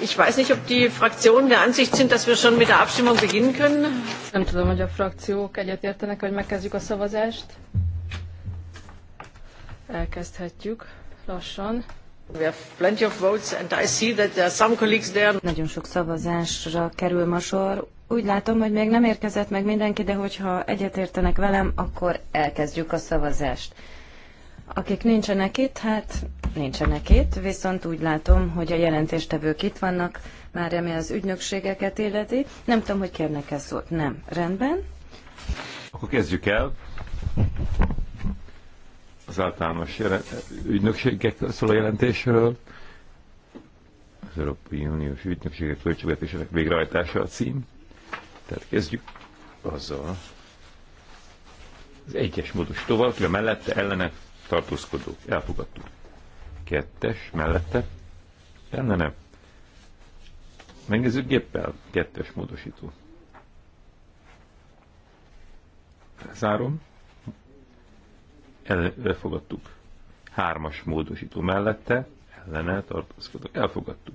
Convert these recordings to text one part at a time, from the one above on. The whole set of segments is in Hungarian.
Ich weiß nicht, ob die Fraktionen der Ansicht sind, dass wir schon mit der Abstimmung beginnen können. Nem tudom, hogy a frakciók egyetértenek, hogy megkezdjük a szavazást. Elkezdhetjük lassan. We have plenty of votes and I see that there are some colleagues there. Nagyon sok szavazásra kerül ma sor. Úgy látom, hogy még nem érkezett meg mindenki, de hogyha egyetértenek velem, akkor elkezdjük a szavazást. Akik nincsenek itt, hát nincsenek itt, viszont úgy látom, hogy a jelentéstevők itt vannak, már ami az ügynökségeket illeti. Nem tudom, hogy kérnek ezt szót. Nem. Rendben. Akkor kezdjük el. Az általános ügynökségek szól a jelentésről. Az Európai Uniós Ügynökségek Költségvetésének végrehajtása a cím. Tehát kezdjük azzal. Az egyes módosítóval, a mellette ellene Tartózkodó elfogadtuk. Kettes, mellette, lenne nem. Megnézzük géppel, kettes módosító. Zárom. El, elfogadtuk. Hármas módosító mellette, ellene tartózkodó elfogadtuk.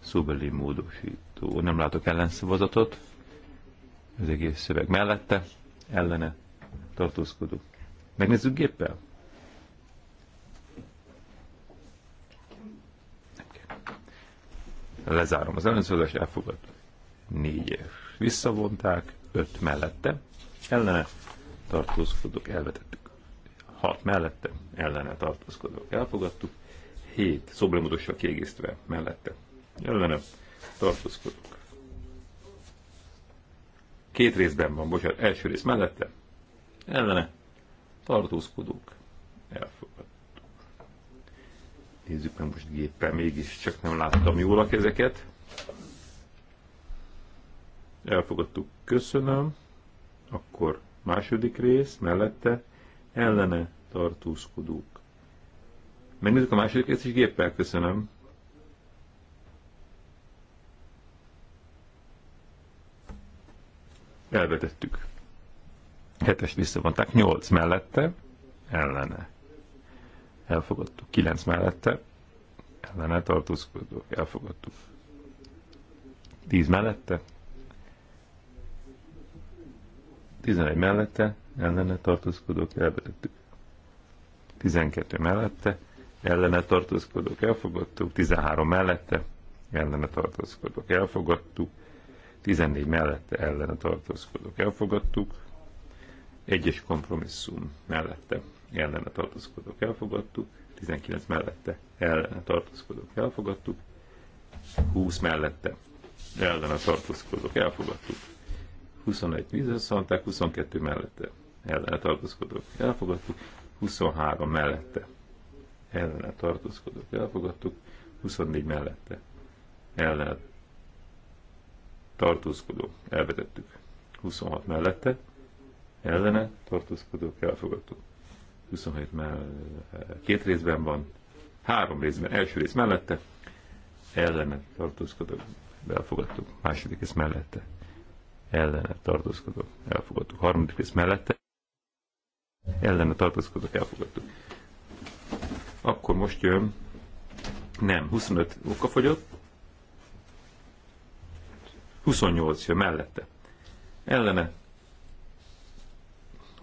Szóbeli módosító. Nem látok ellenszavazatot. Az egész szöveg mellette, ellene tartózkodó. Megnézzük géppel? Lezárom az elfogad. Négy év. Visszavonták, öt mellette, ellene tartózkodók, elvetettük. Hat mellette, ellene tartózkodók, elfogadtuk. Hét szoblemodossal kiegészítve mellette, ellene tartózkodók. Két részben van, bocsánat, első rész mellette, ellene tartózkodók elfogadtuk. Nézzük meg most géppel, mégis csak nem láttam jól a kezeket. Elfogadtuk, köszönöm. Akkor második rész, mellette ellene tartózkodók. Megnézzük a második részt is géppel, köszönöm. Elvetettük. Hetes visszavonták. Nyolc mellette, ellene. Elfogadtuk. Kilenc mellette, ellene tartózkodók. Elfogadtuk. Tíz mellette. Tizenegy mellette, ellene tartózkodók. Elvetettük. Tizenkettő mellette, ellene tartózkodók. Elfogadtuk. Tizenhárom mellette, ellene tartózkodók. Elfogadtuk. 14 mellette ellene tartózkodók elfogadtuk, egyes kompromisszum mellette ellene tartózkodók elfogadtuk, 19 mellette ellene tartózkodók elfogadtuk, 20 mellette ellene tartózkodók elfogadtuk, 21 vízhasználták, 22 mellette ellene tartózkodók elfogadtuk, 23 mellette ellene tartózkodók elfogadtuk, 24 mellette ellene tartózkodó elvetettük. 26 mellette ellene tartózkodók elfogadtuk. 27 mell két részben van, három részben, első rész mellette, ellene tartózkodók elfogadtuk, második rész mellette, ellene tartózkodók elfogadtuk, harmadik rész mellette, ellene tartózkodók elfogadtuk. Akkor most jön, nem, 25 oka fogyott, 28 jön mellette. Ellene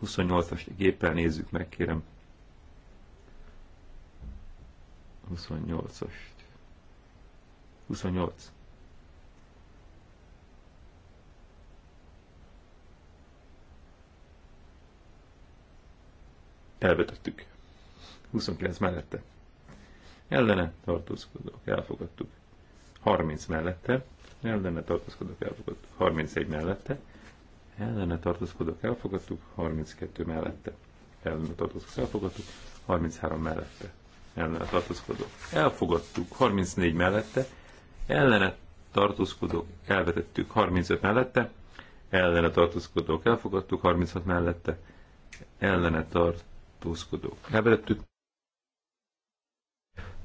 28-as géppel nézzük meg, kérem. 28-as. 28. Elvetettük. 29 mellette. Ellene tartózkodók, elfogadtuk. 30 mellette. Ellene tartózkodók, elfogadtuk. 31 mellette ellene tartózkodók elfogadtuk, 32 mellette ellene tartózkodók elfogadtuk, 33 mellette ellene tartózkodók elfogadtuk, 34 mellette ellene tartózkodók elvetettük, 35 mellette ellene tartózkodók elfogadtuk, 36 mellette ellene tartózkodók elvetettük,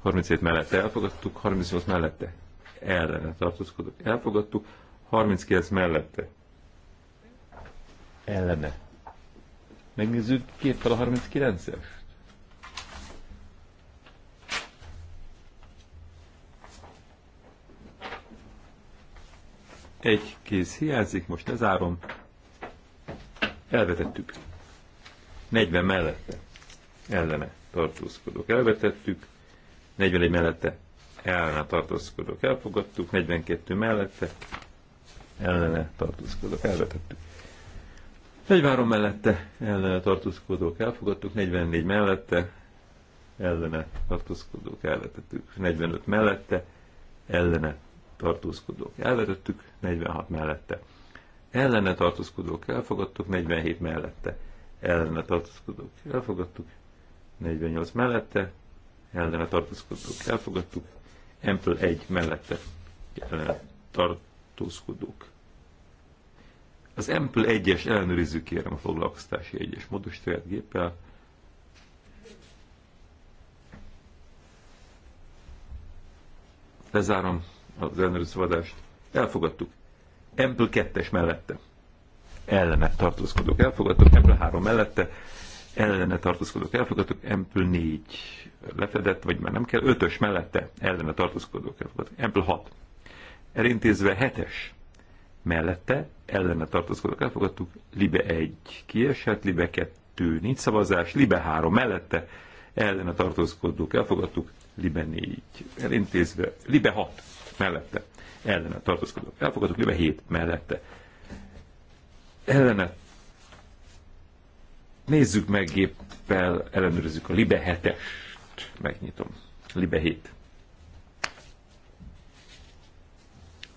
37 mellette elfogadtuk, 38 mellette ellene tartózkodók elfogadtuk, 39 mellette ellene. Megnézzük fel a 39-es. Egy kéz hiányzik, most zárom. Elvetettük. 40 mellette. Ellene tartózkodok. Elvetettük. 41 mellette. Ellene tartózkodok. Elfogadtuk. 42 mellette. Ellene tartózkodok. Elvetettük. 43 mellette ellene tartózkodók elfogadtuk, 44 mellette ellene tartózkodók elvetettük, 45 mellette ellene tartózkodók elvetettük, 46 mellette ellene tartózkodók elfogadtuk, 47 mellette ellene tartózkodók elfogadtuk, 48 mellette ellene tartózkodók elfogadtuk, Ample 1 mellette ellene tartózkodók az Ample 1-es ellenőrizzük kérem a foglalkoztási egyes es géppel. Lezárom az ellenőrző szavazást. Elfogadtuk. Ample 2-es mellette. Ellene tartózkodok. elfogadtuk. Ample 3 mellette. Ellene tartózkodok. elfogadtuk. Ample 4 lefedett, vagy már nem kell. 5-ös mellette. Ellene tartózkodok. elfogadtuk. Ample 6. Elintézve 7-es mellette ellene tartózkodók elfogadtuk, Libe 1 kiesett, Libe 2 nincs szavazás, Libe 3 mellette ellene tartózkodók elfogadtuk, Libe 4 elintézve, Libe 6 mellette ellene tartózkodók elfogadtuk, Libe 7 mellette ellene nézzük meg géppel, ellenőrizzük a Libe 7-est, megnyitom, Libe 7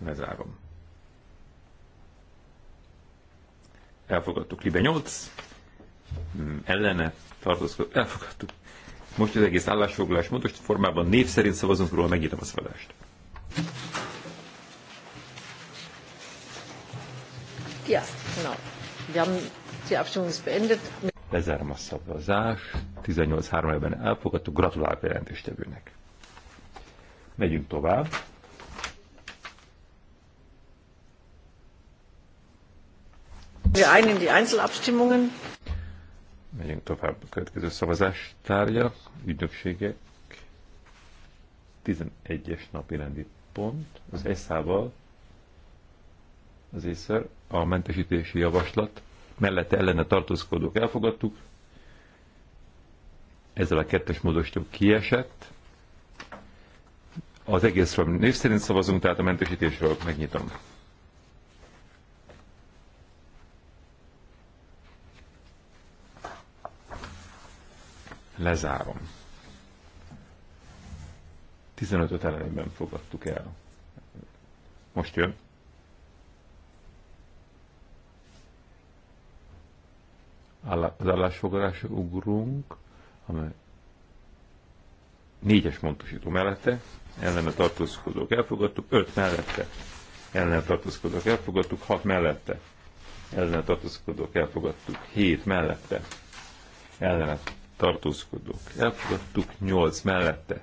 lezárom. elfogadtuk. Libe 8, hmm, ellene tartozkodott, elfogadtuk. Most az egész állásfoglalás módos formában név szerint szavazunk róla, megírom a szavazást. Ja, genau. Wir die Abstimmung ist beendet. Lezárom a szavazás. 18-3 elben elfogadtuk. Gratulálok a jelentéstevőnek. Megyünk tovább. Wir ein in die Einzelabstimmungen. Megyünk tovább a következő szavazástárja, ügynökségek. 11-es napi rendi pont, az eszá val az észer, a mentesítési javaslat, mellette ellene tartózkodók elfogadtuk, ezzel a kettes módosító kiesett, az egészről név szerint szavazunk, tehát a mentesítésről megnyitom. Lezárom. 15-öt elejében fogadtuk el. Most jön. Az állásfogadásra ugrunk, amely négyes pontosító mellette, ellene tartózkodók elfogadtuk, öt mellette, ellene tartózkodók elfogadtuk, hat mellette, ellene tartózkodók elfogadtuk, hét mellette, ellene tartózkodók elfogadtuk, nyolc mellette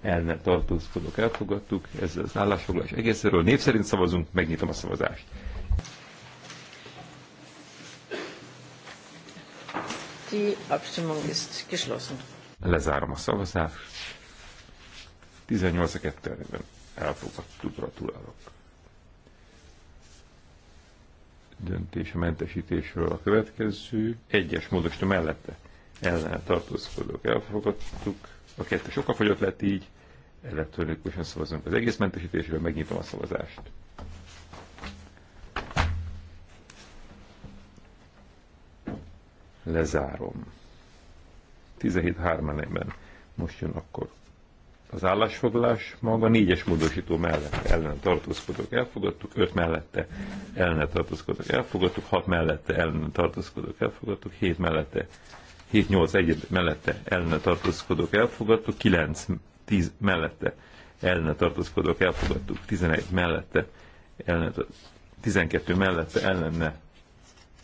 el nem tartózkodók elfogadtuk, ez az állásfoglalás egészéről név szerint szavazunk, megnyitom a szavazást. Lezárom a szavazást. 18 2 elfogadtuk, gratulálok. Döntés a mentesítésről a következő. Egyes módosító mellette ellen tartózkodók elfogadtuk, a kettő sokkal fogyott lett így, elektronikusan szavazunk az egész mentesítésével, megnyitom a szavazást. Lezárom. 17 hármenében. Most jön akkor az állásfoglalás maga négyes módosító mellett ellen tartózkodók elfogadtuk, öt mellette ellen tartózkodók elfogadtuk, hat mellette ellen tartózkodók elfogadtuk, hét mellette 7-8 egyed mellette ellene tartózkodók elfogadtuk, 9-10 mellette ellene tartózkodók elfogadtuk, 11 mellette ellene, 12 mellette ellene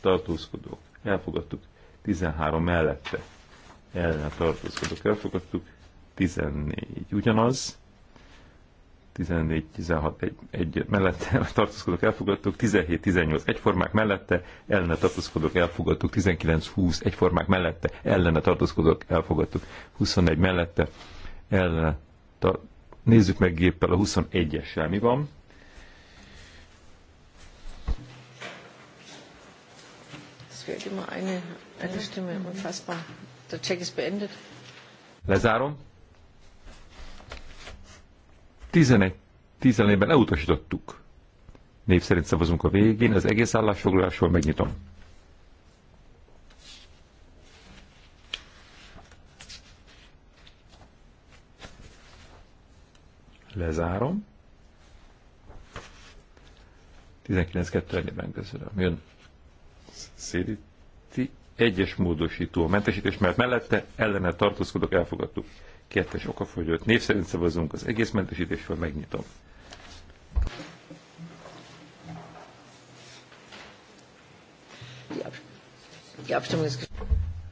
tartózkodók elfogadtuk, 13 mellette ellene tartózkodók elfogadtuk, 14 ugyanaz, 14-16 egy, egy mellette tartózkodók elfogadtuk, 17-18 egyformák mellette, ellene tartózkodók elfogadtuk, 19-20 egyformák mellette, ellene tartózkodók elfogadtuk, 21 mellette, ellene ta- Nézzük meg géppel a 21-essel mi van. Lezárom. 11 tizenében ben elutasítottuk. Név szerint szavazunk a végén, az egész állásfoglalásról megnyitom. Lezárom. 19.2 egyben köszönöm. Jön Sziriti egyes módosító a mentesítés, mert mellette ellene tartózkodok, elfogadtuk kettes okafogyott. Név szerint szavazunk az egész mentesítésről, megnyitom.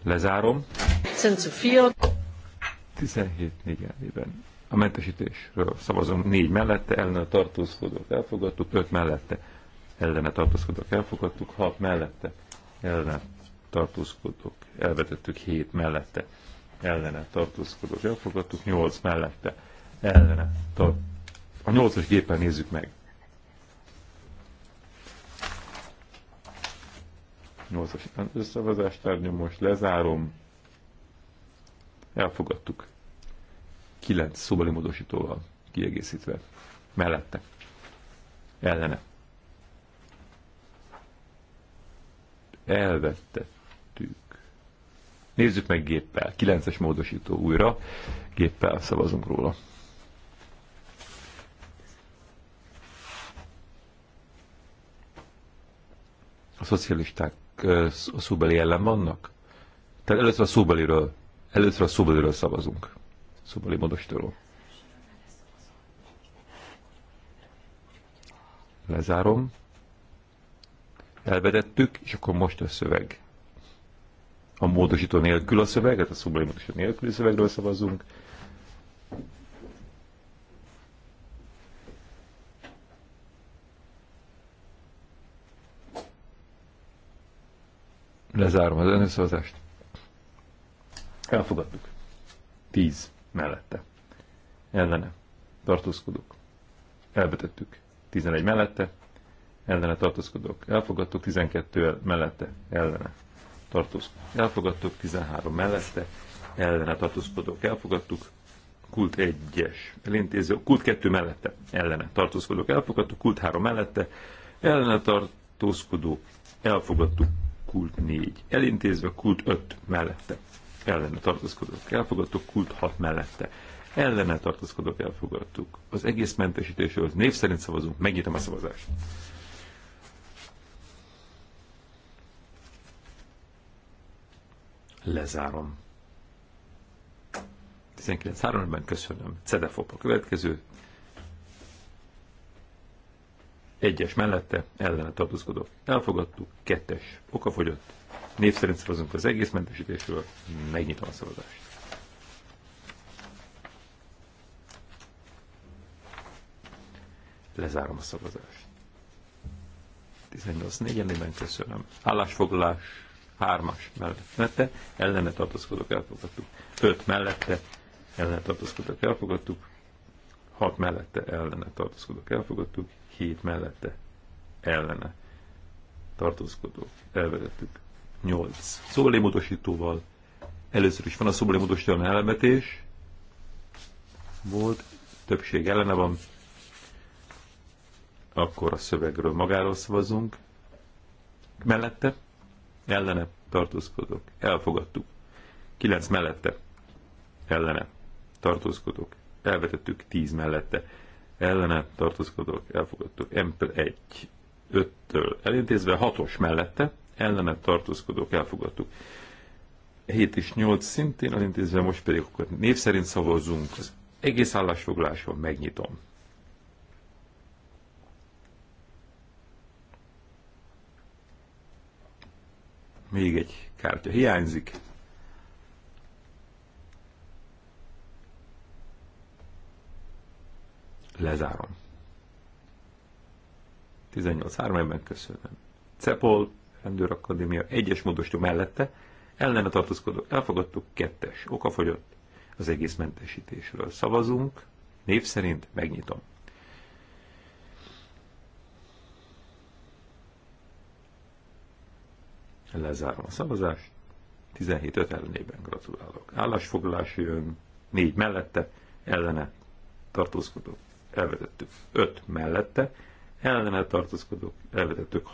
Lezárom. 17 4 A mentesítésről szavazom négy mellette, ellene tartózkodók elfogadtuk, öt mellette, ellene tartózkodók elfogadtuk, hat mellette, ellene tartózkodók elvetettük, hét mellette, ellene tartózkodók elfogadtuk, nyolc mellette ellene tart. A nyolcas gépen nézzük meg. Nyolcas. as tárgyom, most lezárom. Elfogadtuk. Kilenc szóbeli módosítóval kiegészítve. Mellette. Ellene. Elvettet Nézzük meg géppel. 9-es módosító újra. Géppel szavazunk róla. A szocialisták a szóbeli ellen vannak? Tehát először a szóbeliről, először a szóbeliről szavazunk. Szóbeli módosítóról. Lezárom. Elvedettük, és akkor most a szöveg a módosító nélkül a szöveget, a szublimódosító nélküli szövegről szavazunk. Lezárom az önszavazást. Elfogadtuk. Tíz mellette. Ellene. Tartózkodok. Elbetettük. 11 mellette. Ellene tartózkodok. Elfogadtuk. 12 mellette. Ellene tartóz, elfogadtuk, 13 mellette, ellene tartózkodók, elfogadtuk, kult 1-es, elintéző, kult 2 mellette, ellene tartózkodók, elfogadtuk, kult 3 mellette, ellene tartózkodók, elfogadtuk, kult 4, elintézve, kult 5 mellette, ellene tartózkodók, elfogadtuk, kult 6 mellette, ellene tartózkodók, elfogadtuk. Az egész mentesítésről név szerint szavazunk, megnyitom a szavazást. Lezárom. 19.3-ben köszönöm. Cedefop a következő. Egyes mellette ellene tartózkodók. Elfogadtuk. Kettes. Okafogyott. Név szerint szavazunk az egész mentesítésről. Megnyitom a szavazást. Lezárom a szavazást. 184 ben köszönöm. Állásfoglalás hármas mellette ellene tartózkodók elfogadtuk. Öt mellette ellene tartózkodók elfogadtuk. Hat mellette ellene tartózkodók elfogadtuk. Hét mellette ellene tartózkodók elvezettük. Nyolc. Szóbeli először is van a szóbeli módosítóan elmetés. Volt, többség ellene van. Akkor a szövegről magáról szavazunk. Mellette ellene tartózkodok, elfogadtuk. kilenc mellette, ellene tartózkodok, elvetettük tíz mellette, ellene tartózkodok, elfogadtuk. m egy 5 elintézve, hatos mellette, ellene tartózkodok, elfogadtuk. 7 és 8 szintén elintézve, most pedig akkor név szerint szavazzunk. Az egész állásfoglaláson megnyitom. Még egy kártya hiányzik. Lezárom. 18-3 köszönöm. Cepol, rendőrakadémia, egyes módosító mellette, ellene tartózkodó, elfogadtuk, kettes, okafogyott, az egész mentesítésről szavazunk, név szerint megnyitom. Lezárom a szavazást. 17-5 ellenében gratulálok. Állásfoglalás jön, 4 mellette, ellene tartózkodók, elvetettük 5 mellette, ellene tartózkodók, elvetettük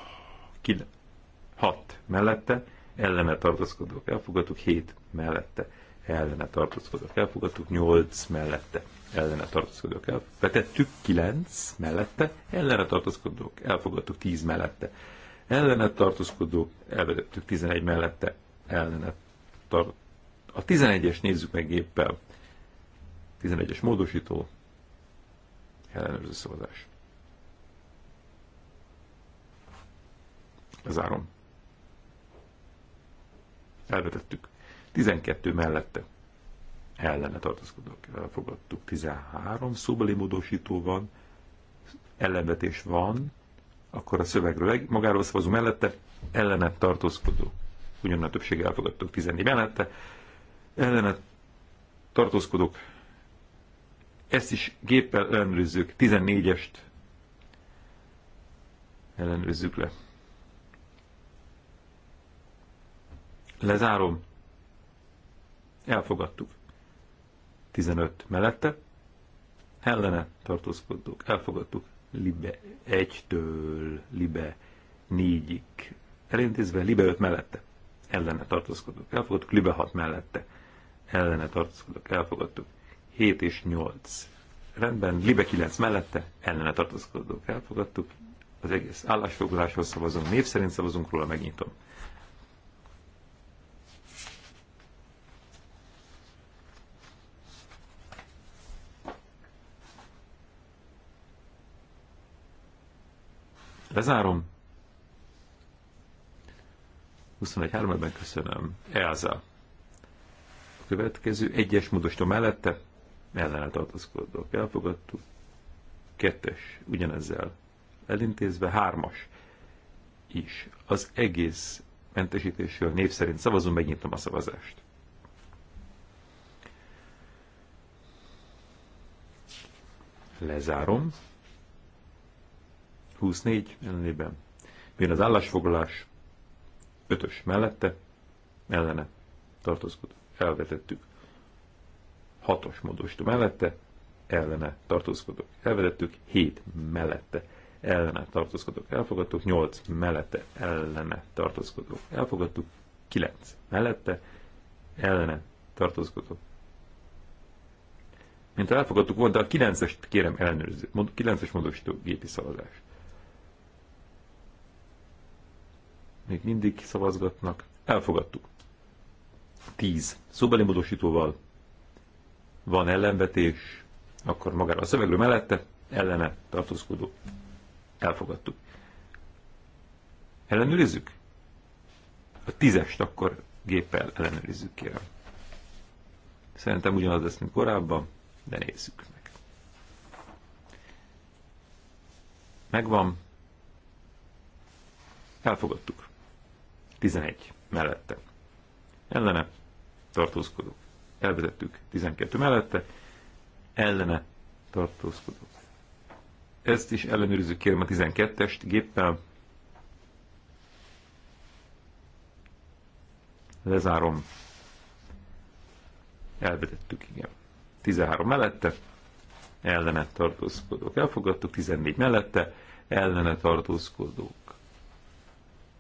6 mellette, ellene tartózkodók, elfogadtuk 7 mellette, ellene tartózkodók, elfogadtuk 8 mellette, ellene tartózkodók, elvetettük 9 mellette, ellene tartózkodók, elfogadtuk 10 mellette, ellene tartózkodók elvetettük 11 mellette ellene A 11-es nézzük meg géppel. 11-es módosító ellenőrző szavazás. Lezárom. Elvetettük. 12 mellette ellene tartózkodók elfogadtuk. 13 szóbeli módosító van, ellenvetés van, akkor a szövegről magáról szavazó mellette, ellenet tartózkodó. Ugyanaz a többség elfogadtuk 14 mellette, ellenet tartózkodók. Ezt is géppel ellenőrizzük, 14-est ellenőrizzük le. Lezárom. Elfogadtuk. 15 mellette. Ellene tartózkodók. Elfogadtuk. Libe 1-től Libe 4-ig elintézve, Libe 5 mellette ellene tartózkodtuk, elfogadtuk, Libe 6 mellette ellene tartózkodtuk, elfogadtuk, 7 és 8 rendben, Libe 9 mellette ellene tartózkodtuk, elfogadtuk, az egész állásfoglaláshoz szavazunk, név szerint szavazunk róla, megnyitom. Lezárom. 21.3-ben köszönöm. Elza. A következő egyes módosító mellette ellenállt tartózkodók elfogadtuk. Kettes, ugyanezzel elintézve, hármas is. Az egész mentesítésről név szerint szavazunk, megnyitom a szavazást. Lezárom. 24 ellenében. Jön az állásfoglalás, 5-ös mellette, ellene tartózkodó, elvetettük. 6-os módosító mellette, ellene tartózkodók, elvetettük. 7 mellette, ellene tartózkodók, elfogadtuk. 8 mellette, ellene tartózkodók, elfogadtuk. 9 mellette, ellene tartózkodók, mint elfogadtuk volna, de a 9-est kérem ellenőrző. 9-es módosító gépi szavazás. még mindig szavazgatnak. Elfogadtuk. 10. Szóbeli módosítóval van ellenvetés, akkor magára a szövegről mellette ellene tartózkodó. Elfogadtuk. Ellenőrizzük? A tízest akkor géppel ellenőrizzük, kérem. Szerintem ugyanaz lesz, mint korábban, de nézzük meg. Megvan. Elfogadtuk. 11 mellette. Ellene tartózkodó. Elvezettük 12 mellette. Ellene tartózkodó. Ezt is ellenőrizzük kérem a 12-est géppel. Lezárom. Elvezettük, igen. 13 mellette, ellene tartózkodók elfogadtuk, 14 mellette, ellene tartózkodók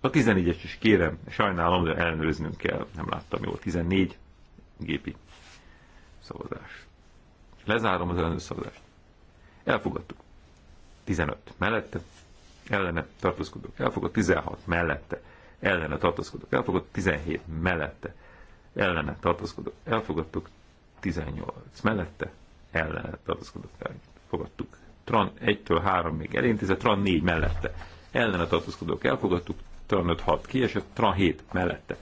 a 14-es is kérem, sajnálom, de ellenőriznünk kell. Nem láttam jól. 14 gépi szavazás. Lezárom az ellenőrző szavazást. Elfogadtuk. 15 mellette, ellene tartózkodok. Elfogadt 16 mellette, ellene tartózkodok. Elfogadt 17 mellette, ellene tartózkodok. Elfogadtuk 18 mellette, ellene tartózkodok. Elfogadtuk. Tran 1-től 3 még elintézett, Tran 4 mellette, ellene tartózkodók elfogadtuk, Tran 6 kiesett, Tran 7 mellette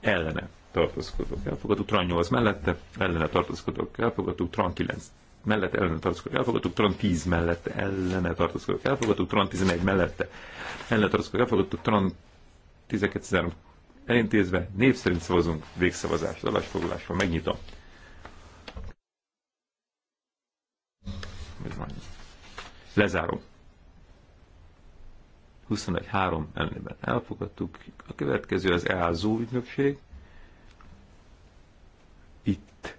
ellene tartózkodók elfogadtuk, Tran 8 mellette ellene tartózkodók elfogadtuk, Tran 9 mellette ellene tartózkodók elfogadtuk, Tran 10 mellette ellene tartózkodók elfogadtuk, Tran 11 mellette ellene tartózkodók elfogadtuk, Tran 12-13 elintézve, név szerint szavazunk, végszavazást, adásfoglalásról megnyitom. Lezárom. 21-3 ellenében elfogadtuk. A következő az EASO ügynökség. Itt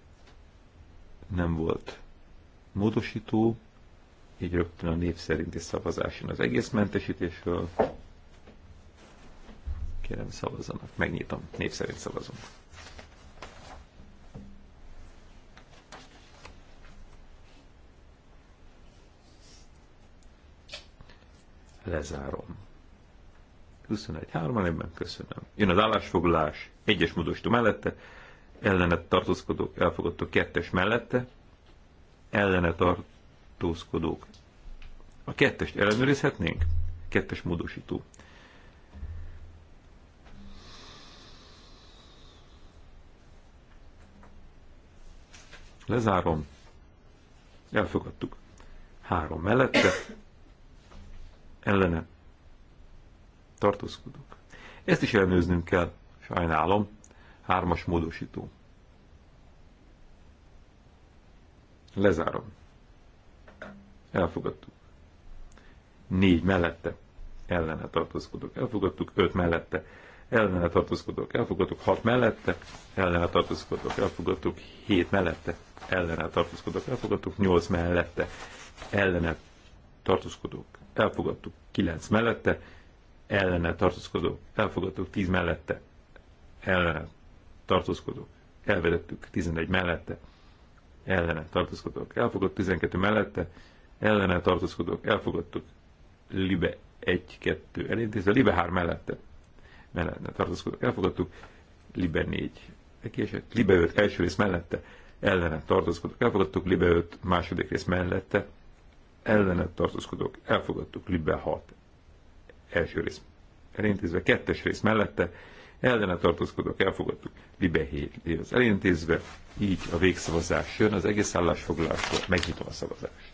nem volt módosító, így rögtön a név szerinti szavazáson az egész mentesítésről. Kérem szavazzanak, megnyitom, név szerint szavazunk. lezárom. 21 3 ebben köszönöm. Jön az állásfoglalás, egyes módosító mellette, ellenet tartózkodók elfogadó kettes mellette, ellenet tartózkodók. A kettest ellenőrizhetnénk? Kettes módosító. Lezárom. Elfogadtuk. Három mellette, ellene tartózkodok. Ezt is ellenőznünk kell, sajnálom, hármas módosító. Lezárom. Elfogadtuk. Négy mellette ellene tartózkodok. Elfogadtuk. Öt mellette ellene tartózkodok. Elfogadtuk. Hat mellette ellene tartózkodok. Elfogadtuk. Hét mellette ellene tartózkodok. Elfogadtuk. Nyolc mellette ellene tartózkodok elfogadtuk 9 mellette, ellene tartózkodók, elfogadtuk 10 mellette, ellene tartózkodók, elvedettük 11 mellette, ellene tartózkodók, elfogadtuk 12 mellette, ellene tartózkodók, elfogadtuk libe 1-2 elintézve, libe 3 mellette, mellette tartózkodók, elfogadtuk libe 4 kiesett, libe 5 első rész mellette, ellene tartózkodók, elfogadtuk libe 5 második rész mellette, ellenet tartózkodók elfogadtuk, Libe 6 első rész elintézve, kettes rész mellette ellenet tartózkodók elfogadtuk, Libe 7 az elintézve, így a végszavazás jön, az egész állásfoglalásról megnyitom a szavazást.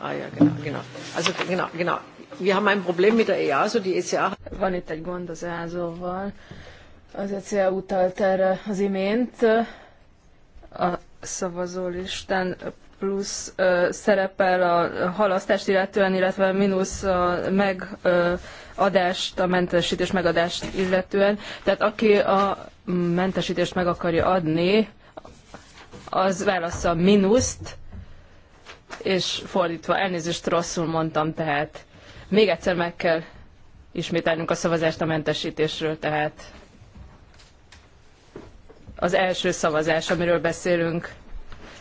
Ah ja, genau, genau. Also genau, genau. Wir haben ein Problem mit der EASO, die ECA... Van itt egy gond az EASO-val. Az ECA utalt erre az imént. A szavazólistán plusz ö, szerepel a halasztást illetően, illetve mínusz a megadást, a mentesítés megadást illetően. Tehát aki a mentesítést meg akarja adni, az a mínuszt, és fordítva, elnézést rosszul mondtam, tehát még egyszer meg kell ismételnünk a szavazást a mentesítésről, tehát az első szavazás, amiről beszélünk,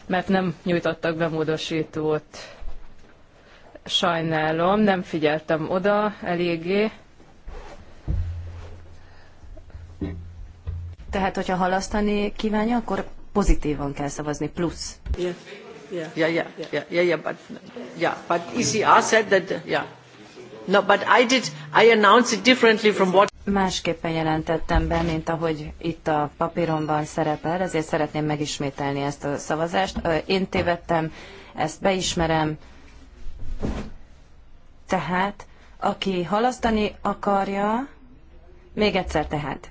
mert nem nyújtottak be módosítót. Sajnálom, nem figyeltem oda eléggé. Tehát, hogyha halasztani kívánja, akkor pozitívan kell szavazni, plusz. Yeah. Yeah, yeah, yeah, yeah, but yeah, but ECR said that yeah. No, but I did. I announced it differently from what. Másképpen jelentettem be, mint ahogy itt a papíromban szerepel, ezért szeretném megismételni ezt a szavazást. Én tévedtem, ezt beismerem. Tehát, aki halasztani akarja, még egyszer tehát.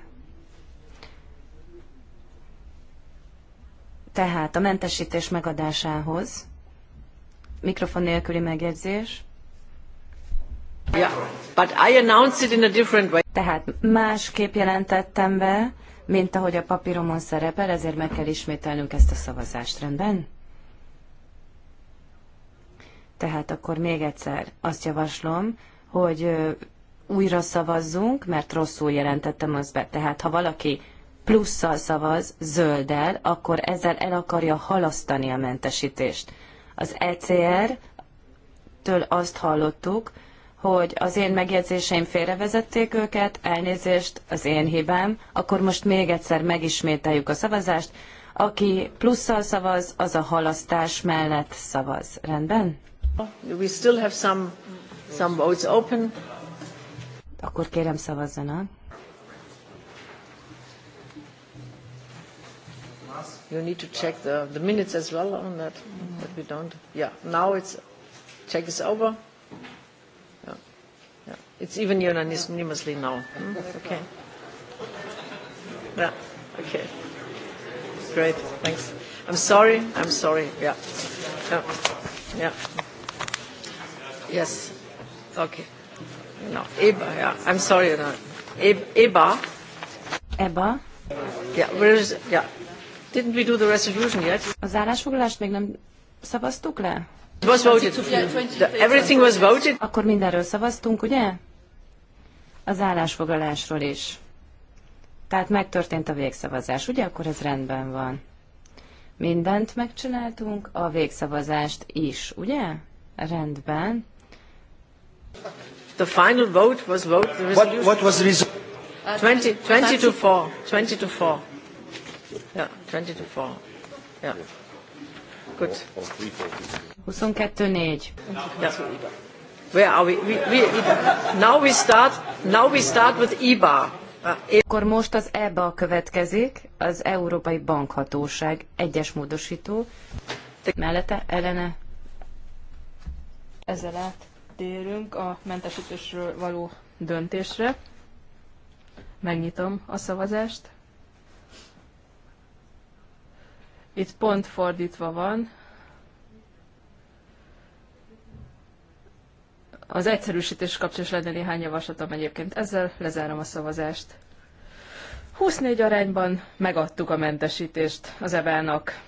Tehát a mentesítés megadásához. Mikrofon nélküli megjegyzés. Yeah, but I announced it in a different way. Tehát másképp jelentettem be, mint ahogy a papíromon szerepel, ezért meg kell ismételnünk ezt a szavazást, rendben? Tehát akkor még egyszer azt javaslom, hogy újra szavazzunk, mert rosszul jelentettem az be. Tehát ha valaki plusszal szavaz, zölddel, akkor ezzel el akarja halasztani a mentesítést. Az ECR-től azt hallottuk, hogy az én megjegyzéseim félrevezették őket, elnézést, az én hibám, akkor most még egyszer megismételjük a szavazást. Aki plusszal szavaz, az a halasztás mellett szavaz. Rendben? We still have some, some votes open. Akkor kérem szavazzanak. You need to check the, the minutes as well on that, mm-hmm. but we don't. Yeah, now it's check is over. Yeah, yeah. It's even unanimously now. Hmm? Okay. Yeah. Okay. Great. Thanks. I'm sorry. I'm sorry. Yeah. Yeah. yeah. Yes. Okay. No. EBA. Yeah. I'm sorry. No. EBA. EBA. Yeah. Where is? Yeah. Didn't we do the resolution yet? Az állásfoglalást még nem szavaztuk le? It was voted. Everything was voted. Akkor mindenről szavaztunk, ugye? Az állásfoglalásról is. Tehát megtörtént a végszavazás, ugye? Akkor ez rendben van. Mindent megcsináltunk, a végszavazást is, ugye? Rendben. The final vote was vote. The What, what was the result? 20, 20 to 4. 20 to 4. Where are we? now we start, now we start with e uh, Akkor most az EBA következik, az Európai Bankhatóság egyes módosító. Mellette ellene ezzel áttérünk a mentesítésről való döntésre. Megnyitom a szavazást. Itt pont fordítva van. Az egyszerűsítés kapcsolatos lenne néhány javaslatom egyébként. Ezzel lezárom a szavazást. 24 arányban megadtuk a mentesítést az EBA-nak.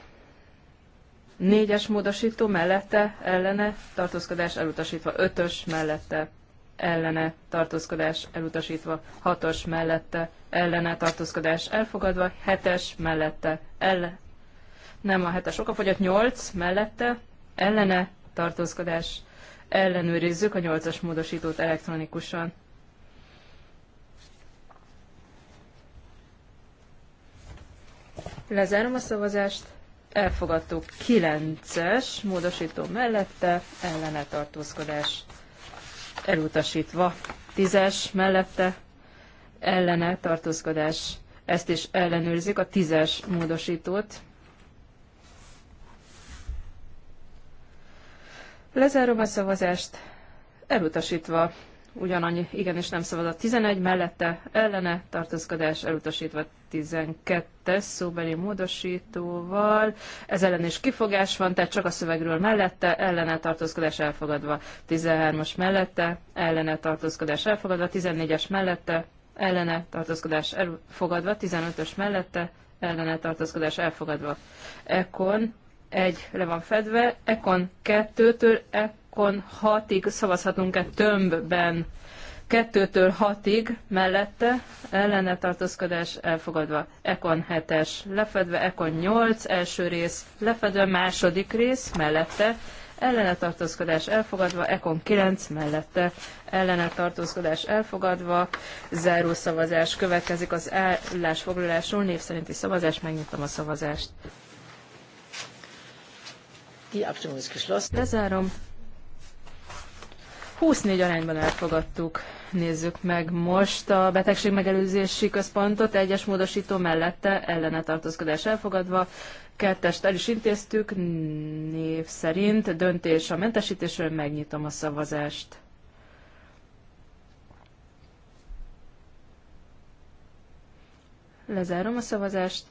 Négyes módosító mellette, ellene, tartózkodás elutasítva. Ötös mellette, ellene, tartózkodás elutasítva. Hatos mellette, ellene, tartózkodás elfogadva. Hetes mellette, ellene nem a hetes okafogyat, 8 mellette, ellene tartózkodás. Ellenőrizzük a 8-as módosítót elektronikusan. Lezárom a szavazást. Elfogadtuk 9-es módosító mellette, ellene tartózkodás elutasítva. 10-es mellette, ellene tartózkodás. Ezt is ellenőrzik a 10-es módosítót. Lezárom a szavazást, elutasítva ugyanannyi, igenis nem a 11, mellette ellene tartózkodás elutasítva 12-es szóbeli módosítóval. Ez ellen is kifogás van, tehát csak a szövegről mellette, ellene tartózkodás elfogadva 13-as mellette, ellene tartózkodás elfogadva 14-es mellette, ellene tartózkodás elfogadva 15-ös mellette, ellene tartózkodás elfogadva. Ekkor egy le van fedve, Ekon 2-től Ekon 6-ig szavazhatunk-e tömbben. 2-től 6-ig mellette ellene tartózkodás elfogadva. Ekon 7-es lefedve, Ekon 8 első rész lefedve, második rész mellette ellene tartózkodás elfogadva, Ekon 9 mellette ellene tartózkodás elfogadva, záró szavazás következik az állásfoglalásról, név szerinti szavazás, megnyitom a szavazást. Lezárom. 24 arányban elfogadtuk. Nézzük meg most a betegség megelőzési központot, egyes módosító mellette ellene tartózkodás elfogadva, kettest el is intéztük, név szerint döntés a mentesítésről, megnyitom a szavazást. Lezárom a szavazást.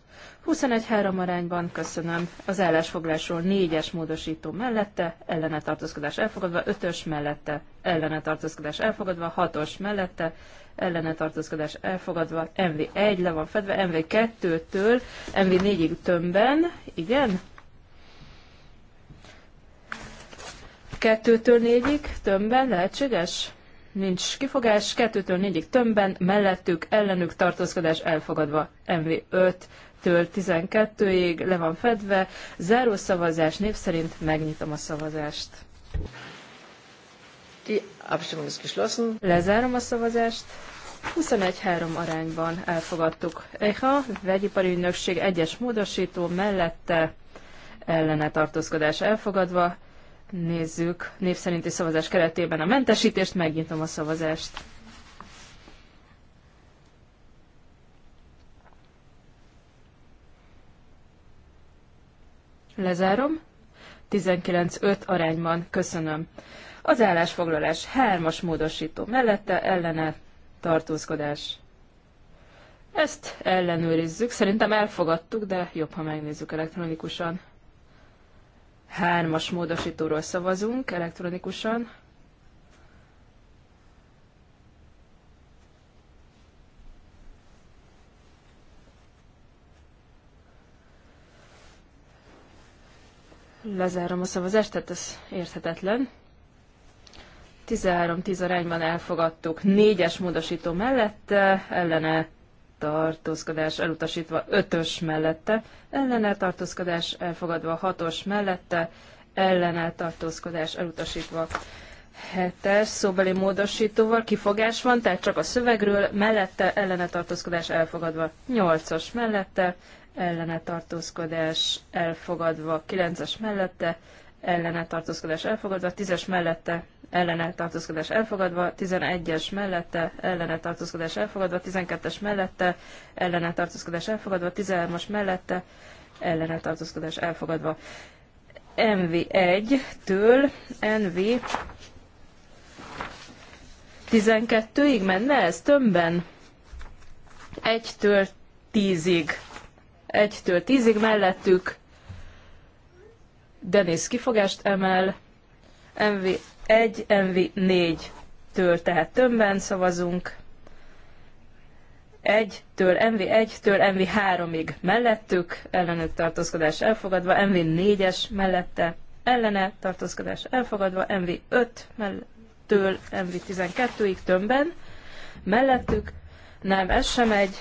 21-3 arányban köszönöm az állásfoglásról 4-es módosító mellette, ellene tartózkodás elfogadva, 5-ös mellette, ellene tartózkodás elfogadva, 6-os mellette, ellene tartózkodás elfogadva, MV1 le van fedve, MV2-től MV4-ig tömbben, igen? 2-től 4-ig tömbben lehetséges? nincs kifogás, 2-től 4-ig tömbben, mellettük, ellenük tartózkodás elfogadva, MV5, 1-től 12-ig le van fedve. Záró szavazás név szerint megnyitom a szavazást. Die Abstimmung ist geschlossen. Lezárom a szavazást. 21-3 arányban elfogadtuk. Eha, vegyipari ügynökség egyes módosító mellette ellene tartózkodás elfogadva. Nézzük név szerinti szavazás keretében a mentesítést, megnyitom a szavazást. Lezárom. 19.5 arányban. Köszönöm. Az állásfoglalás hármas módosító mellette ellene tartózkodás. Ezt ellenőrizzük. Szerintem elfogadtuk, de jobb, ha megnézzük elektronikusan. Hármas módosítóról szavazunk elektronikusan. Lezárom a szavazást, tehát ez érthetetlen. 13-10 arányban elfogadtuk. Négyes módosító mellette, ellene tartózkodás elutasítva, ötös mellette, ellene tartózkodás elfogadva, hatos mellette, ellene tartózkodás elutasítva. Hetes szóbeli módosítóval kifogás van, tehát csak a szövegről, mellette ellene tartózkodás elfogadva. Nyolcas mellette, ellene tartózkodás elfogadva, 9-es mellette ellene tartózkodás elfogadva, 10-es mellette ellene tartózkodás elfogadva, 11-es mellette ellene tartózkodás elfogadva, 12-es mellette ellene tartózkodás elfogadva, 13-as mellette ellene tartózkodás elfogadva. NV1-től NV 12-ig menne ez tömbben? 1-től 10-ig 1-től 10-ig mellettük. Denis kifogást emel. MV1, MV4-től tehát tömben szavazunk. 1-től MV1-től MV3-ig mellettük, ellenük tartózkodás elfogadva, MV4-es mellette ellene tartózkodás elfogadva, MV5-től MV12-ig tömben mellettük, nem ez sem egy,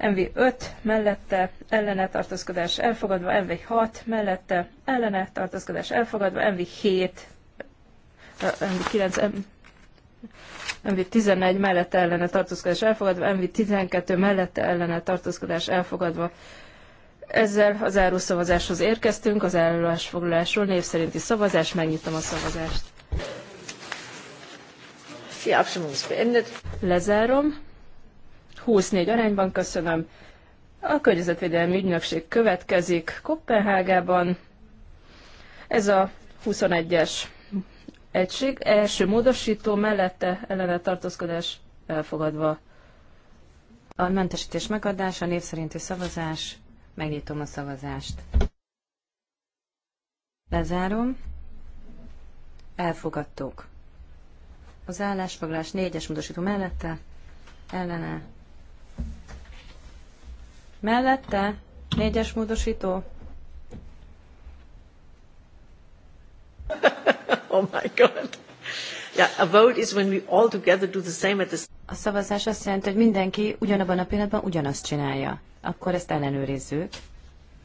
MV5 mellette ellene tartózkodás elfogadva, MV6 mellette ellene tartózkodás elfogadva, MV7, MV9, MV11 mellette ellene tartózkodás elfogadva, MV12 mellette ellene tartózkodás elfogadva. Ezzel az szavazáshoz érkeztünk, az foglalásról. név szerinti szavazás, megnyitom a szavazást. Lezárom. 24 arányban köszönöm. A Környezetvédelmi Ügynökség következik Kopenhágában. Ez a 21-es egység. Első módosító mellette ellene tartózkodás elfogadva. A mentesítés megadása, név szerinti szavazás. Megnyitom a szavazást. Lezárom. Elfogadtuk. Az állásfoglalás négyes módosító mellette ellene Mellette négyes módosító. oh my god. Yeah, a vote is when we all together do the same at the A szavazás azt jelenti, hogy mindenki ugyanabban a pillanatban ugyanazt csinálja. Akkor ezt ellenőrizzük.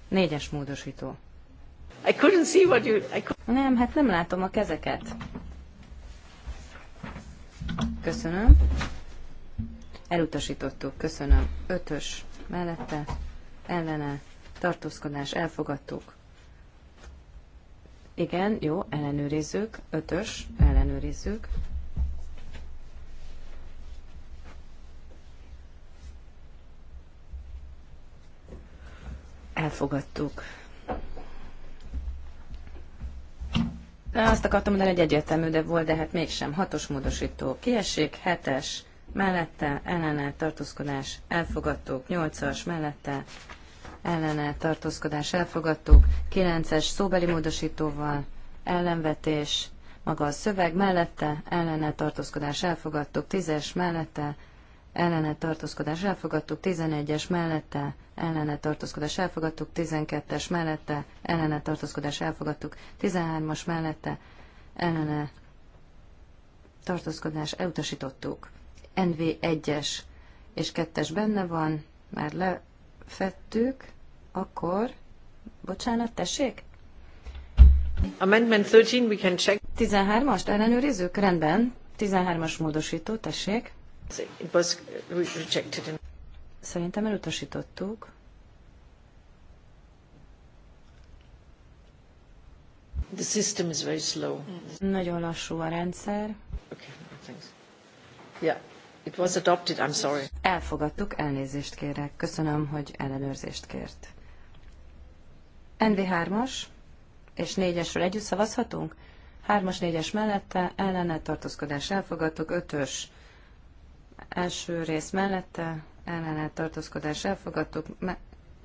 Négyes módosító. I couldn't see what you... I could... Nem, hát nem látom a kezeket. Köszönöm. Elutasítottuk. Köszönöm. Ötös mellette, ellene, tartózkodás, elfogadtuk. Igen, jó, ellenőrizzük. Ötös, ellenőrizzük. Elfogadtuk. Na, azt akartam mondani, hogy egyértelmű, de volt, de hát mégsem. Hatos módosító kiesik, hetes mellette ellene tartózkodás elfogadtuk, 8-as mellette ellene tartózkodás elfogadtuk, 9-es szóbeli módosítóval ellenvetés, maga a szöveg mellette ellene tartózkodás elfogadtuk, 10-es mellette ellene tartózkodás elfogadtuk, 11-es mellette ellene tartózkodás elfogadtuk, 12-es mellette ellene tartózkodás elfogadtuk, 13-as mellette ellene tartózkodás elutasítottuk. NV1-es és 2-es benne van, már lefettük, akkor, bocsánat, tessék? Amendment 13, we can check. 13-ast ellenőrizzük? Rendben. 13-as módosító, tessék. It was rejected. Szerintem elutasítottuk. The system is very slow. Nagyon lassú a rendszer. Okay, thanks. Yeah. It was adopted, I'm sorry. Elfogadtuk, elnézést kérek. Köszönöm, hogy ellenőrzést kért. NV3-as és 4-esről együtt szavazhatunk? 3-as, 4-es mellette, ellene tartózkodás elfogadtuk, 5-ös első rész mellette, ellene tartózkodás elfogadtuk,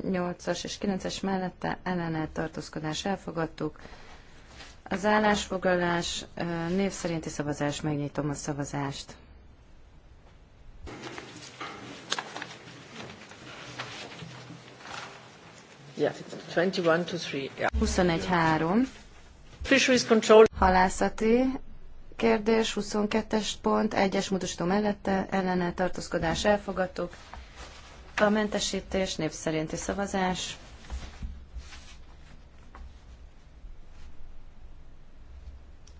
8-as és 9-es mellette, ellene tartózkodás elfogadtuk. Az állásfoglalás név szerinti szavazás, megnyitom a szavazást. 21.3. 21 Fisheries control. Halászati kérdés, 22-es pont, Egyes es módosító mellette, ellene tartózkodás elfogadtuk. A mentesítés, népszerinti szavazás.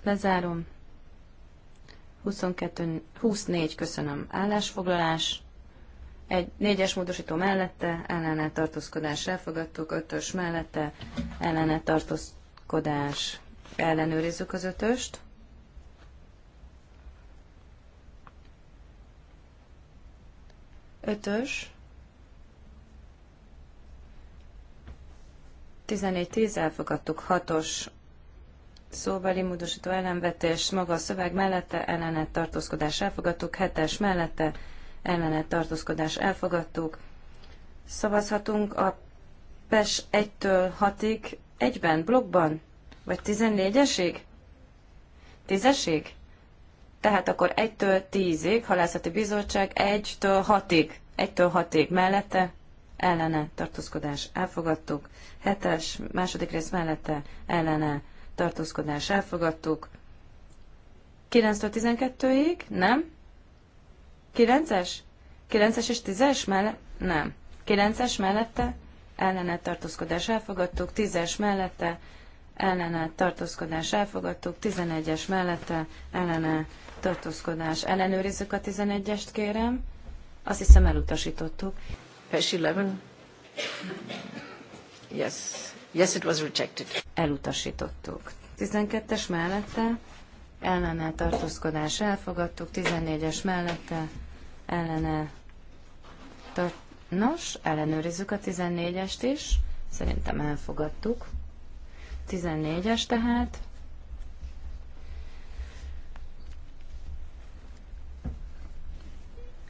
Lezárom. 22, 24, köszönöm, állásfoglalás. Egy négyes módosító mellette, ellene tartózkodás elfogadtuk, ötös mellette, ellene tartózkodás ellenőrizzük az ötöst. Ötös. 14-10 elfogadtuk, 6-os szóbeli módosító ellenvetés, maga a szöveg mellette, ellenet tartózkodás elfogadtuk, hetes mellette, ellenet tartózkodás elfogadtuk. Szavazhatunk a PES 1-től 6-ig egyben, blokkban, vagy 14-esig? 10-esig? Tehát akkor 1-től 10-ig, halászati bizottság 1-től 6-ig, 1-től 6-ig mellette, ellene tartózkodás elfogadtuk, hetes második rész mellette, ellene tartózkodás elfogadtuk. 9 12-ig? Nem. 9-es? 9-es és 10-es mellett? Nem. 9-es mellette Ellenállt tartózkodás elfogadtuk, 10-es mellette Ellenállt tartózkodás elfogadtuk, 11-es mellette Ellenállt tartózkodás. Ellenőrizzük a 11-est, kérem. Azt hiszem elutasítottuk. Pes 11. Yes. Yes, it was rejected. Elutasítottuk. 12-es mellette ellene tartózkodás elfogadtuk, 14-es mellette ellene tart... Nos, ellenőrizzük a 14-est is, szerintem elfogadtuk. 14-es tehát.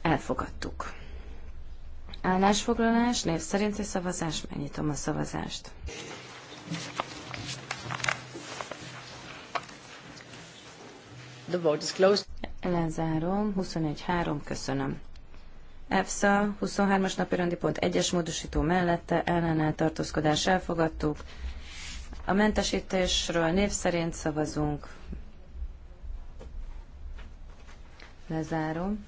Elfogadtuk. Állásfoglalás, név szerinti szavazás, megnyitom a szavazást. The vote is closed. Lezárom, 21-3, köszönöm. EFSA 23-as napi rendi pont 1-es módosító mellette ellenáll tartózkodás elfogadtuk. A mentesítésről név szerint szavazunk. Lezárom.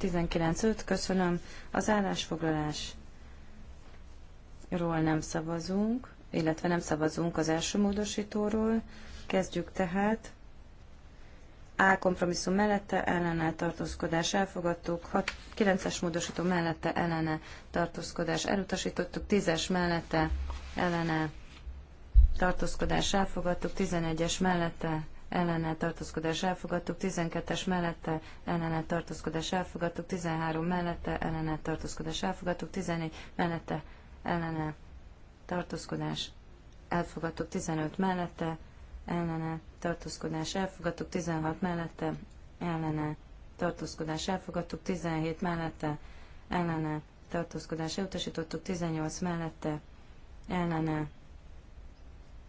19.5, köszönöm. Az állásfoglalásról nem szavazunk, illetve nem szavazunk az első módosítóról. Kezdjük tehát. A kompromisszum mellette ellene tartózkodás elfogadtuk, 9-es módosító mellette ellene tartózkodás elutasítottuk, 10-es mellette ellene tartózkodás elfogadtuk, 11-es mellette ellene tartózkodás elfogadtuk, 12-es mellette ellene tartózkodás elfogadtuk, 13 mellette ellene tartózkodás elfogadtuk, 14 mellette ellene tartózkodás elfogadtuk, 15 mellette ellene tartózkodás elfogadtuk, 16 mellette ellene tartózkodás elfogadtuk, 17 mellette ellene tartózkodás elutasítottuk, 18 mellette ellene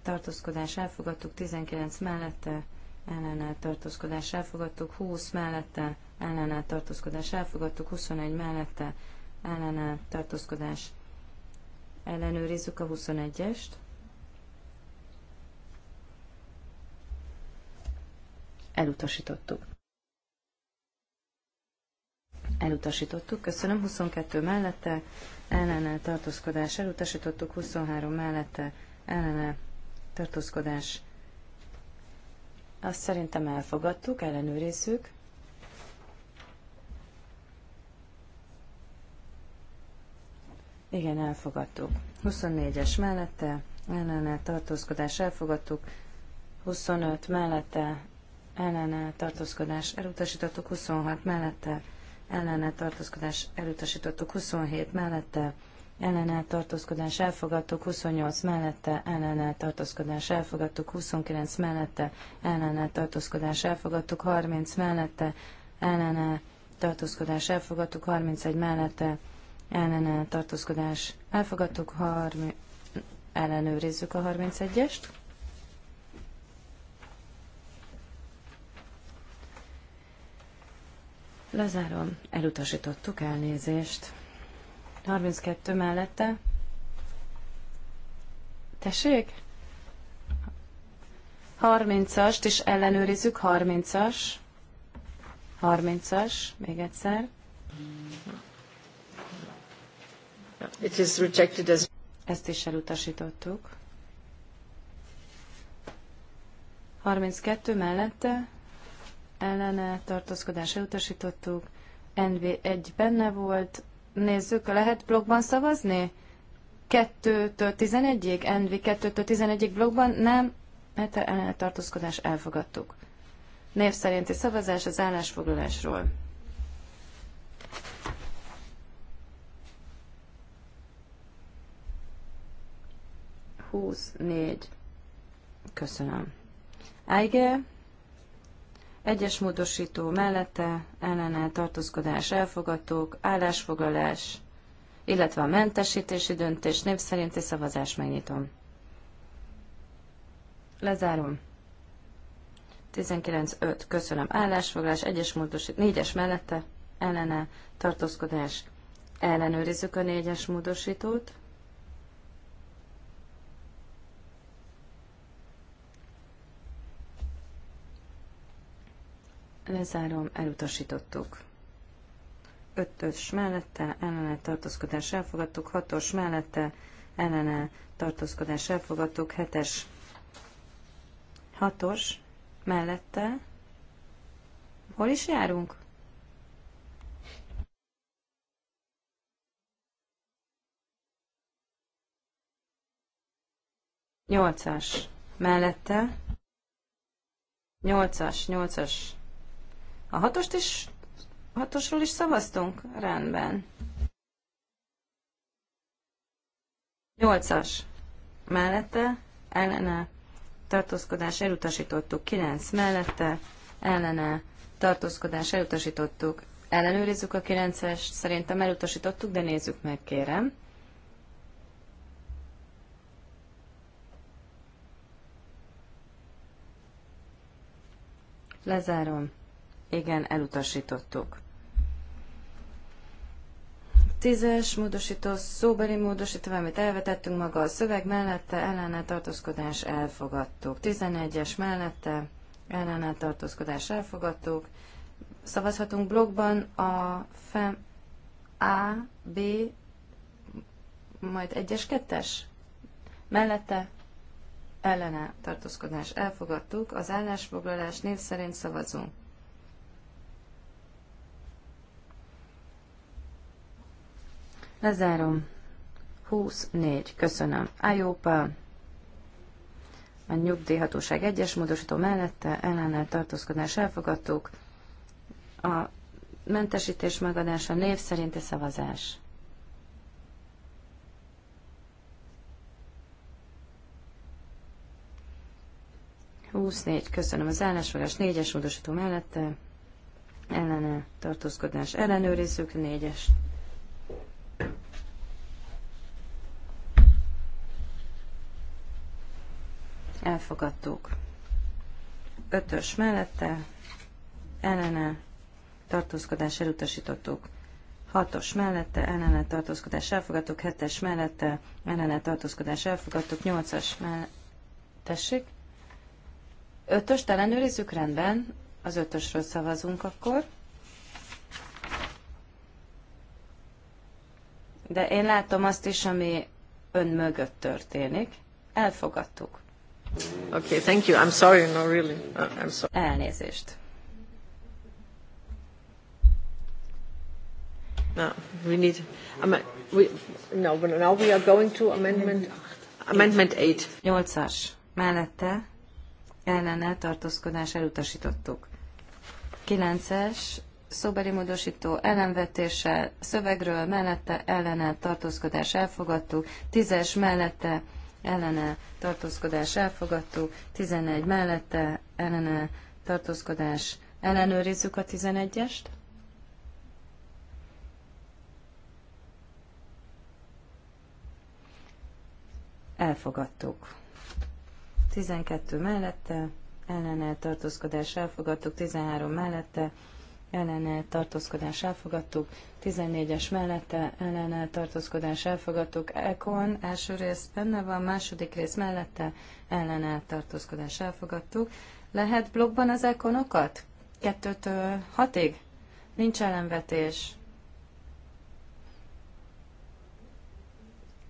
tartózkodás elfogadtuk, 19 mellette ellenállt tartózkodás elfogadtuk, 20 mellette ellenállt tartózkodás elfogadtuk, 21 mellette ellenállt tartózkodás ellenőrizzük a 21-est. Elutasítottuk. Elutasítottuk, köszönöm. 22 mellette ellene tartózkodás elutasítottuk, 23 mellette ellene tartózkodás. Azt szerintem elfogadtuk, ellenőrizzük. Igen, elfogadtuk. 24-es mellette, ellene tartózkodás elfogadtuk. 25 mellette, ellene tartózkodás elutasítottuk. 26 mellette, ellene tartózkodás elutasítottuk. 27 mellette, ellenállt tartózkodás elfogadtuk, 28 mellette ellenállt tartózkodás elfogadtuk, 29 mellette ellenállt tartózkodás elfogadtuk, 30 mellette ellenállt tartózkodás elfogadtuk, 31 mellette ellenállt tartózkodás elfogadtuk, 30, ellenőrizzük a 31-est. Lezárom, elutasítottuk elnézést. 32 mellette. Tessék? 30-ast, és ellenőrizzük 30-as. 30-as, még egyszer. It is rejected as... Ezt is elutasítottuk. 32 mellette ellene tartózkodás elutasítottuk, NV1 benne volt, nézzük, lehet blogban szavazni? 2-től 11-ig? Envi 2-től 11-ig blogban? Nem. Hát tartózkodás elfogadtuk. Név szerinti szavazás az állásfoglalásról. Húsz, négy. Köszönöm. Ájge, egyes módosító mellette ellene tartózkodás elfogadók, állásfoglalás, illetve a mentesítési döntés népszerinti szavazás megnyitom. Lezárom. 19.5. Köszönöm. Állásfoglalás, egyes módosító, négyes mellette ellene tartózkodás. Ellenőrizzük a négyes módosítót. Lezárom, elutasítottuk. 5-ös mellette, ellene tartózkodás elfogadtuk, 6-os mellette, ellene tartózkodás elfogadtuk, 7-es, 6-os mellette. Hol is járunk? Nyolcas mellette. Nyolcas, nyolcas a hatost is, hatosról is szavaztunk? Rendben. Nyolcas. Mellette, ellene, tartózkodás elutasítottuk. Kilenc mellette, ellene, tartózkodás elutasítottuk. Ellenőrizzük a kilences, szerintem elutasítottuk, de nézzük meg, kérem. Lezárom igen, elutasítottuk. Tízes módosító, szóbeli módosító, amit elvetettünk maga a szöveg mellette, ellene tartózkodás elfogadtuk. Tizenegyes mellette, ellene tartózkodás elfogadtuk. Szavazhatunk blogban a FEM A, B, majd egyes, kettes? Mellette ellene tartózkodás elfogadtuk, az állásfoglalás név szerint szavazunk. Lezárom. 24. Köszönöm. Ájópa. A nyugdíjhatóság egyes módosító mellette ellenáll tartózkodás elfogadtuk. A mentesítés megadása név szerinti szavazás. négy Köszönöm az állásfogás. Négyes módosító mellette ellene tartózkodás ellenőrizzük. Négyes. elfogadtuk. Ötös mellette, ellene, tartózkodás elutasítottuk. Hatos mellette, ellene, tartózkodás elfogadtuk. Hetes mellette, ellene, tartózkodás elfogadtuk. Nyolcas mellette, tessék. Ötöst ellenőrizzük rendben, az ötösről szavazunk akkor. De én látom azt is, ami ön mögött történik. Elfogadtuk. Okay, thank you. I'm sorry, no really. Uh, I'm sorry. Elnézést. No, we need, we, no, now we are going to amendment, amendment 8. 8-as. Mellette ellene tartózkodás elutasítottuk. 9-es szóbeli módosító ellenvetéssel szövegről mellette ellene tartózkodás elfogadtuk, 10-es mellette ellene tartózkodás elfogadtuk, 11 mellette ellene tartózkodás ellenőrizzük a 11-est. Elfogadtuk. 12 mellette, ellene tartózkodás elfogadtuk, 13 mellette, ellene tartózkodás elfogadtuk, 14-es mellette ellene tartózkodás elfogadtuk, Ekon első rész benne van, második rész mellette ellene tartózkodás elfogadtuk. Lehet blogban az Ekonokat? Kettőtől hatig? Nincs ellenvetés.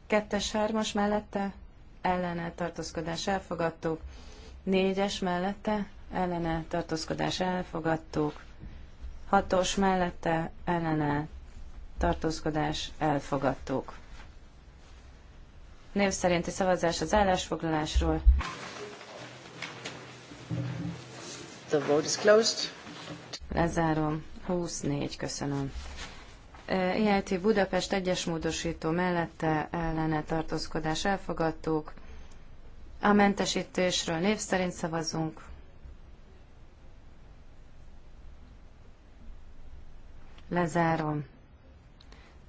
Kettes, hármas mellette ellene tartózkodás elfogadtuk, négyes mellette ellene tartózkodás elfogadtuk hatos mellette ellene tartózkodás elfogadtuk. Név szerinti szavazás az állásfoglalásról. The vote is closed. Lezárom. 24, köszönöm. EIT e Budapest egyes módosító mellette ellene tartózkodás elfogadtuk. A mentesítésről név szerint szavazunk. lezárom.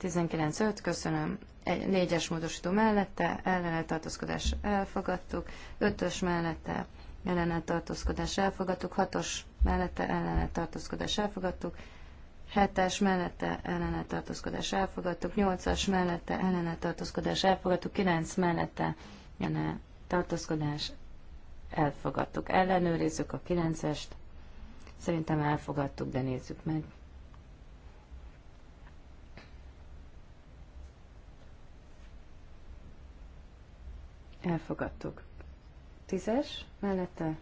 19.5, köszönöm. Egy négyes módosító mellette, ellenet tartózkodás elfogadtuk, ötös mellette ellenet tartózkodás elfogadtuk, hatos mellette ellenet tartózkodás elfogadtuk, hetes mellette ellenet tartózkodás elfogadtuk, nyolcas mellette ellenet tartózkodás elfogadtuk, kilenc mellette ellenet tartózkodás elfogadtuk. Ellenőrizzük a kilencest, szerintem elfogadtuk, de nézzük meg. Elfogadtuk. Tízes, mellette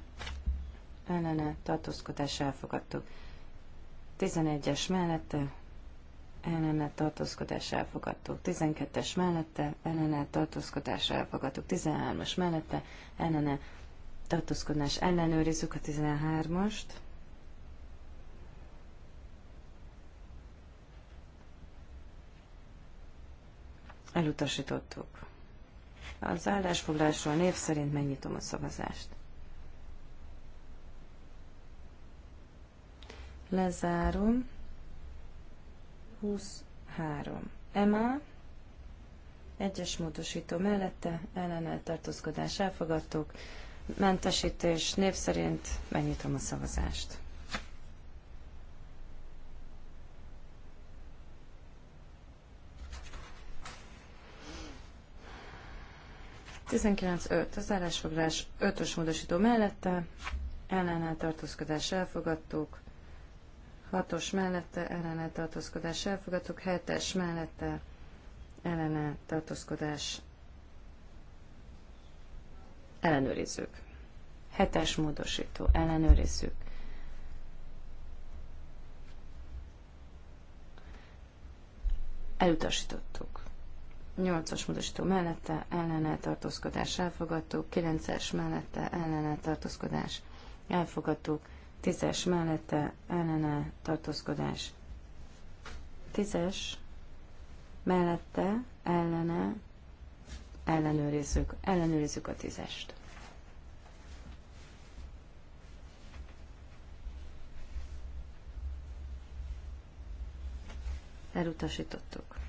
ellene tartózkodás elfogadtuk. Tizenegyes mellette ellene tartózkodás elfogadtuk. Tizenkettes mellette ellene tartózkodás elfogadtuk. Tizenhármas mellette ellene tartózkodás ellenőrizzük a tizenhármast Elutasítottuk. Az állásfoglásról név szerint megnyitom a szavazást. Lezárom. 23. Emma. Egyes módosító mellette ellenel tartózkodás elfogadtuk. Mentesítés név szerint megnyitom a szavazást. 19.5. Az állásfoglás 5-ös módosító mellette ellenáll tartózkodás elfogadtuk. 6-os mellette ellenáll tartózkodás elfogadtuk. 7-es mellette ellenáll tartózkodás ellenőrizzük. 7-es módosító ellenőrizzük. Elutasítottuk. 8-as módosító mellette ellene tartózkodás elfogadtuk, 9-es mellette ellene tartózkodás elfogadtuk, 10-es mellette ellene tartózkodás. 10-es mellette ellene ellenőrizzük, ellenőrizzük a 10-est. Elutasítottuk.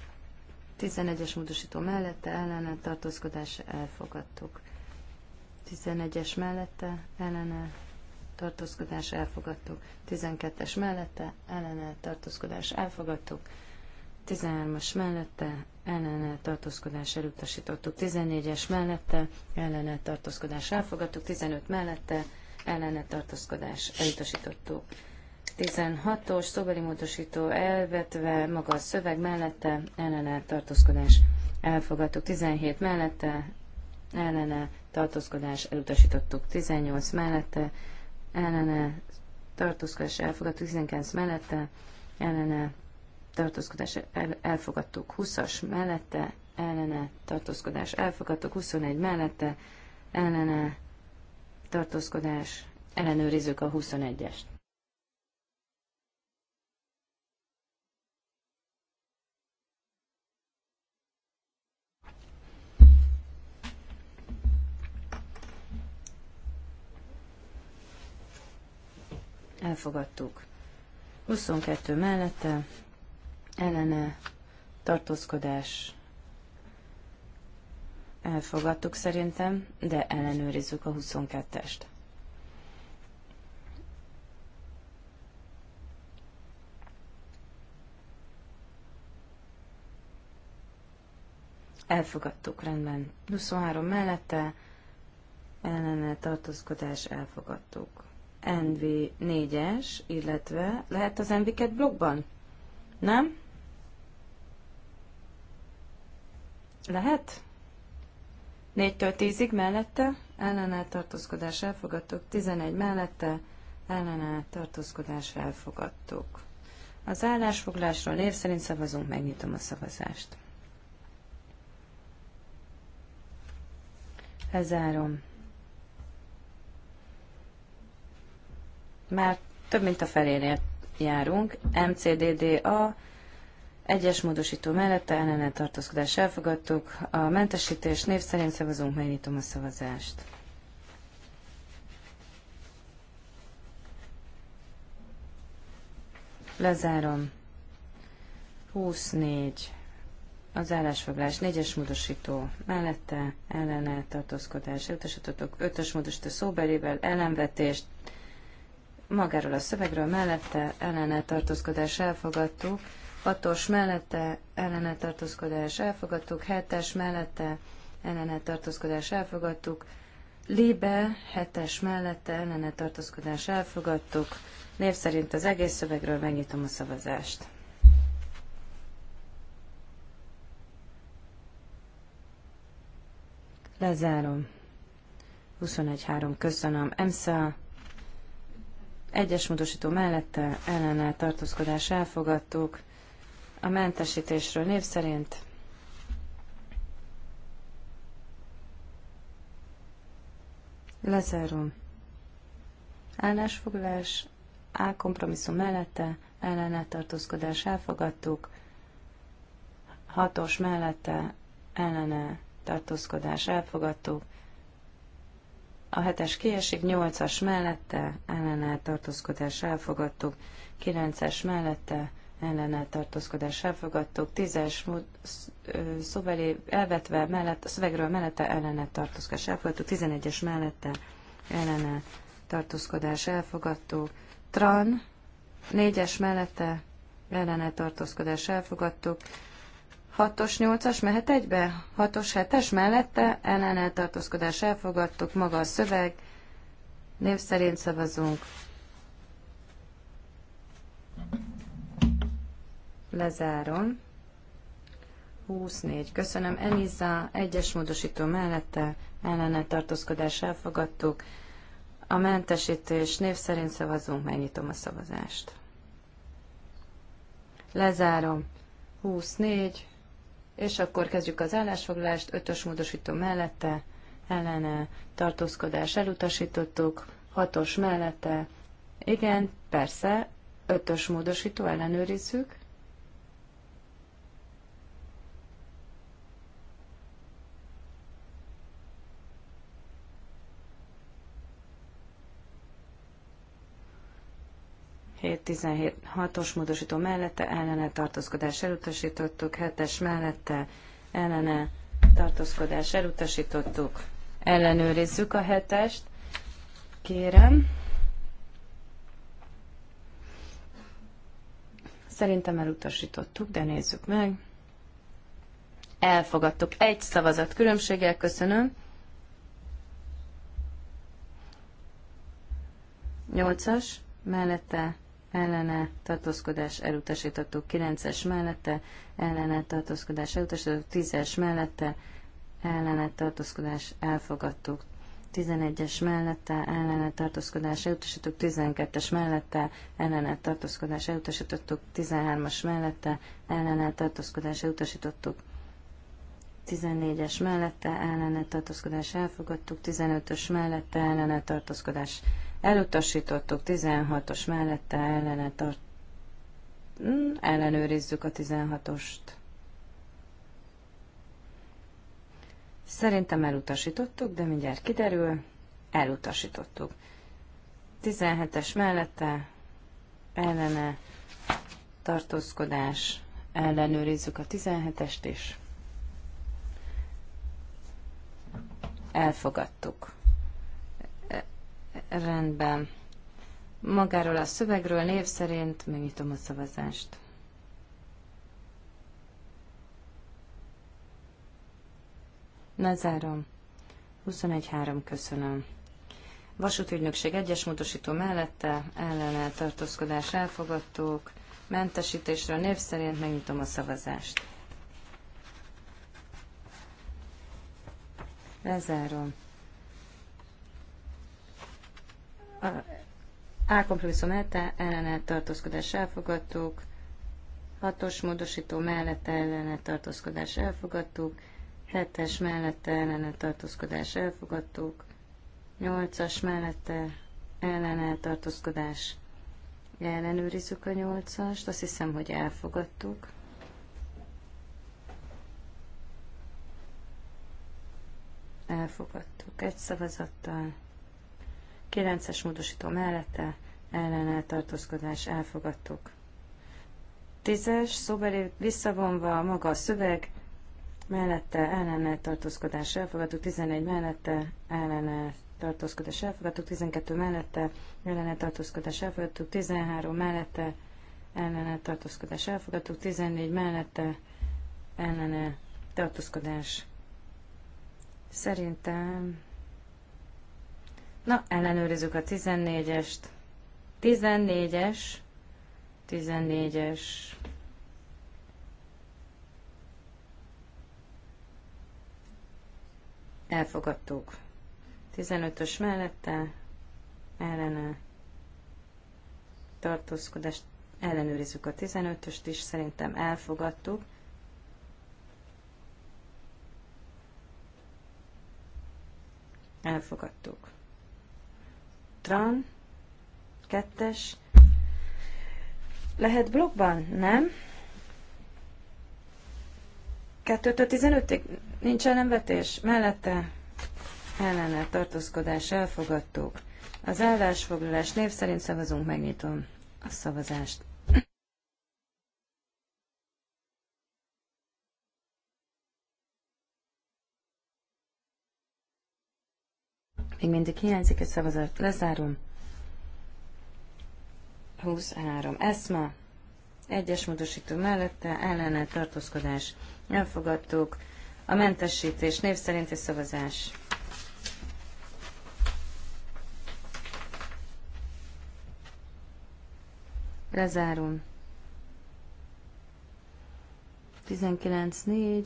11-es módosító mellette ellene tartózkodás elfogadtuk. 11-es mellette ellene tartózkodás elfogadtuk. 12-es mellette ellene tartózkodás elfogadtuk. 13-as mellette ellene tartózkodás elutasítottuk. 14-es mellette ellene tartózkodás elfogadtuk. 15 mellette ellene tartózkodás elutasítottuk. 16-os szobeli módosító elvetve, maga a szöveg mellette, ellene tartózkodás elfogadtuk. 17 mellette, ellene tartózkodás elutasítottuk. 18 mellette, ellene tartózkodás elfogadtuk. 19 mellette, ellene tartózkodás elfogadtuk. 20-as mellette, ellene tartózkodás elfogadtuk. 21 mellette, ellene tartózkodás ellenőrizzük a 21-est. elfogadtuk. 22 mellette, ellene, tartózkodás, elfogadtuk szerintem, de ellenőrizzük a 22-est. Elfogadtuk, rendben. 23 mellette, ellene tartózkodás, elfogadtuk. NV4-es, illetve lehet az NV2 blogban? Nem? Lehet? 4-től 10-ig mellette, ellenállt tartózkodás elfogadtuk, 11 mellette, ellenállt tartózkodás elfogadtuk. Az állásfoglásról név szerint szavazunk, megnyitom a szavazást. Lezárom. Már több mint a felénél járunk. MCDDA egyes módosító mellette ellene tartózkodás elfogadtuk. A mentesítés név szerint szavazunk, megnyitom a szavazást. Lezárom. 24. Az állásfoglás 4-es módosító mellette ellene tartózkodás elutasítottuk 5-ös módosító szóbelével ellenvetést magáról a szövegről mellette ellene tartózkodás elfogadtuk, hatos mellette ellene tartózkodás elfogadtuk, hetes mellette ellene tartózkodás elfogadtuk, Libe hetes mellette ellene tartózkodás elfogadtuk, név szerint az egész szövegről megnyitom a szavazást. Lezárom. 21.3. Köszönöm. EMSZA egyes módosító mellette ellene tartózkodás elfogadtuk. A mentesítésről név szerint lezárom. Állásfoglalás A kompromisszum mellette ellene tartózkodás elfogadtuk. Hatos mellette ellene tartózkodás elfogadtuk a hetes kiesik, nyolcas mellette ellenállt tartózkodás elfogadtuk, kilences mellette ellenállt tartózkodás elfogadtuk, tízes szóbeli elvetve mellett, szövegről mellette ellenállt tartózkodás elfogadtuk, tizenegyes mellette ellenállt tartózkodás elfogadtuk, tran négyes mellette ellenállt tartózkodás elfogadtuk, hatos nyolcas mehet egybe? hatos hetes mellette ellen eltartózkodás elfogadtuk, maga a szöveg, név szerint szavazunk. Lezárom. 24. Köszönöm, Eliza. Egyes módosító mellette ellene tartózkodás elfogadtuk. A mentesítés név szerint szavazunk, megnyitom a szavazást. Lezárom. 24. És akkor kezdjük az állásfoglalást. Ötös módosító mellette, ellene, tartózkodás elutasítottuk. Hatos mellette, igen, persze, ötös módosító ellenőrizzük. 7.17.6-os módosító mellette ellene tartózkodás elutasítottuk, 7-es mellette ellene tartózkodás elutasítottuk. Ellenőrizzük a hetest. Kérem. Szerintem elutasítottuk, de nézzük meg. Elfogadtuk. Egy szavazat különbséggel köszönöm. Nyolcas, mellette ellene tartózkodás elutasítató 9-es mellette, ellene tartózkodás elutasítató 10-es mellette, ellene tartózkodás elfogadtuk 11-es mellette, ellene tartózkodás elutasítottuk 12-es mellette, ellene tartózkodás elutasítottuk 13-as mellette, ellene tartózkodás elutasítottuk 14-es mellette, ellene tartózkodás elfogadtuk 15-ös mellette, ellene tartózkodás elfogadtuk Elutasítottuk 16-os mellette ellene tart... Mm, ellenőrizzük a 16-ost. Szerintem elutasítottuk, de mindjárt kiderül. Elutasítottuk. 17-es mellette ellene tartózkodás. Ellenőrizzük a 17-est is. Elfogadtuk. Rendben. Magáról a szövegről név szerint megnyitom a szavazást. Lezárom. 21-3, köszönöm. Vasútügynökség egyes módosító mellette, ellene tartózkodás elfogadtók, mentesítésről név szerint megnyitom a szavazást. Lezárom. A kompromisszum ellene tartózkodás elfogadtuk. Hatos módosító mellett ellene tartózkodás elfogadtuk. Hetes mellett ellene tartózkodás elfogadtuk. Nyolcas mellette ellene tartózkodás ellenőrizzük a nyolcast. Azt hiszem, hogy elfogadtuk. Elfogadtuk egy szavazattal. 9-es módosító mellette ellene tartózkodás elfogadtuk. 10-es szóbeli visszavonva maga a szöveg, mellette ellene tartózkodás elfogadtuk, 11 mellette ellene tartózkodás elfogadtuk, 12 mellette ellene tartózkodás elfogadtuk, 13 mellette ellene tartózkodás elfogadtuk, 14 mellette ellene tartózkodás. Szerintem Na, ellenőrizzük a 14-est. 14-es. 14-es. Elfogadtuk. 15-ös mellette, ellene, tartózkodást, ellenőrizzük a 15-öst is, szerintem elfogadtuk. Elfogadtuk. Tran, kettes. Lehet blogban? Nem? 2 15-ig nincs ellenvetés? Mellette ellene tartózkodás elfogadtuk. Az állásfoglalás név szerint szavazunk, megnyitom a szavazást. Még mindig hiányzik egy szavazat. Lezárom. 23. Eszma. Egyes módosító mellette ellene tartózkodás. Elfogadtuk. A mentesítés név szerinti szavazás. Lezárom. 19.4.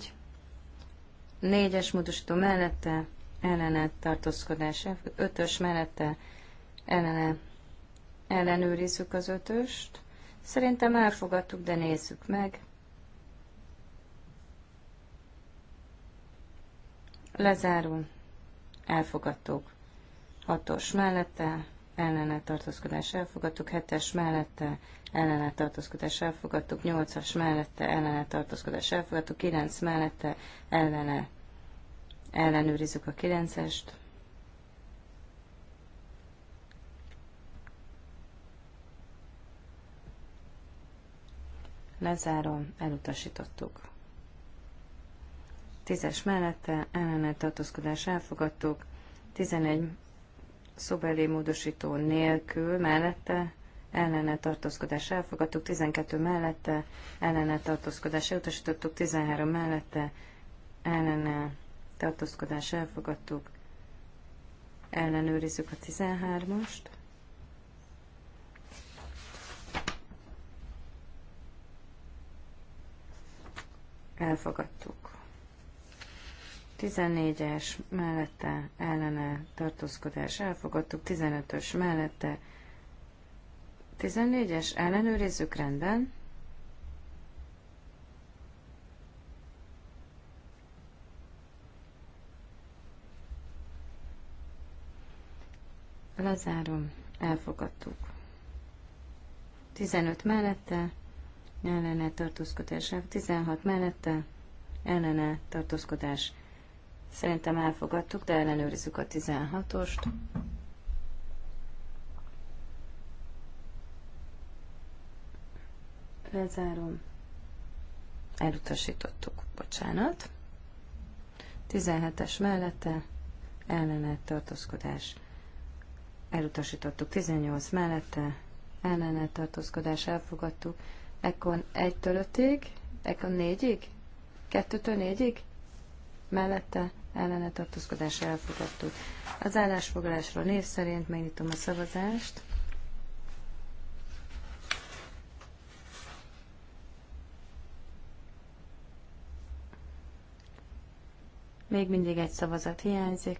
4-es módosító mellette ellene tartózkodás ötös mellette ellene ellenőrizzük az ötöst. Szerintem elfogadtuk, de nézzük meg. Lezárul. Elfogadtuk. Hatos mellette ellene tartózkodás elfogadtuk, hetes mellette ellene tartózkodás elfogadtuk, nyolcas mellette ellene tartózkodás elfogadtuk, kilenc mellette ellene ellenőrizzük a 9-est. Lezárom, elutasítottuk. Tízes mellette ellene tartózkodás elfogadtuk, 11 szobeli módosító nélkül mellette ellene tartózkodás elfogadtuk, 12 mellette ellene tartózkodás elutasítottuk, 13 mellette ellene tartózkodás elfogadtuk, ellenőrizzük a 13-ast. Elfogadtuk. 14-es mellette ellene tartózkodás elfogadtuk, 15-ös mellette 14-es ellenőrizzük rendben. Lezárom. Elfogadtuk. 15 mellette, ellene tartózkodás, 16 mellette, ellene tartózkodás. Szerintem elfogadtuk, de ellenőrizzük a 16-ost. Lezárom. Elutasítottuk, bocsánat. 17-es mellette, ellene tartózkodás elutasítottuk 18 mellette, ellene tartózkodás elfogadtuk, ekkor 1-től 5-ig, ekkor 4-ig, 2-től 4-ig, mellette ellene tartózkodás elfogadtuk. Az állásfoglalásról név szerint megnyitom a szavazást. Még mindig egy szavazat hiányzik.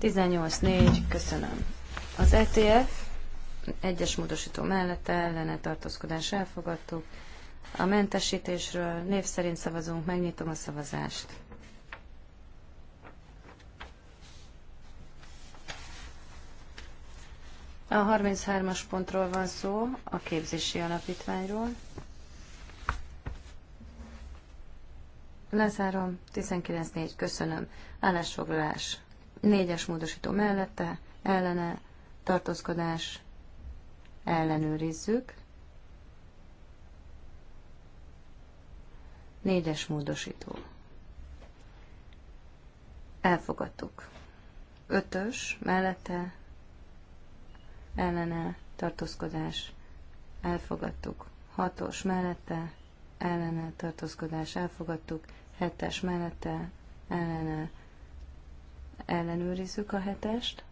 18.4. köszönöm. Az ETF egyes módosító mellette ellene tartózkodás elfogadtuk. A mentesítésről név szerint szavazunk, megnyitom a szavazást. A 33-as pontról van szó, a képzési alapítványról. Lezárom, 19.4, köszönöm. Állásfoglalás. Négyes módosító mellette, ellene, tartózkodás, ellenőrizzük. Négyes módosító. Elfogadtuk. Ötös mellette, ellene, tartózkodás, elfogadtuk. Hatos mellette, ellene, tartózkodás, elfogadtuk. Hetes mellette, ellene, ellenőrizzük a hetest.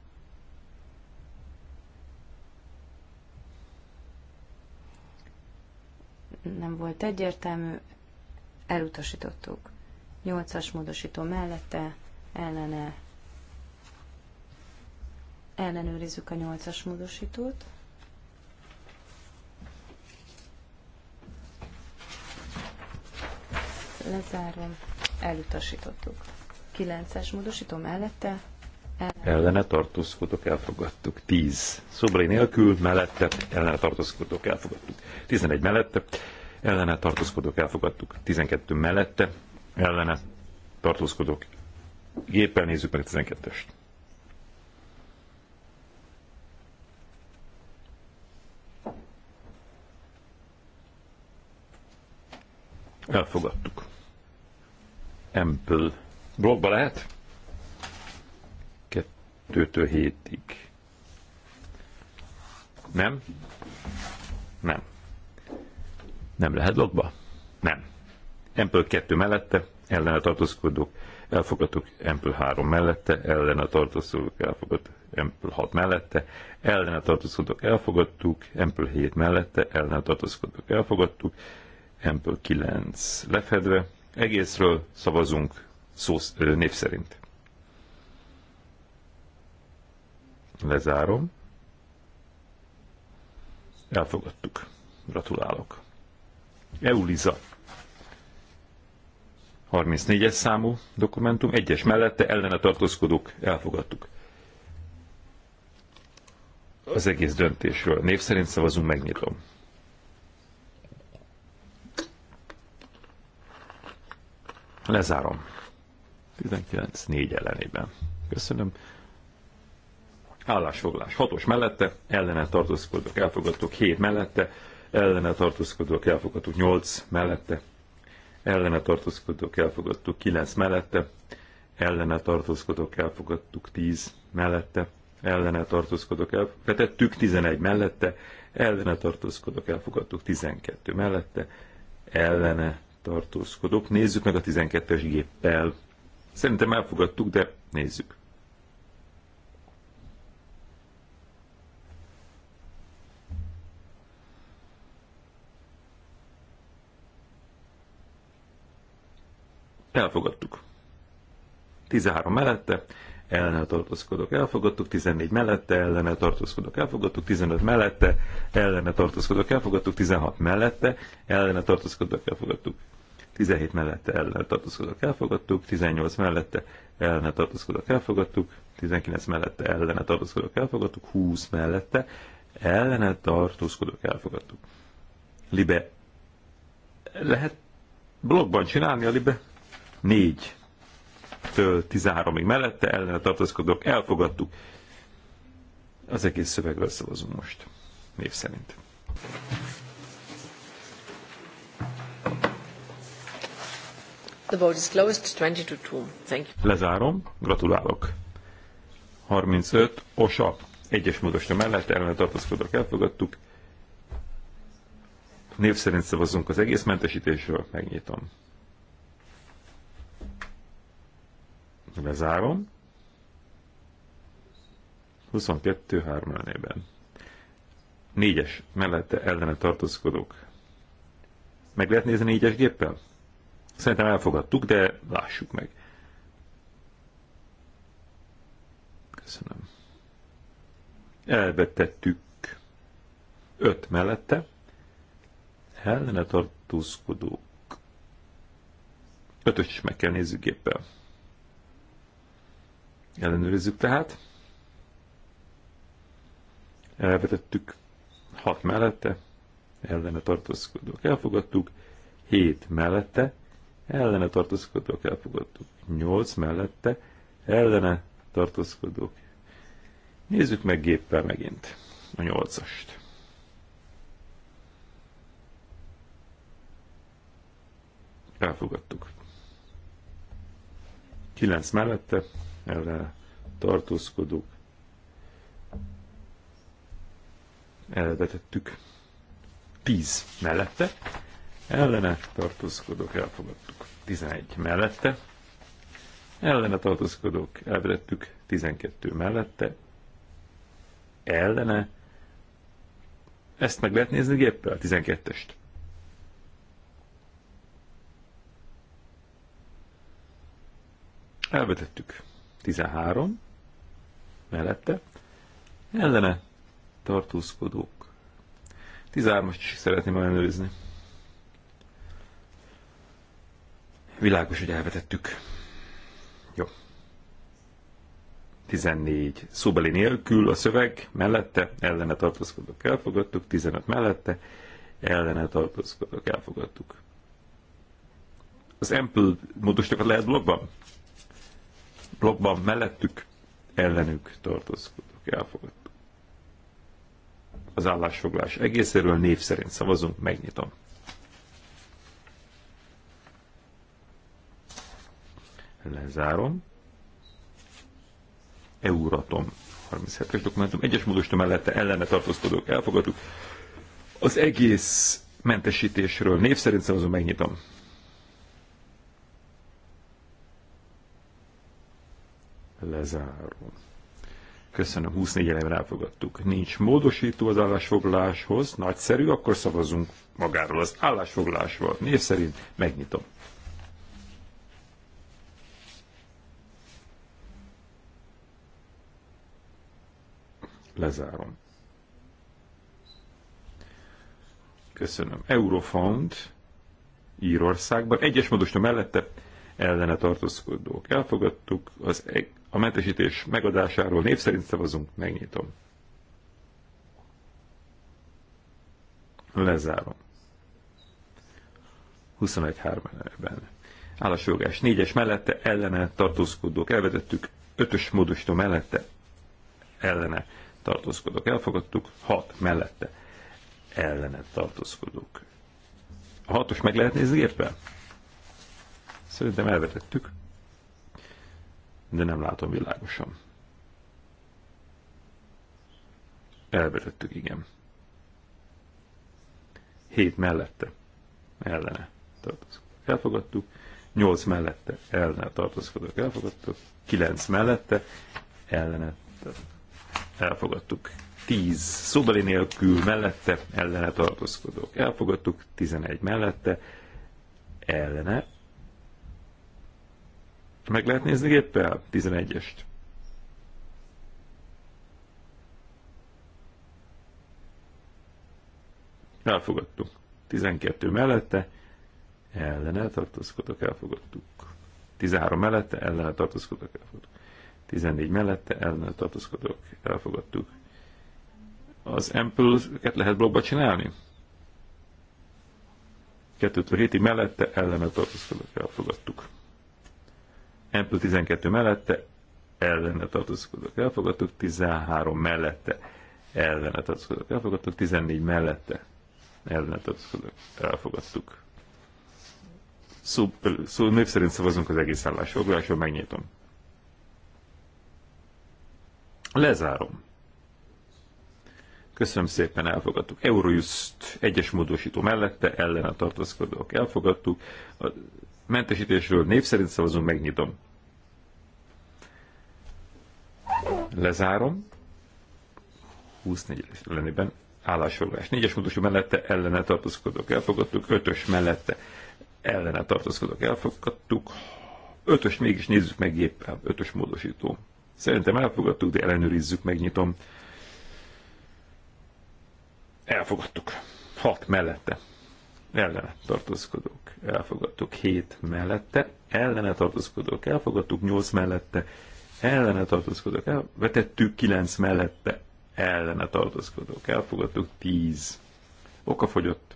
Nem volt egyértelmű, elutasítottuk. 8-as módosító mellette, ellene ellenőrizzük a 8-as módosítót. Lezárom, elutasítottuk. 9-es módosító mellette. Ellene tartózkodok, elfogadtuk. 10. Szobrai nélkül, mellette, ellene tartózkodok, elfogadtuk. 11 mellette, ellene tartózkodok, elfogadtuk. 12 mellette, ellene tartózkodok. Géppel nézzük meg a 12-est. Elfogadtuk. Ample Blogba lehet? Kettőtől hétig. Nem? Nem. Nem lehet blogba? Nem. Ample 2 mellette, ellene tartózkodók, elfogadtuk Ample 3 mellette, ellene tartózkodók, elfogadtuk Ample 6 mellette, ellene tartózkodók, elfogadtuk, Ample 7 mellette, ellene tartózkodók, elfogadtuk, Ample 9 lefedve. Egészről szavazunk szó név szerint. Lezárom. Elfogadtuk. Gratulálok. Euliza. 34-es számú dokumentum, egyes mellette ellene tartózkodók, elfogadtuk. Az egész döntésről. Név szerint szavazunk, megnyitom. Lezárom. 19-4 ellenében. Köszönöm. Állásfoglás. 6-os mellette, ellene tartózkodók elfogadtuk, 7 mellette, ellene tartózkodók elfogadtuk, 8 mellette, ellene tartózkodók elfogadtuk, 9 mellette, ellene tartózkodók elfogadtuk, 10 mellette, ellene tartózkodók elvetettük, 11 mellette, ellene tartózkodók elfogadtuk, 12 mellette, ellene tartózkodók. Nézzük meg a 12-es géppel. Szerintem elfogadtuk, de nézzük. Elfogadtuk. 13 mellette, ellene tartózkodok, elfogadtuk, 14 mellette, ellene tartózkodok, elfogadtuk, 15 mellette, ellene tartózkodok, elfogadtuk, 16 mellette, ellene tartózkodok, elfogadtuk, 17 mellette ellen tartózkodók elfogadtuk, 18 mellette ellen tartózkodók elfogadtuk, 19 mellette ellen tartózkodók elfogadtuk, 20 mellette ellen tartózkodók elfogadtuk. Libe lehet blogban csinálni a libe 4 től 13-ig mellette ellen tartózkodók elfogadtuk. Az egész szövegről szavazunk most, név szerint. The vote is closed, 22 Thank you. Lezárom, gratulálok. 35, Osa, egyes módosra mellett, ellene tartózkodók elfogadtuk. Név szerint szavazunk az egész mentesítésről, megnyitom. Lezárom. 22 3 lennében. Négyes mellette ellene tartózkodók. Meg lehet nézni négyes géppel? Szerintem elfogadtuk, de lássuk meg. Köszönöm. Elvetettük öt mellette. Ellene tartózkodók. Ötös is meg kell nézzük éppen. Ellenőrizzük tehát. Elvetettük hat mellette. Ellene tartózkodók. Elfogadtuk. hét mellette ellene tartózkodók elfogadtuk. nyolc mellette ellene tartózkodók. Nézzük meg géppel megint a nyolcast. Elfogadtuk. kilenc mellette ellene tartózkodók. Elvetettük. Tíz mellette ellene tartózkodók elfogadtuk 11 mellette, ellene tartózkodók elvettük 12 mellette, ellene, ezt meg lehet nézni géppel, a 12-est. Elvetettük 13 mellette, ellene tartózkodók. 13-ast is szeretném ellenőrizni. Világos, hogy elvetettük. Jó. 14 szóbeli nélkül a szöveg, mellette ellene tartózkodok, elfogadtuk, 15 mellette ellene tartózkodok, elfogadtuk. Az Ample módosokat lehet blogban? Blogban mellettük, ellenük tartózkodok, elfogadtuk. Az állásfoglás egészéről név szerint szavazunk, megnyitom. Lezárom. Euratom. 37-es dokumentum. Egyes módosítom mellette ellene tartózkodók. Elfogadtuk. Az egész mentesítésről név szerint szavazom, megnyitom. Lezárom. Köszönöm, 24 elemre elfogadtuk. Nincs módosító az állásfoglaláshoz, nagyszerű, akkor szavazunk magáról az állásfoglalásról. Név szerint megnyitom. Lezárom. Köszönöm. Eurofound Írországban. Egyes módosító mellette ellene tartózkodók. Elfogadtuk az, e- a mentesítés megadásáról. Név szerint szavazunk. Megnyitom. Lezárom. 21-3-ben. Állásjogás 4-es mellette ellene tartózkodók. Elvetettük 5-ös módosító mellette ellene tartózkodok, elfogadtuk, Hat mellette ellenet tartózkodok. A hatos meg lehet nézni gépben? Szerintem elvetettük, de nem látom világosan. Elvetettük, igen. Hét mellette ellene tartózkodok, Elfogadtuk, 8 mellette ellene tartózkodok, Elfogadtuk, 9 mellette ellene tartózkodok elfogadtuk. 10 szóbeli nélkül mellette ellene tartózkodók. Elfogadtuk 11 mellette ellene. Meg lehet nézni géppel 11-est. Elfogadtuk. 12 mellette ellene tartózkodók elfogadtuk. 13 mellette ellene tartózkodók elfogadtuk. 14 mellette ellene tartózkodók elfogadtuk. Az ample-ket lehet blogba csinálni? 2-től 7 mellette ellene tartózkodók elfogadtuk. Ample 12 mellette ellene tartózkodók elfogadtuk, 13 mellette ellene tartózkodók elfogadtuk, 14 mellette ellene tartózkodók elfogadtuk. Szó, szó, név szerint szavazunk az egész állásfoglalásról, megnyitom. Lezárom. Köszönöm szépen, elfogadtuk. Eurojust egyes módosító mellette, a tartózkodók elfogadtuk. A mentesítésről név szerint szavazunk, megnyitom. Lezárom. 24 ellenében állásfoglalás. Négyes módosító mellette ellene tartózkodók elfogadtuk, ötös mellette ellene tartózkodók elfogadtuk, ötös mégis nézzük meg éppen. ötös módosító. Szerintem elfogadtuk, de ellenőrizzük, megnyitom. Elfogadtuk. hat mellette. Ellene tartózkodók. Elfogadtuk. hét mellette. Ellene tartózkodók. Elfogadtuk. nyolc mellette. Ellene tartózkodók. Elvetettük. kilenc mellette. Ellene tartózkodók. Elfogadtuk. 10. Okafogyott.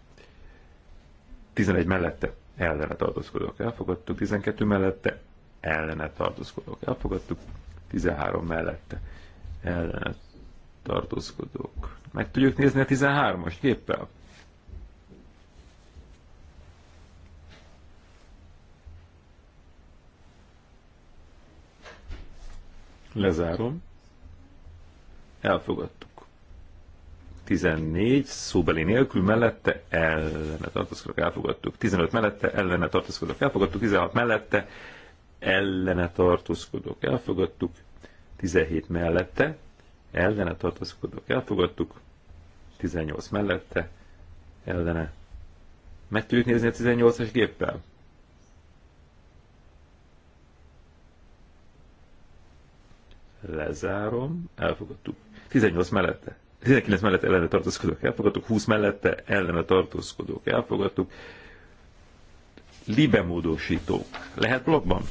tizenegy mellette. Ellene tartózkodók. Elfogadtuk. tizenkettő mellette. Ellene tartózkodók. Elfogadtuk. 13 mellette ellene tartózkodók. Meg tudjuk nézni a 13-as képpel? Lezárom. Elfogadtuk. 14 szóbeli nélkül mellette ellene tartózkodók elfogadtuk. 15 mellette ellene tartózkodók elfogadtuk. 16 mellette ellene tartózkodók elfogadtuk, 17 mellette, ellene tartózkodók elfogadtuk, 18 mellette, ellene. Meg tudjuk nézni a 18-as géppel? Lezárom, elfogadtuk. 18 mellette, 19 mellett ellene tartózkodók elfogadtuk, 20 mellette ellene tartózkodók elfogadtuk. Libemódosítók. Lehet blogban?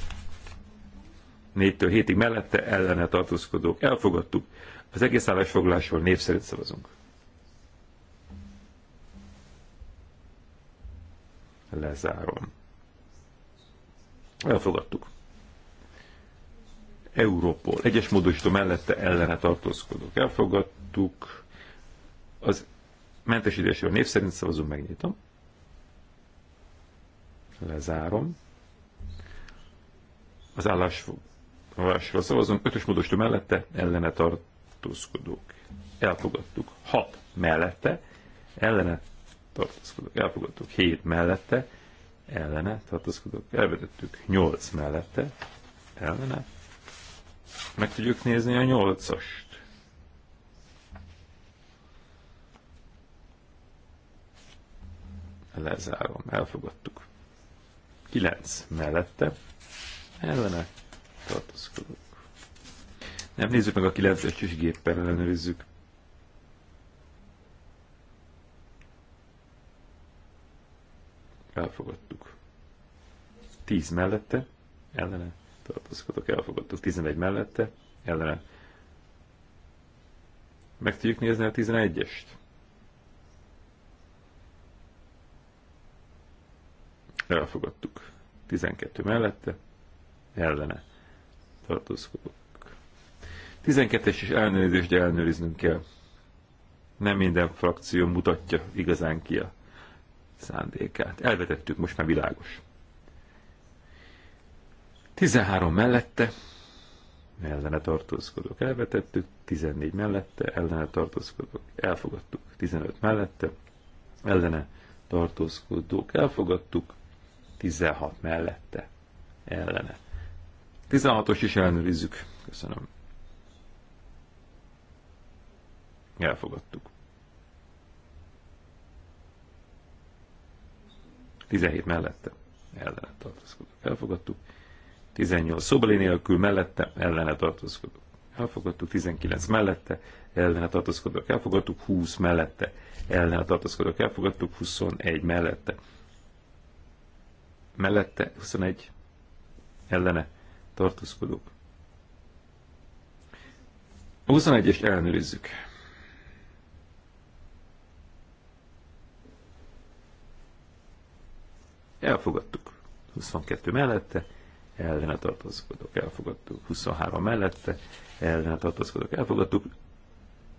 négytől hétig mellette ellene tartózkodók. Elfogadtuk. Az egész állásfoglalásról név szerint szavazunk. Lezárom. Elfogadtuk. Európol. Egyes módosító mellette ellene tartózkodók. Elfogadtuk. Az mentesítésről név szerint szavazunk, megnyitom. Lezárom. Az állásfoglalásról átmolásról szavazunk, ötös módosító mellette ellene tartózkodók. Elfogadtuk. hat mellette ellene tartózkodók. Elfogadtuk. hét mellette ellene tartózkodók. Elvetettük. nyolc mellette ellene. Meg tudjuk nézni a 8 Lezárom. Elfogadtuk. 9 mellette ellene tartózkodók. Nem nézzük meg a 9-es géppel, ellenőrizzük. Elfogadtuk. 10 mellette, ellene tartózkodók, elfogadtuk. 11 mellette, ellene. Meg tudjuk nézni a 11-est? Elfogadtuk. 12 mellette, ellene tartózkodok. 12-es is ellenőrizést elnőriznünk kell. Nem minden frakció mutatja igazán ki a szándékát. Elvetettük, most már világos. 13 mellette, ellene tartózkodok. elvetettük, 14 mellette, ellene tartózkodok. elfogadtuk, 15 mellette, ellene tartózkodók elfogadtuk, 16 mellette, ellene 16-os is ellenőrizzük. Köszönöm. Elfogadtuk. 17 mellette ellene tartózkodok. Elfogadtuk. 18 szobali nélkül mellette ellene tartózkodok. Elfogadtuk. 19 mellette ellene tartózkodok. Elfogadtuk. 20 mellette ellene tartózkodok. Elfogadtuk. 21 mellette. Mellette 21 ellene tartózkodók. A 21-est ellenőrizzük. Elfogadtuk. 22 mellette, ellene tartózkodók, elfogadtuk. 23 mellette, ellene tartózkodók, elfogadtuk.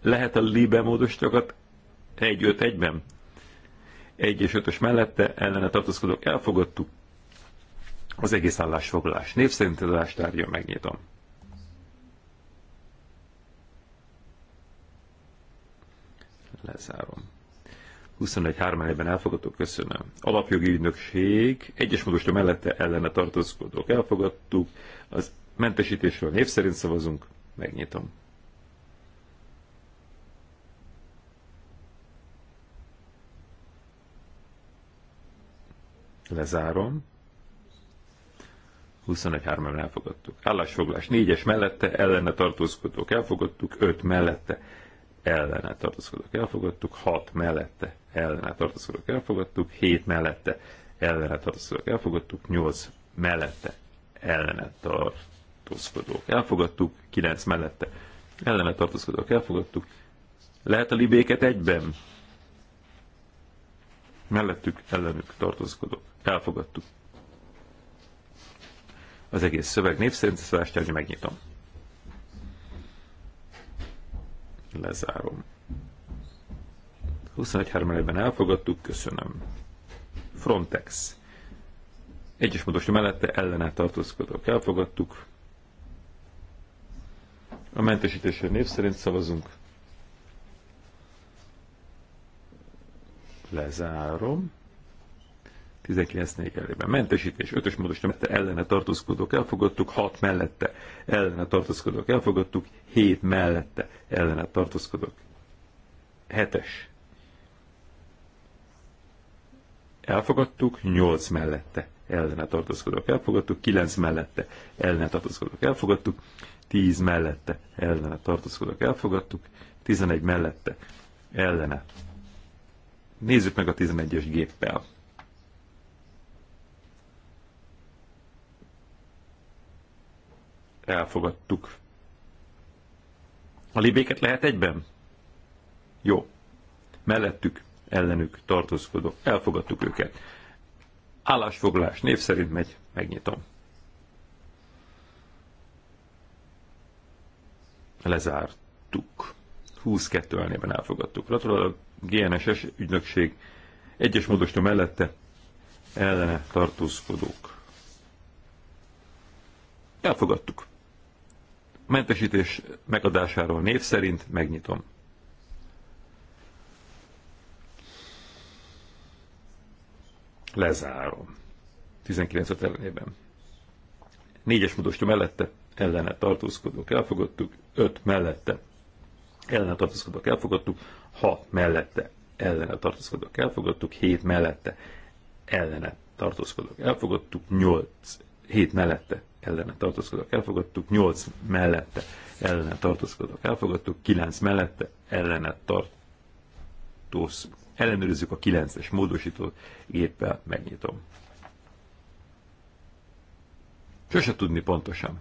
Lehet a libe módosítókat 1-5-1-ben? 1 és 5-ös mellette, ellene tartózkodók, elfogadtuk. Az egész állásfoglalás. Név szerint az állástárgya megnyitom. Lezárom. 21-3 elében elfogadtuk, köszönöm. Alapjogi ügynökség, egyes módosra mellette ellene tartózkodók elfogadtuk, az mentesítésről név szerint szavazunk, megnyitom. Lezárom. 23 3 elfogadtuk. Állásfoglás 4-es mellette ellene tartózkodók elfogadtuk, 5 mellette ellene tartózkodók elfogadtuk, 6 mellette ellene tartózkodók elfogadtuk, 7 mellette ellene tartózkodók elfogadtuk, 8 mellette ellene tartózkodók elfogadtuk, 9 mellette ellene tartózkodók elfogadtuk. Lehet a libéket egyben? Mellettük ellenük tartózkodók elfogadtuk az egész szöveg népszerűtőszövást, hogy megnyitom. Lezárom. 21 ben elfogadtuk, köszönöm. Frontex. Egyes módosító mellette ellene tartózkodók elfogadtuk. A mentesítésre név szerint szavazunk. Lezárom. 19-4 elében. Mentesítés 5-ös módos mellette ellene tartózkodók elfogadtuk, 6 mellette ellene tartózkodók elfogadtuk, 7 mellette ellene tartózkodók. 7-es. Elfogadtuk, 8 mellette ellene tartózkodók elfogadtuk, 9 mellette ellene tartózkodók elfogadtuk, 10 mellette ellene tartózkodók elfogadtuk, 11 mellette ellene. Nézzük meg a 11-es géppel. elfogadtuk. A libéket lehet egyben? Jó. Mellettük, ellenük tartózkodó. Elfogadtuk őket. Állásfoglalás név szerint megy, megnyitom. Lezártuk. 22 elnében elfogadtuk. Gratulálok a GNSS ügynökség egyes módosító mellette ellene tartózkodók. Elfogadtuk mentesítés megadásáról név szerint megnyitom. Lezárom. 19 ellenében. Négyes módosító mellette ellene tartózkodók elfogadtuk, 5 mellette ellene tartózkodók elfogadtuk, 6 mellette ellene tartózkodók elfogadtuk, 7 mellette ellene tartózkodók elfogadtuk, 8, 7 mellette ellene tartózkodók elfogadtuk, 8 mellette ellene tartózkodók elfogadtuk, 9 mellette ellene tartóz. Ellenőrizzük a 9-es módosítót, géppel megnyitom. Sose tudni pontosan.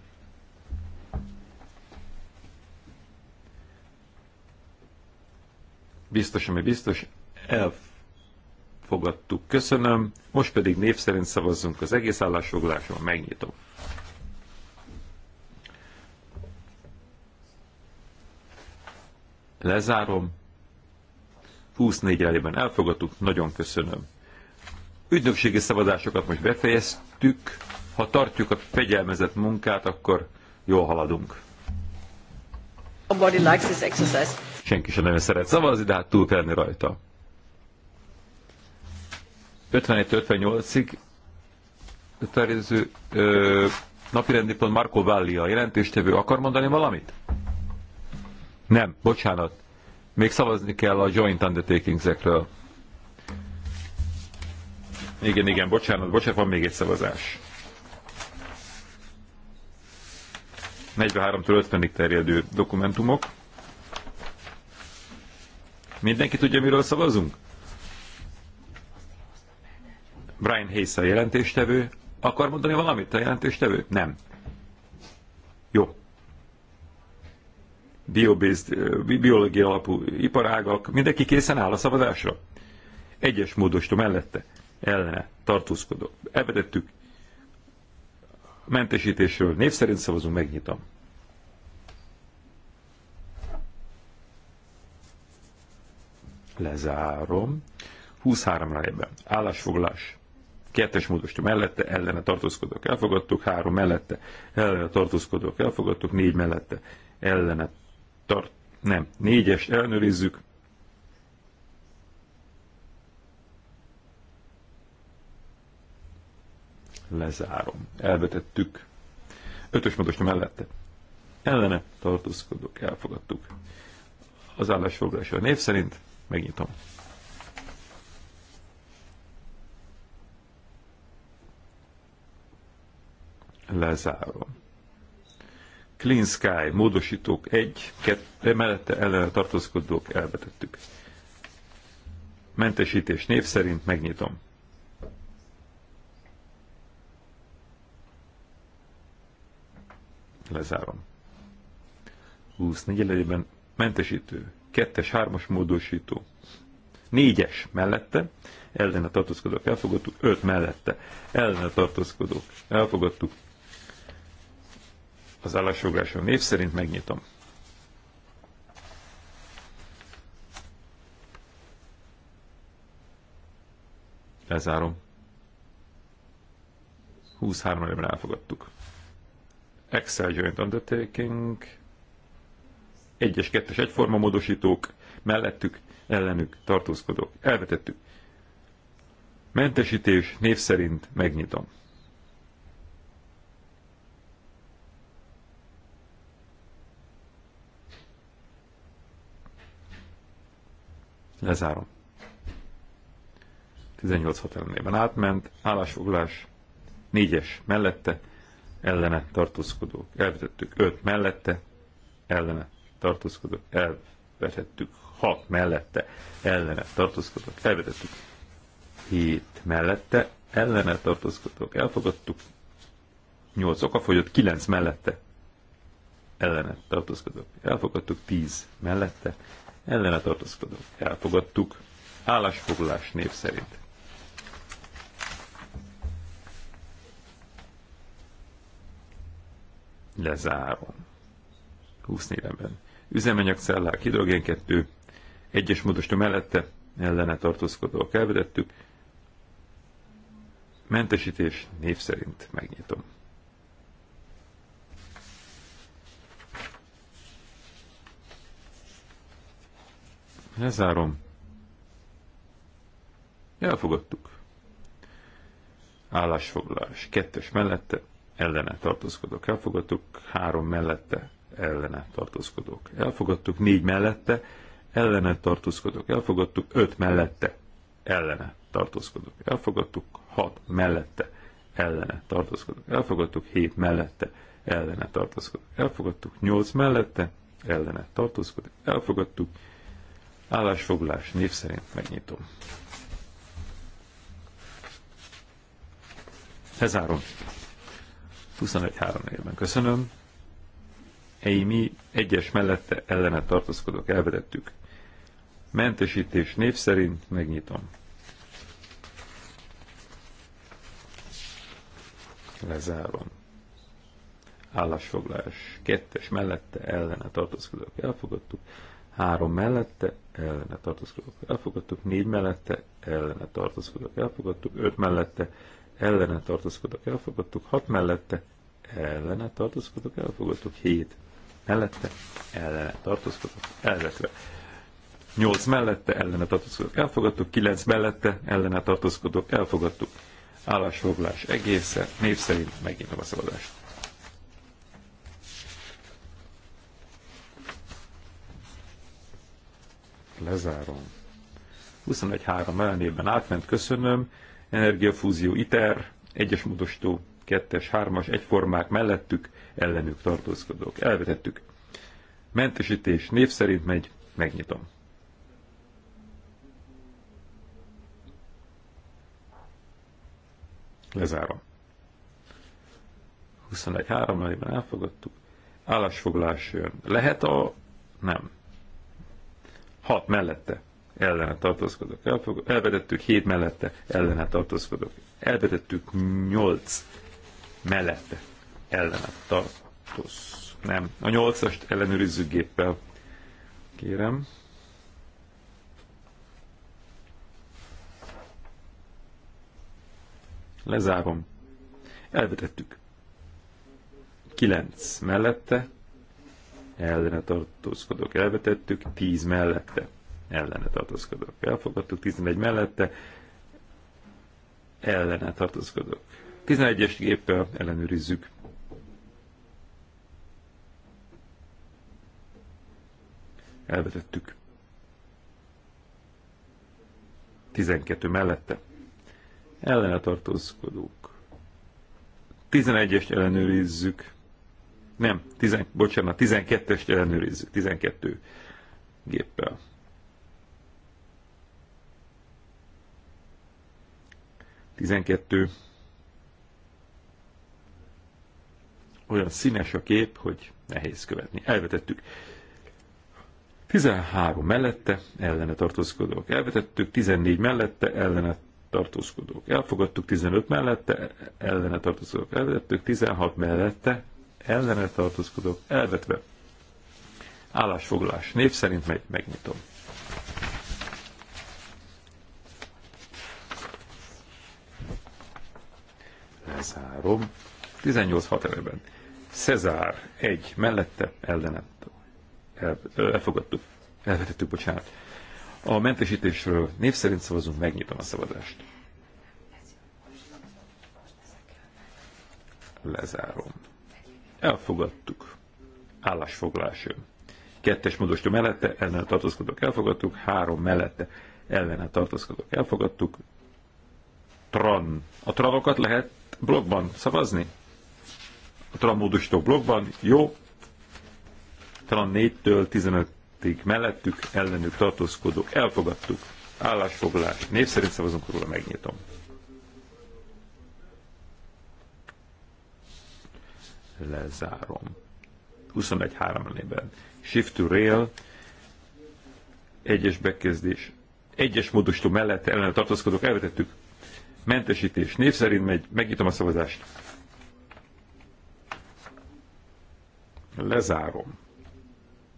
Biztos, ami biztos, elfogadtuk. Köszönöm. Most pedig név szerint szavazzunk az egész állásfoglalásról. Megnyitom. Lezárom. 24 elében elfogadtuk, nagyon köszönöm. Ügynökségi szavazásokat most befejeztük. Ha tartjuk a fegyelmezett munkát, akkor jól haladunk. Senki sem nagyon szeret szavazni, de hát túl kell lenni rajta. 51-58-ig terjező napirendi pont Marco Valli a jelentéstevő. Akar mondani valamit? Nem, bocsánat. Még szavazni kell a joint undertakingsekről. Igen, igen, bocsánat, bocsánat, van még egy szavazás. 43-től 50-ig terjedő dokumentumok. Mindenki tudja, miről szavazunk? Brian Hayes a jelentéstevő. Akar mondani valamit a jelentéstevő? Nem. Jó, biológiai alapú iparágak, mindenki készen áll a szavazásra? Egyes módostó mellette, ellene tartózkodó. Elvetettük mentesítésről. Név szerint szavazunk, megnyitom. Lezárom. 23 ebben. Állásfoglalás. Kettes módosítom mellette, ellene tartózkodók elfogadtuk, három mellette, ellene tartózkodók elfogadtuk, négy mellette, ellene tart, nem, négyes elnőrizzük. Lezárom. Elvetettük. Ötös módosra mellette. Ellene tartózkodok, elfogadtuk. Az a név szerint megnyitom. Lezárom Clean Sky módosítók egy 2, mellette ellene tartózkodók elvetettük. Mentesítés név szerint megnyitom. Lezárom. 24 elejében mentesítő, kettes, hármas módosító, négyes mellette, ellene tartózkodók elfogadtuk, öt mellette, ellene tartózkodók elfogadtuk, az állásfogláson név szerint megnyitom. Lezárom. 23 évben elfogadtuk. Excel Joint Undertaking, 1-es, 2-es egyforma módosítók, mellettük, ellenük tartózkodók. Elvetettük. Mentesítés név szerint megnyitom. Lezárom. 18-6 átment, állásfoglás 4-es mellette, ellene tartózkodók, elvetettük 5 mellette, ellene tartózkodók, elvetettük 6 mellette, ellene tartózkodók, elvetettük 7 mellette, ellene tartózkodók, elfogadtuk 8 okafogyott, 9 mellette, ellene tartózkodók, elfogadtuk 10 mellette, ellene tartózkodók elfogadtuk, állásfoglalás név szerint. Lezárom. 20 névenben. Üzemanyag cellák, hidrogén 2, egyes módosító mellette ellene tartózkodók elvedettük. Mentesítés név szerint megnyitom. Lezárom. Elfogadtuk. Állásfoglalás. Kettes mellette ellene tartózkodok. Elfogadtuk. Három mellette ellene tartózkodok. Elfogadtuk. Négy mellette ellene tartózkodok. Elfogadtuk. Öt mellette ellene tartózkodok. Elfogadtuk. Hat mellette ellene tartózkodok. Elfogadtuk. Hét mellette ellene tartózkodok. Elfogadtuk. Nyolc mellette ellene tartózkodok. Elfogadtuk. Állásfoglás név szerint megnyitom. Lezárom. 21-3 évben köszönöm. mi egyes mellette ellene tartózkodok, elvedettük. Mentesítés név szerint megnyitom. Lezárom. Állásfoglás kettes mellette ellene tartózkodok, elfogadtuk. Három mellette ellene tartózkodók elfogadtuk, négy mellette ellene tartózkodók elfogadtuk, öt mellette ellene tartózkodók elfogadtuk, hat mellette ellene tartózkodók elfogadtuk, hét mellette ellene tartózkodók elvetve. 8 mellette ellene tartózkodók elfogadtuk, 9 mellette ellene tartózkodók elfogadtuk. Állásfoglás egészen, név szerint megnyitom a szabadást. lezárom. 21.3 ellenében átment, köszönöm. Energiafúzió ITER, egyes módosító, kettes, hármas, egyformák mellettük, ellenük tartózkodók. Elvetettük. Mentesítés név szerint megy, megnyitom. Lezárom. 21.3 ellenében elfogadtuk. Állásfoglás jön. Lehet a... Nem hat mellette ellene tartózkodok. Elvetettük hét mellette ellene tartózkodok. Elvetettük nyolc mellette ellene tartóz. Nem. A nyolcast ellenőrizzük géppel. Kérem. Lezárom. Elvetettük. 9 mellette ellene tartózkodók elvetettük, 10 mellette ellene tartózkodók elfogadtuk, 11 mellette ellene tartózkodók. 11-es géppel ellenőrizzük. Elvetettük. 12 mellette ellene tartózkodók. 11-est ellenőrizzük. Nem, tizen, bocsánat, 12-est ellenőrizzük, 12 géppel. Tizenkettő. Olyan színes a kép, hogy nehéz követni. Elvetettük. 13 mellette ellene tartózkodók. Elvetettük 14 mellette ellene tartózkodók. Elfogadtuk 15 mellette, ellene tartózkodók elvetettük, 16 mellette, ellene tartózkodok, elvetve. Állásfoglalás. Név szerint meg, megnyitom. Lezárom. 18-6 eleben. Cezár 1 mellette ellene. El, elfogadtuk. Elvetettük, bocsánat. A mentesítésről név szerint szavazunk, megnyitom a szavazást. Lezárom elfogadtuk. Állásfoglás jön. Kettes módosító mellette ellen tartózkodók elfogadtuk, három mellette ellen tartózkodók elfogadtuk. Tran. A tranokat lehet blogban szavazni? A tran módosító blogban, jó. Tran 4-től 15-ig mellettük, ellenük tartózkodók elfogadtuk. Állásfoglalás. Név szerint szavazunk róla, megnyitom. lezárom. 21.3 lennében. Shift to rail, egyes bekezdés, egyes módosító mellett ellen tartózkodók, elvetettük. Mentesítés, név szerint megy, megnyitom a szavazást. Lezárom.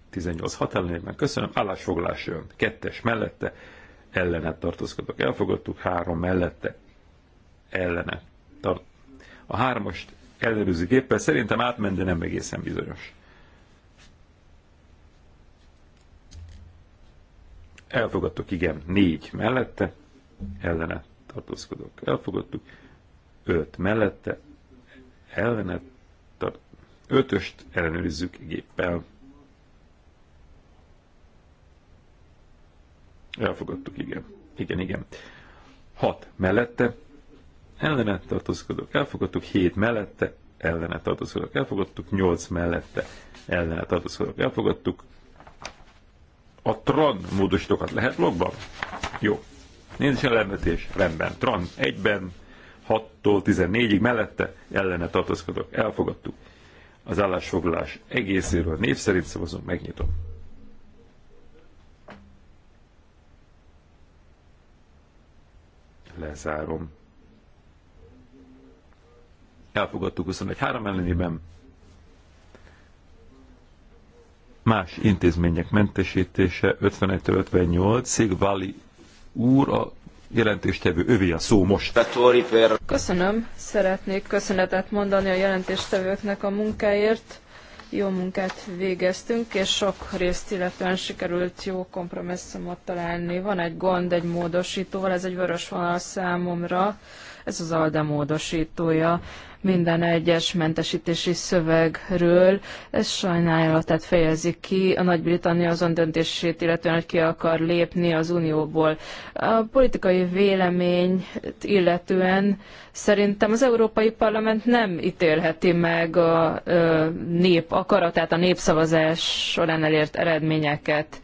18 ellenében, köszönöm, állásfoglalás jön, kettes mellette, ellenet tartózkodok, elfogadtuk, három mellette, ellene. Tart. A hármast ellenőrizzük éppen, szerintem átment, de nem egészen bizonyos. Elfogadtuk, igen, négy mellette, ellene tartózkodok. Elfogadtuk, öt mellette, ellene tart... ötöst ellenőrizzük géppel. Elfogadtuk, igen. Igen, igen. Hat mellette, ellene tartózkodók elfogadtuk, 7 mellette ellene tartózkodók elfogadtuk, 8 mellette ellene tartózkodók elfogadtuk. A tran módosítókat lehet logban Jó. Nincs ellenvetés? Rendben. Tran 1-ben 6-tól 14-ig mellette ellene tartózkodók elfogadtuk. Az állásfoglalás egészéről név szerint szavazunk, megnyitom. Lezárom elfogadtuk 21-3 ellenében. Más intézmények mentesítése 51 58 Szig Vali úr a jelentéstevő övé a szó most. Köszönöm, szeretnék köszönetet mondani a jelentéstevőknek a munkáért. Jó munkát végeztünk, és sok részt illetően sikerült jó kompromisszumot találni. Van egy gond egy módosítóval, ez egy vörös vonal számomra ez az ALDE módosítója minden egyes mentesítési szövegről. Ez sajnálatát fejezi ki. A Nagy-Britannia azon döntését, illetően, hogy ki akar lépni az Unióból. A politikai véleményt illetően szerintem az Európai Parlament nem ítélheti meg a nép akaratát, a népszavazás során elért eredményeket.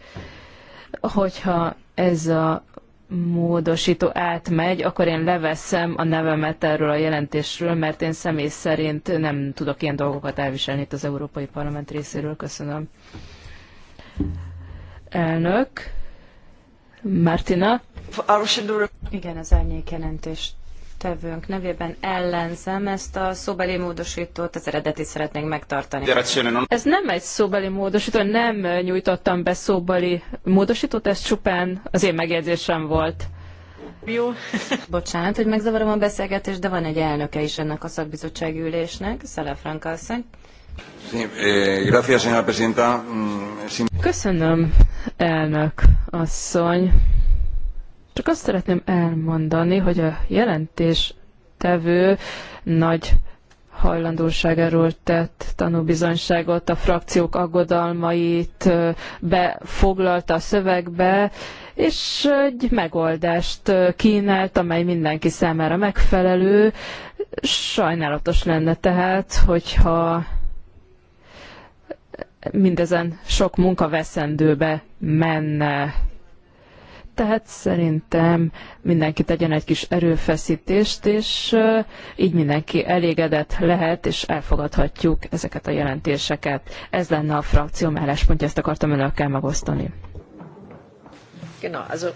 Hogyha ez a módosító átmegy, akkor én leveszem a nevemet erről a jelentésről, mert én személy szerint nem tudok ilyen dolgokat elviselni itt az Európai Parlament részéről. Köszönöm. Elnök. Martina. Igen, az árnyék jelentést tevőnk nevében ellenzem ezt a szóbeli módosítót, az eredetit szeretnénk megtartani. Hát ez nem egy szóbeli módosító, nem nyújtottam be szóbeli módosítót, ez csupán az én megjegyzésem volt. Jó. Bocsánat, hogy megzavarom a beszélgetést, de van egy elnöke is ennek a szakbizottsági ülésnek, Szele asszony. Eh, mm, Köszönöm, elnök asszony. Csak azt szeretném elmondani, hogy a jelentés tevő nagy hajlandóságáról tett tanúbizonyságot, a frakciók aggodalmait befoglalta a szövegbe, és egy megoldást kínált, amely mindenki számára megfelelő. Sajnálatos lenne tehát, hogyha mindezen sok munka veszendőbe menne. Tehát szerintem mindenki tegyen egy kis erőfeszítést, és így mindenki elégedett lehet, és elfogadhatjuk ezeket a jelentéseket. Ez lenne a frakció álláspontja, ezt akartam önökkel megosztani. Genau, also,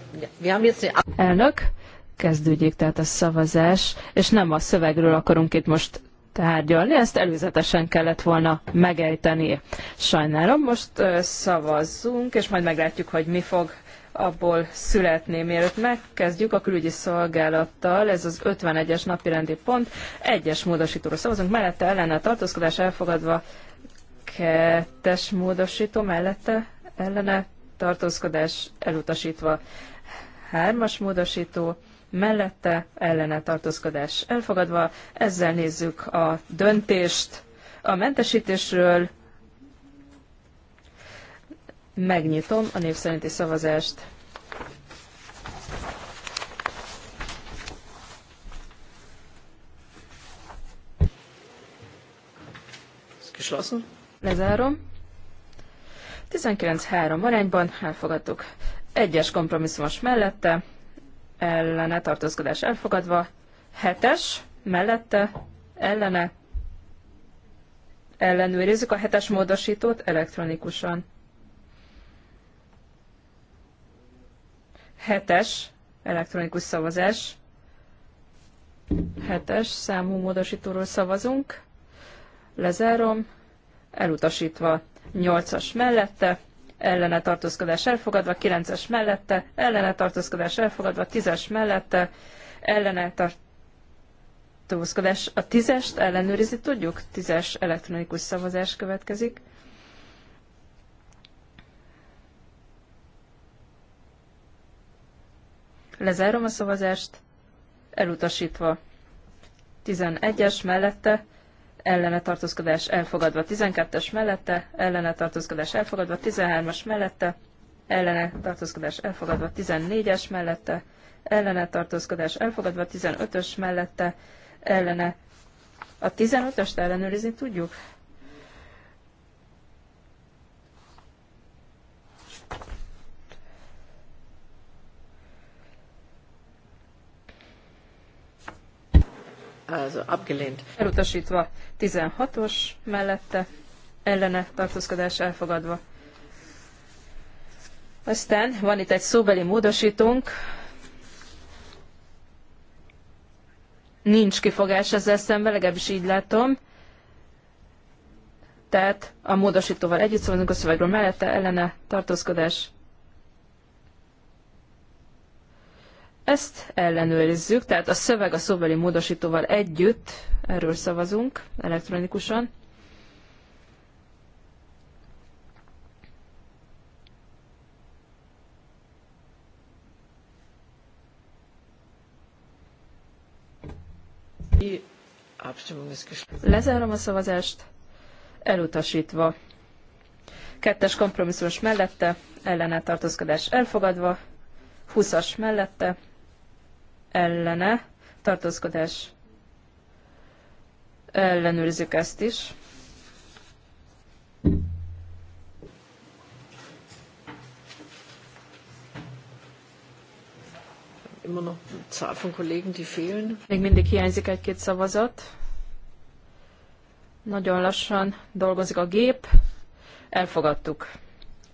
Elnök, kezdődjék tehát a szavazás, és nem a szövegről akarunk itt most tárgyalni, ezt előzetesen kellett volna megejteni. Sajnálom, most szavazzunk, és majd meglátjuk, hogy mi fog abból születné. Mielőtt megkezdjük a külügyi szolgálattal, ez az 51-es napirendi pont, egyes módosítóra szavazunk, mellette ellene tartózkodás elfogadva, kettes módosító mellette ellene tartózkodás elutasítva, hármas módosító mellette ellene tartózkodás elfogadva. Ezzel nézzük a döntést a mentesítésről, Megnyitom a név szerinti szavazást. Geschlossen. Lezárom. 19-3 arányban elfogadtuk. Egyes kompromisszumos mellette, ellene tartózkodás elfogadva, hetes mellette, ellene ellenőrizzük a hetes módosítót elektronikusan. Hetes elektronikus szavazás. Hetes számú módosítóról szavazunk. Lezárom. Elutasítva. Nyolcas mellette ellene tartózkodás elfogadva, 9-es mellette, ellene tartózkodás elfogadva, 10-es mellette, ellene tartózkodás. A 10-est ellenőrizni tudjuk? 10-es elektronikus szavazás következik. Lezárom a szavazást. Elutasítva. 11-es mellette ellene tartózkodás elfogadva. 12-es mellette ellene tartózkodás elfogadva. 13-as mellette ellene tartózkodás elfogadva. 14-es mellette ellene tartózkodás elfogadva. 15-ös mellette ellene. A 15-öst ellenőrizni tudjuk? Elutasítva 16-os mellette, ellene tartózkodás elfogadva. Aztán van itt egy szóbeli módosítónk. Nincs kifogás ezzel szemben, legalábbis így látom. Tehát a módosítóval együtt szólunk a szövegről mellette, ellene tartózkodás Ezt ellenőrizzük, tehát a szöveg a szóbeli módosítóval együtt, erről szavazunk elektronikusan. Lezárom a szavazást, elutasítva. Kettes kompromisszumos mellette, ellene elfogadva, 20-as mellette, ellene, tartózkodás ellenőrzük ezt is. Immer noch eine Zahl von Kollegen, die fehlen. Még mindig hiányzik egy-két szavazat. Nagyon lassan dolgozik a gép. Elfogadtuk.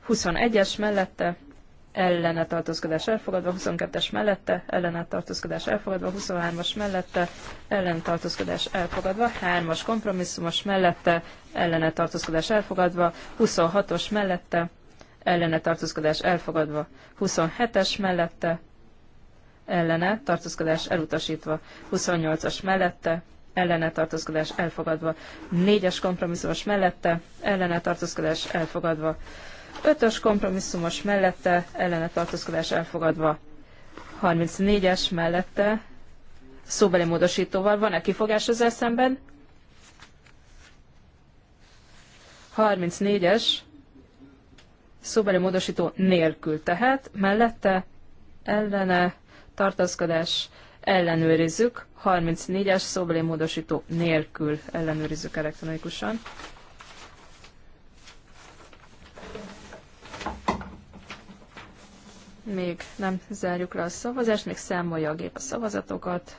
21-es mellette ellene tartózkodás elfogadva, 22-es mellette, ellene tartózkodás elfogadva, 23-as mellette, ellene tartózkodás elfogadva, 3-as kompromisszumos mellette, ellene tartózkodás elfogadva, 26-os mellette, ellene tartózkodás elfogadva, 27-es mellette, ellene tartózkodás elutasítva, 28-as mellette, ellene tartózkodás elfogadva, 4-es kompromisszumos mellette, ellene tartózkodás elfogadva, Ötös kompromisszumos mellette, ellene tartózkodás elfogadva. 34-es mellette, szóbeli módosítóval van-e kifogás ezzel szemben? 34-es szóbeli módosító nélkül tehát, mellette ellene tartózkodás ellenőrizzük, 34-es szóbeli módosító nélkül ellenőrizzük elektronikusan. Még nem zárjuk le a szavazást, még számolja a gép a szavazatokat.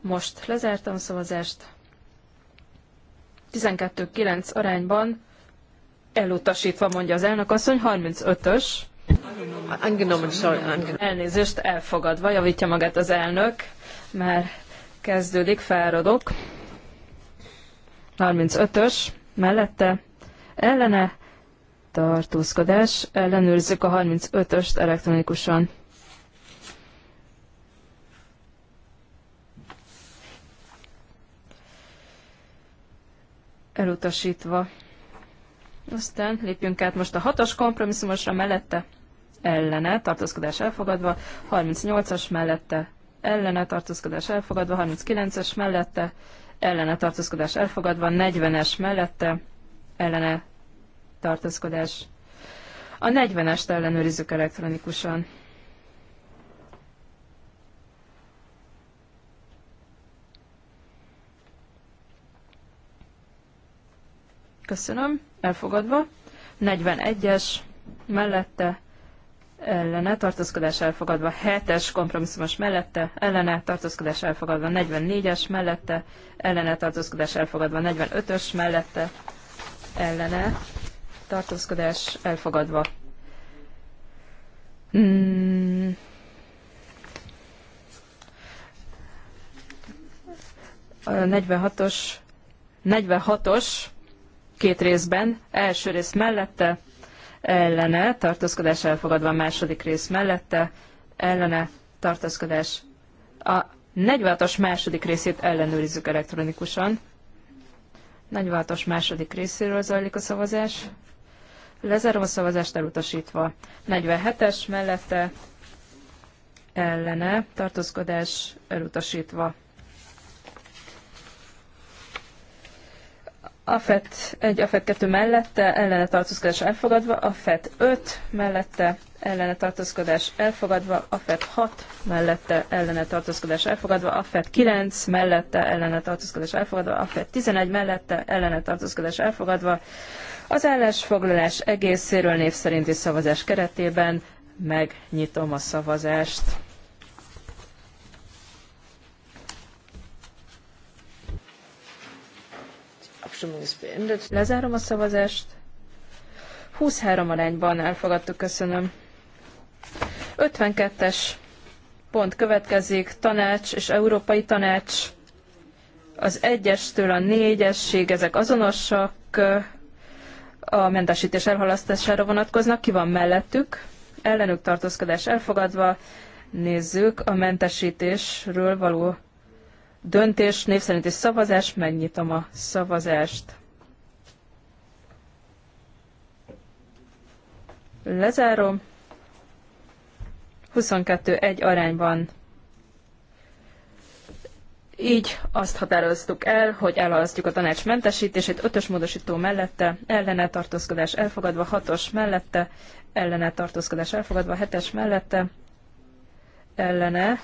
Most lezártam a szavazást. 12-9 arányban elutasítva mondja az elnök asszony, 35-ös. Elnézést elfogadva, javítja magát az elnök, mert kezdődik, fáradok. 35-ös, mellette, ellene, tartózkodás. Ellenőrzzük a 35-öst elektronikusan. Elutasítva. Aztán lépjünk át most a 6-os kompromisszumosra mellette ellene, tartózkodás elfogadva, 38-as mellette ellene, tartózkodás elfogadva, 39-es mellette ellene, tartózkodás elfogadva, 40-es mellette ellene, tartózkodás. A 40-est ellenőrizzük elektronikusan. Köszönöm, elfogadva. 41-es, mellette, ellene, tartózkodás elfogadva. 7-es, kompromisszumos mellette, ellene, tartózkodás elfogadva. 44-es, mellette, ellene, tartózkodás elfogadva. 45-ös, mellette, ellene, tartózkodás elfogadva. Hmm. A 46-os 46-os két részben, első rész mellette, ellene, tartózkodás elfogadva a második rész mellette, ellene, tartózkodás. A 46-os második részét ellenőrizzük elektronikusan. 46-os második részéről zajlik a szavazás. Lezárom a szavazást elutasítva. 47-es mellette ellene tartózkodás elutasítva. AFET 1, AFET 2 mellette, ellene tartózkodás elfogadva, AFET 5 mellette, ellene tartózkodás elfogadva, AFET 6 mellette, ellene tartózkodás elfogadva, AFET 9 mellette, ellene tartózkodás elfogadva, AFET 11 mellette, ellene tartózkodás elfogadva. Az állásfoglalás egészéről név szerinti szavazás keretében megnyitom a szavazást. Lezárom a szavazást. 23 arányban elfogadtuk, köszönöm. 52-es pont következik, tanács és európai tanács. Az egyestől a négyesség, ezek azonosak, a mentesítés elhalasztására vonatkoznak, ki van mellettük, ellenük tartózkodás elfogadva, nézzük a mentesítésről való Döntés, név szerinti szavazás, megnyitom a szavazást. Lezárom. 22-1 arányban így azt határoztuk el, hogy elhalasztjuk a tanács mentesítését, ötös módosító mellette, ellene tartózkodás elfogadva, hatos mellette, ellene tartózkodás elfogadva, hetes mellette, ellene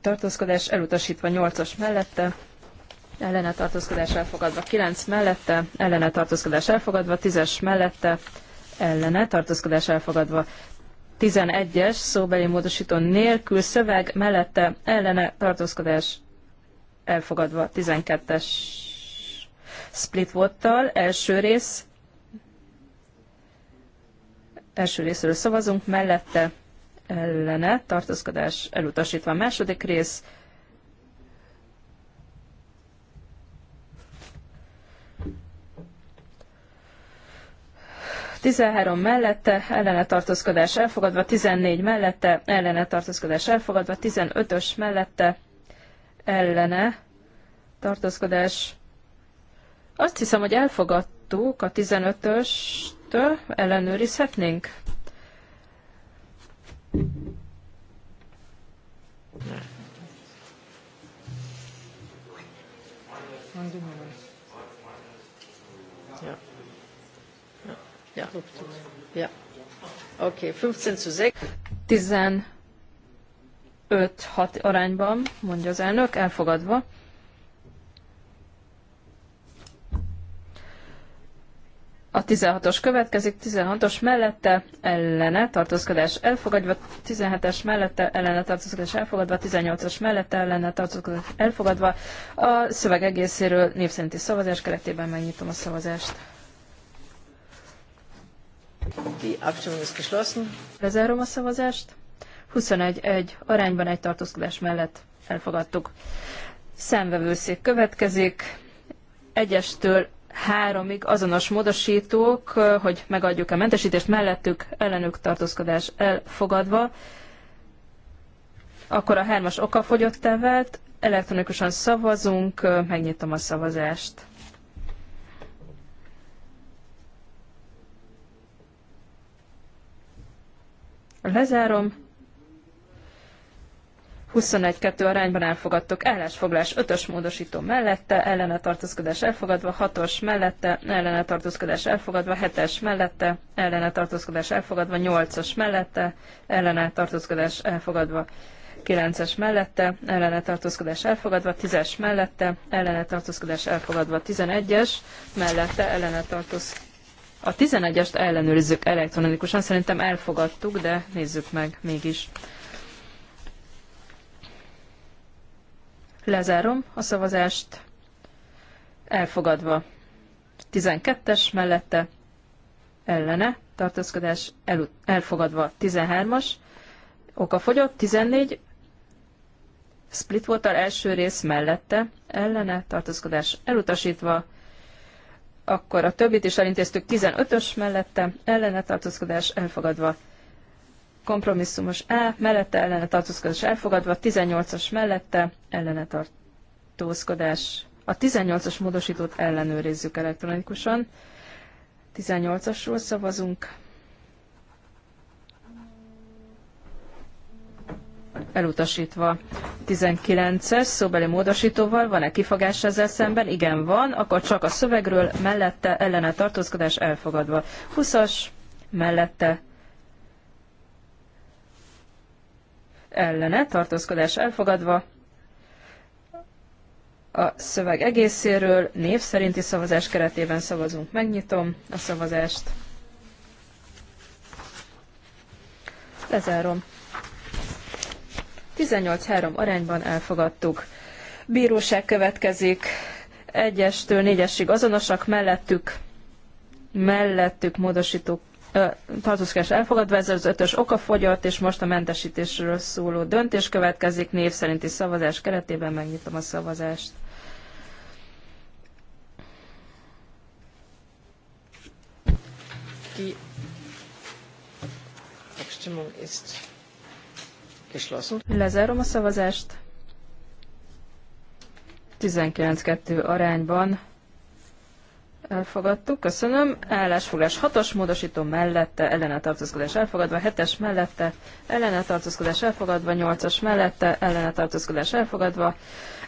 tartózkodás elutasítva 8-as mellette, ellene tartózkodás elfogadva 9 mellette, ellene tartózkodás elfogadva 10-es mellette, ellene tartózkodás elfogadva 11-es szóbeli módosító nélkül szöveg mellette ellene tartózkodás elfogadva 12-es split vote-tal első rész első részről szavazunk mellette ellene tartózkodás elutasítva. A második rész Tizenhárom mellette ellene tartózkodás elfogadva, tizennégy mellette ellene tartózkodás elfogadva, tizenötös mellette ellene tartózkodás. Azt hiszem, hogy elfogadtuk a 15-östől, ellenőrizhetnénk? Ja. Ja. Ja. Oké, okay, 15 zu 6. 15-6 arányban, mondja az elnök, elfogadva. A 16-os következik, 16-os mellette ellene tartózkodás elfogadva, 17-es mellette ellene tartózkodás elfogadva, 18 mellette ellene tartózkodás elfogadva. A szöveg egészéről népszerinti szavazás keretében megnyitom a szavazást. Die Abstimmung ist geschlossen. Lezárom a szavazást. 21-1 arányban egy tartózkodás mellett elfogadtuk. Szemvevőszék következik. Egyestől háromig azonos módosítók, hogy megadjuk a mentesítést mellettük, ellenük tartózkodás elfogadva, akkor a hármas okafogyottá vált, elektronikusan szavazunk, megnyitom a szavazást. Lezárom. 21-2 arányban elfogadtok. Állásfoglás 5-ös módosító mellette, ellene tartózkodás elfogadva, 6-os mellette, ellene tartózkodás elfogadva, 7-es mellette, ellene tartózkodás elfogadva, 8-os mellette, ellene tartózkodás elfogadva. 9-es mellette, ellene tartózkodás elfogadva, 10-es mellette, ellene tartózkodás elfogadva, 11-es mellette, ellene tartózkodás. A 11-est ellenőrizzük elektronikusan, szerintem elfogadtuk, de nézzük meg mégis. Lezárom a szavazást. Elfogadva. 12-es mellette ellene tartózkodás el, elfogadva. 13-as oka fogyott. 14 split volt első rész mellette ellene tartózkodás elutasítva. Akkor a többit is elintéztük 15-ös mellette ellene tartózkodás elfogadva kompromisszumos E, mellette ellene tartózkodás elfogadva, 18-as mellette ellene tartózkodás. A 18-as módosítót ellenőrizzük elektronikusan. 18-asról szavazunk. Elutasítva. 19-es szóbeli módosítóval van-e kifogás ezzel szemben? Igen, van. Akkor csak a szövegről mellette ellene tartózkodás elfogadva. 20-as mellette ellene tartózkodás elfogadva. A szöveg egészéről név szerinti szavazás keretében szavazunk. Megnyitom a szavazást. Lezárom. 18-3 arányban elfogadtuk. Bíróság következik. 1-től 4-esig azonosak mellettük mellettük módosítók tartózkodás elfogadva, ez az ötös oka fogyott, és most a mentesítésről szóló döntés következik, név szerinti szavazás keretében megnyitom a szavazást. Abstimmung ist geschlossen. Lezárom a szavazást. 19-2 arányban Elfogadtuk, köszönöm. Állásfoglalás 6-os módosító mellette, ellene tartózkodás elfogadva, 7-es mellette, ellene tartózkodás elfogadva, 8-as mellette, ellene tartózkodás elfogadva,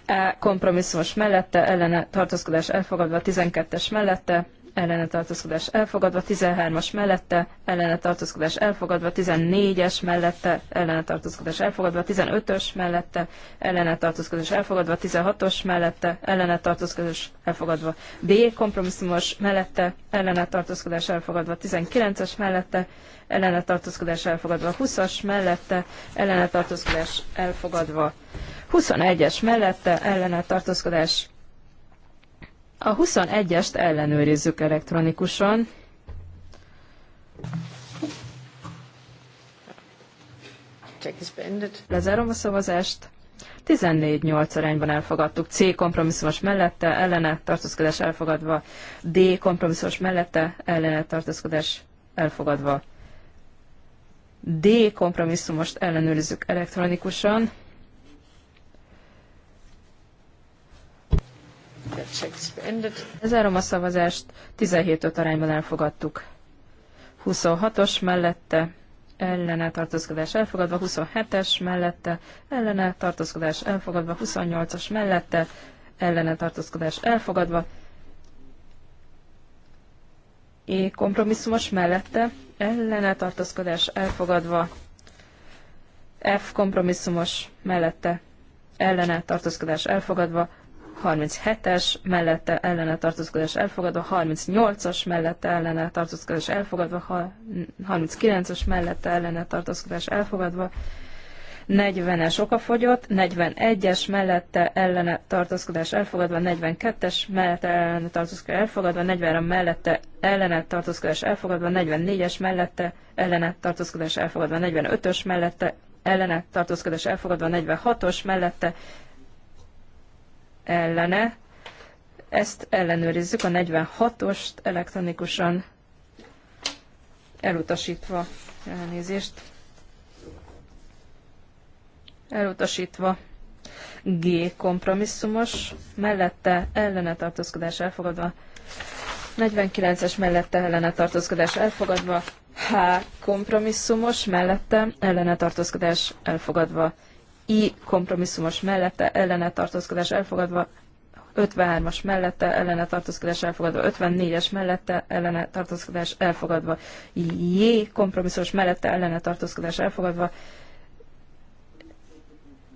E kompromisszumos mellette, ellene tartózkodás elfogadva, 12-es mellette, ellene tartózkodás elfogadva, 13-as mellette ellene tartózkodás elfogadva, 14-es mellette ellene tartózkodás elfogadva, 15-ös mellette ellene tartózkodás elfogadva, 16-os mellette ellene tartózkodás elfogadva, B kompromisszumos mellette ellene tartózkodás elfogadva, 19-es mellette ellene tartózkodás elfogadva, 20-as mellette ellene tartózkodás elfogadva, 21-es mellette ellene tartózkodás a 21-est ellenőrizzük elektronikusan. Lezárom a szavazást. 14-8 arányban elfogadtuk. C kompromisszumos mellette, ellene tartózkodás elfogadva. D kompromisszumos mellette, ellene tartózkodás elfogadva. D kompromisszumost ellenőrizzük elektronikusan. Lezárom a szavazást, 17-5 arányban elfogadtuk. 26-os mellette ellene tartózkodás elfogadva, 27-es mellette ellene tartózkodás elfogadva, 28-as mellette ellene tartózkodás elfogadva, é e kompromisszumos mellette ellene tartózkodás elfogadva, F kompromisszumos mellette ellene tartózkodás elfogadva, 37-es mellette ellene tartózkodás elfogadva, 38-as mellette ellene tartózkodás elfogadva, 39-as mellette ellene tartózkodás elfogadva, 40-es okafogyott, 41-es mellette ellene tartózkodás elfogadva, 42-es mellette ellene tartózkodás elfogadva, 43 mellette ellene tartózkodás elfogadva, 44-es mellette ellene tartózkodás elfogadva, 45-ös mellette ellene tartózkodás elfogadva, 46-os mellette ellene. Ezt ellenőrizzük a 46-ost elektronikusan elutasítva. Elnézést. Elutasítva. G kompromisszumos, mellette ellene tartózkodás elfogadva. 49-es mellette ellene tartózkodás elfogadva. H kompromisszumos, mellette ellene tartózkodás elfogadva. I kompromisszumos mellette ellene tartózkodás elfogadva, 53-as mellette ellene tartózkodás elfogadva, 54-es mellette ellene tartózkodás elfogadva, J kompromisszumos mellette ellene tartózkodás elfogadva,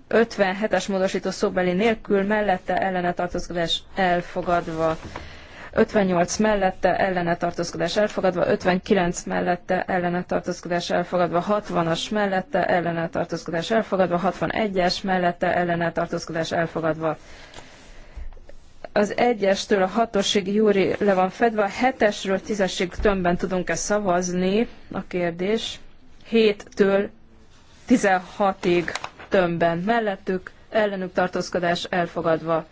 57-es módosító szóbeli nélkül mellette ellene tartózkodás elfogadva. 58 mellette ellene tartózkodás elfogadva, 59 mellette ellene tartózkodás elfogadva, 60-as mellette ellene tartózkodás elfogadva, 61-es mellette ellene tartózkodás elfogadva. Az 1-estől a 6-osig Júri le van fedve, a 7-esről 10-esig tömbben tudunk-e szavazni, a kérdés. 7-től 16-ig tömbben mellettük, ellenük tartózkodás elfogadva.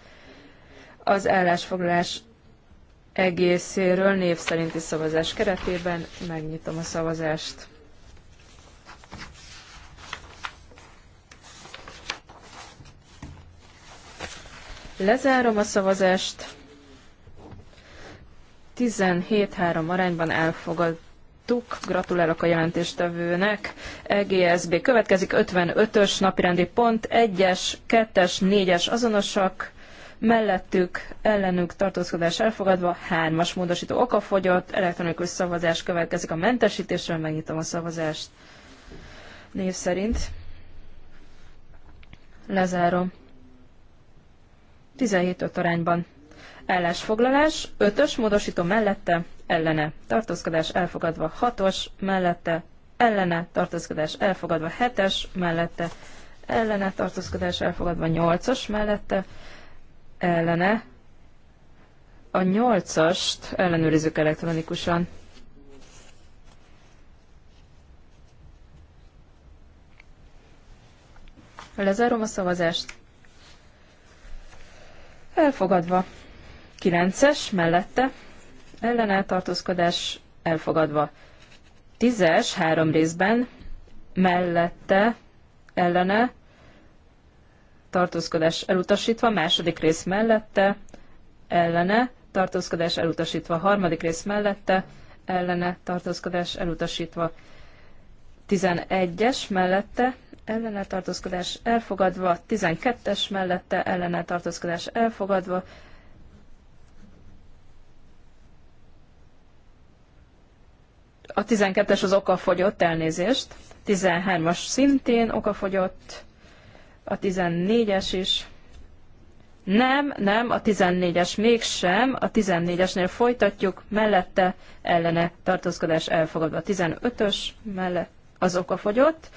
Az állásfoglalás egészéről név szerinti szavazás keretében megnyitom a szavazást. Lezárom a szavazást. 17-3 arányban elfogadtuk. Gratulálok a jelentéstevőnek. EGSB következik 55-ös napirendi pont, 1-es, 2-es, 4-es azonosak mellettük ellenük tartózkodás elfogadva, hármas módosító oka fogyott, elektronikus szavazás következik a mentesítésről, megnyitom a szavazást név szerint. Lezárom. 17-5 arányban. Állásfoglalás, 5-ös módosító mellette, ellene, tartózkodás elfogadva, 6-os mellette, ellene, tartózkodás elfogadva, 7-es mellette, ellene, tartózkodás elfogadva, 8-os mellette, ellene. A nyolcast ellenőrizzük elektronikusan. Lezárom a szavazást. Elfogadva. 9-es mellette. Ellenálltartózkodás elfogadva. 10-es három részben mellette ellene tartózkodás elutasítva, második rész mellette, ellene, tartózkodás elutasítva, harmadik rész mellette, ellene, tartózkodás elutasítva, 11-es mellette, ellene tartózkodás elfogadva, 12-es mellette ellene tartózkodás elfogadva, a 12-es az okafogyott elnézést, 13-as szintén okafogyott, a 14-es is. Nem, nem, a 14-es mégsem, a 14-esnél folytatjuk, mellette ellene tartózkodás elfogadva. A 15-ös mellett az oka fogyott,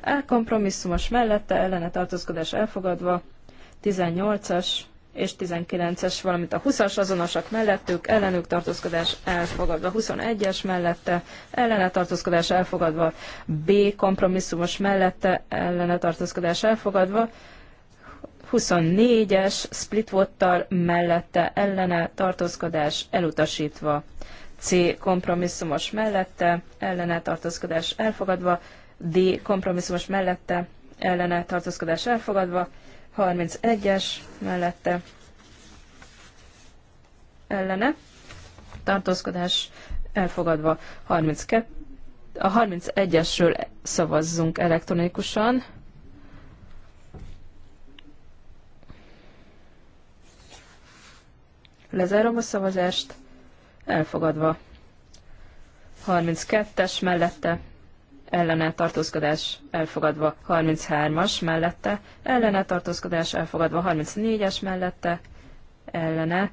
elkompromisszumos mellette ellene tartózkodás elfogadva, 18-as és 19-es, valamint a 20-as azonosak mellettük, ellenük tartózkodás elfogadva, 21-es mellette, ellene tartózkodás elfogadva, B kompromisszumos mellette, ellene tartózkodás elfogadva, 24-es split vottal mellette, ellene tartózkodás elutasítva, C kompromisszumos mellette, ellene tartózkodás elfogadva, D kompromisszumos mellette, ellene tartózkodás elfogadva, 31-es mellette ellene tartózkodás elfogadva 32. A 31-esről szavazzunk elektronikusan. Lezárom a szavazást. Elfogadva. 32-es mellette ellene tartózkodás elfogadva 33-as mellette, ellene tartózkodás elfogadva 34-es mellette, ellene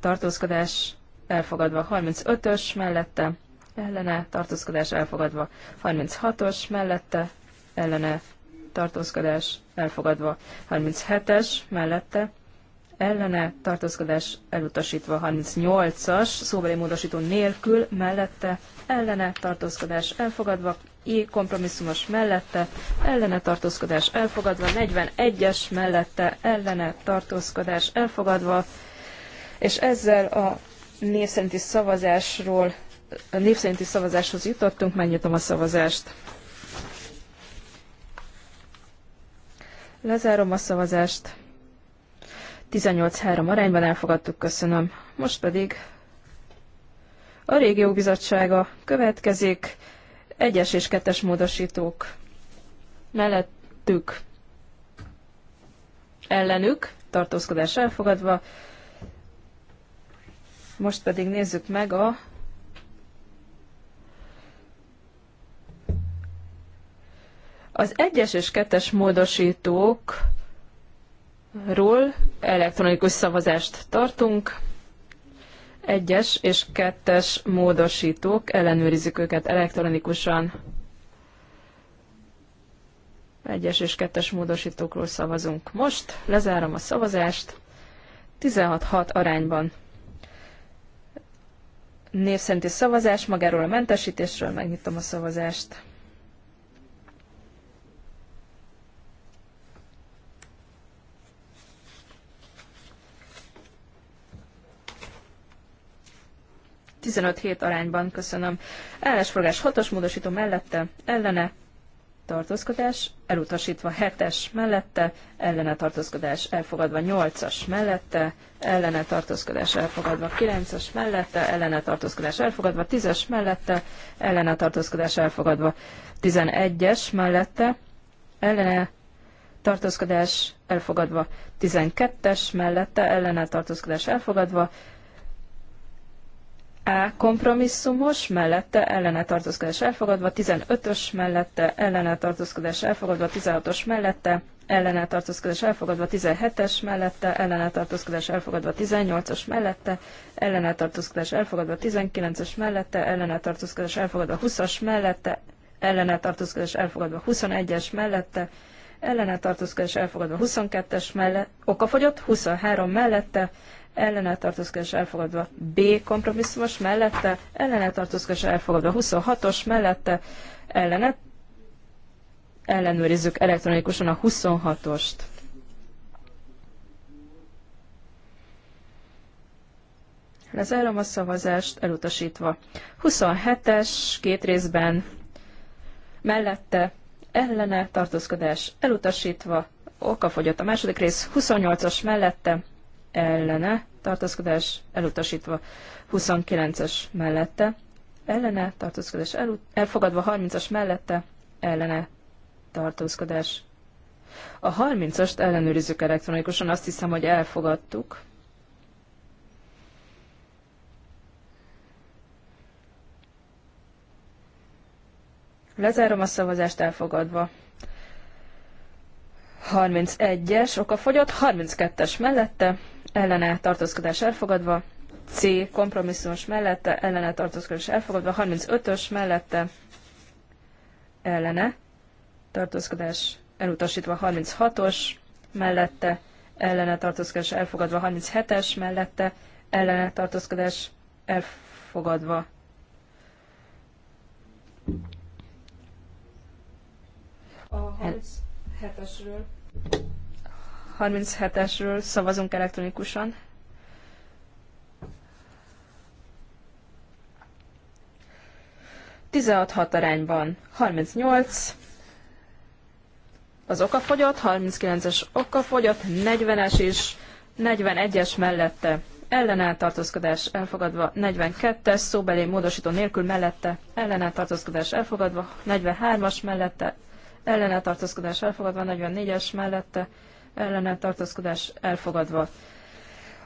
tartózkodás elfogadva 35-ös mellette, ellene tartózkodás elfogadva 36-os mellette, ellene tartózkodás elfogadva 37-es mellette, ellene, tartózkodás elutasítva 38-as, szóbeli módosító nélkül, mellette, ellene, tartózkodás elfogadva, I kompromisszumos mellette, ellene tartózkodás elfogadva, 41-es mellette, ellene tartózkodás elfogadva, és ezzel a népszerinti szavazásról, a népszerinti szavazáshoz jutottunk, megnyitom a szavazást. Lezárom a szavazást. 18-3 arányban elfogadtuk, köszönöm. Most pedig a régió bizottsága következik, egyes és kettes módosítók mellettük, ellenük, tartózkodás elfogadva. Most pedig nézzük meg a az egyes és kettes módosítók ról elektronikus szavazást tartunk. Egyes és kettes módosítók, ellenőrizik őket elektronikusan. Egyes és kettes módosítókról szavazunk. Most lezárom a szavazást. 16-6 arányban. Név szerinti szavazás magáról a mentesítésről, megnyitom a szavazást. 15 hét arányban, köszönöm. Állásforgás 6-os módosító mellette, ellene, tartózkodás, elutasítva 7-es mellette, ellene tartózkodás elfogadva 8-as mellette, ellene tartózkodás elfogadva 9-as mellette, ellene tartózkodás elfogadva 10-es mellette, ellene tartózkodás elfogadva 11-es mellette, ellene tartózkodás elfogadva 12-es mellette, ellene tartózkodás elfogadva a kompromisszumos, mellette ellene tartózkodás elfogadva, 15-ös mellette ellene tartózkodás elfogadva, 16-os mellette ellene tartózkodás elfogadva, 17-es mellette ellene tartózkodás elfogadva, 18-os mellette ellene tartózkodás elfogadva, 19-es mellette ellene tartózkodás elfogadva, 20-as mellette ellene tartózkodás elfogadva, 21-es mellette ellene tartózkodás elfogadva, 22-es mellette okafogyott, 23 mellette ellene tartózkodás elfogadva B kompromisszumos mellette, ellene tartózkodás elfogadva 26-os mellette, ellene ellenőrizzük elektronikusan a 26-ost. Lezárom a szavazást, elutasítva. 27-es, két részben, mellette, ellene, tartózkodás elutasítva, okafogyott a második rész, 28-as mellette, ellene tartózkodás elutasítva 29-es mellette, ellene tartózkodás elut- elfogadva 30-as mellette, ellene tartózkodás. A 30-ast ellenőrizzük elektronikusan, azt hiszem, hogy elfogadtuk. Lezárom a szavazást elfogadva. 31-es, okafogyott, 32-es mellette, ellene tartózkodás elfogadva, C kompromisszumos mellette ellene tartózkodás elfogadva, 35-ös mellette ellene tartózkodás elutasítva, 36-os mellette ellene tartózkodás elfogadva, 37-es mellette ellene tartózkodás elfogadva. A 37-esről. 37-esről szavazunk elektronikusan. Tizenhat hat arányban 38, az okafogyott, 39-es okafogyott, 40-es is, 41-es mellette ellenálltartózkodás elfogadva, 42-es szóbeli módosító nélkül mellette ellenálltartózkodás elfogadva, 43-as mellette ellenálltartózkodás elfogadva, 44-es mellette ellene tartózkodás elfogadva.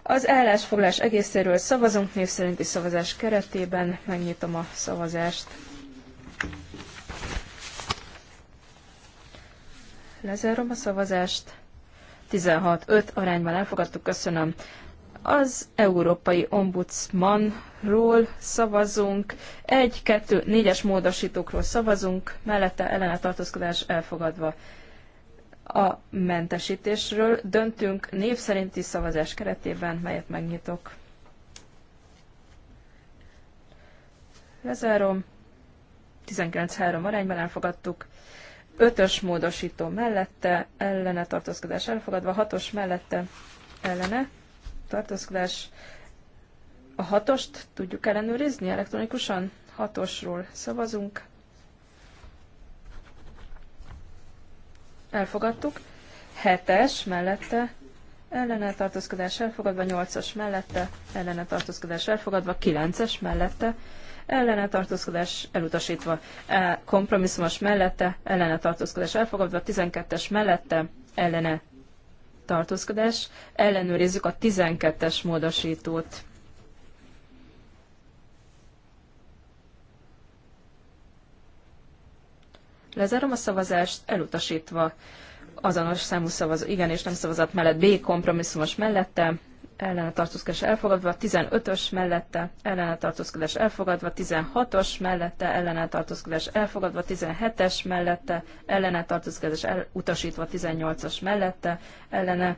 Az állásfoglás egészéről szavazunk név szerinti szavazás keretében. Megnyitom a szavazást. Lezárom a szavazást. 16-5 arányban elfogadtuk, köszönöm. Az Európai Ombudsmanról szavazunk, Egy-kettő-négyes módosítókról szavazunk, mellette ellene tartózkodás elfogadva a mentesítésről döntünk név szerinti szavazás keretében, melyet megnyitok. Lezárom. 19-3 arányban elfogadtuk. 5-ös módosító mellette, ellene tartózkodás elfogadva, 6-os mellette, ellene tartózkodás. A 6-ost tudjuk ellenőrizni elektronikusan? 6-osról szavazunk. elfogadtuk, 7-es mellette ellene tartózkodás elfogadva, 8-as mellette ellene tartózkodás elfogadva, 9-es mellette ellene tartózkodás elutasítva, e, kompromisszumos mellette ellene tartózkodás elfogadva, 12-es mellette ellene tartózkodás, ellenőrizzük a 12-es módosítót. Lezárom a szavazást, elutasítva azonos számú szavazó, igen és nem szavazat mellett, B kompromisszumos mellette, a tartózkodás elfogadva, 15-ös mellette, a tartózkodás elfogadva, 16-os mellette, a tartózkodás elfogadva, 17-es mellette, a tartózkodás elutasítva, 18-as mellette, ellene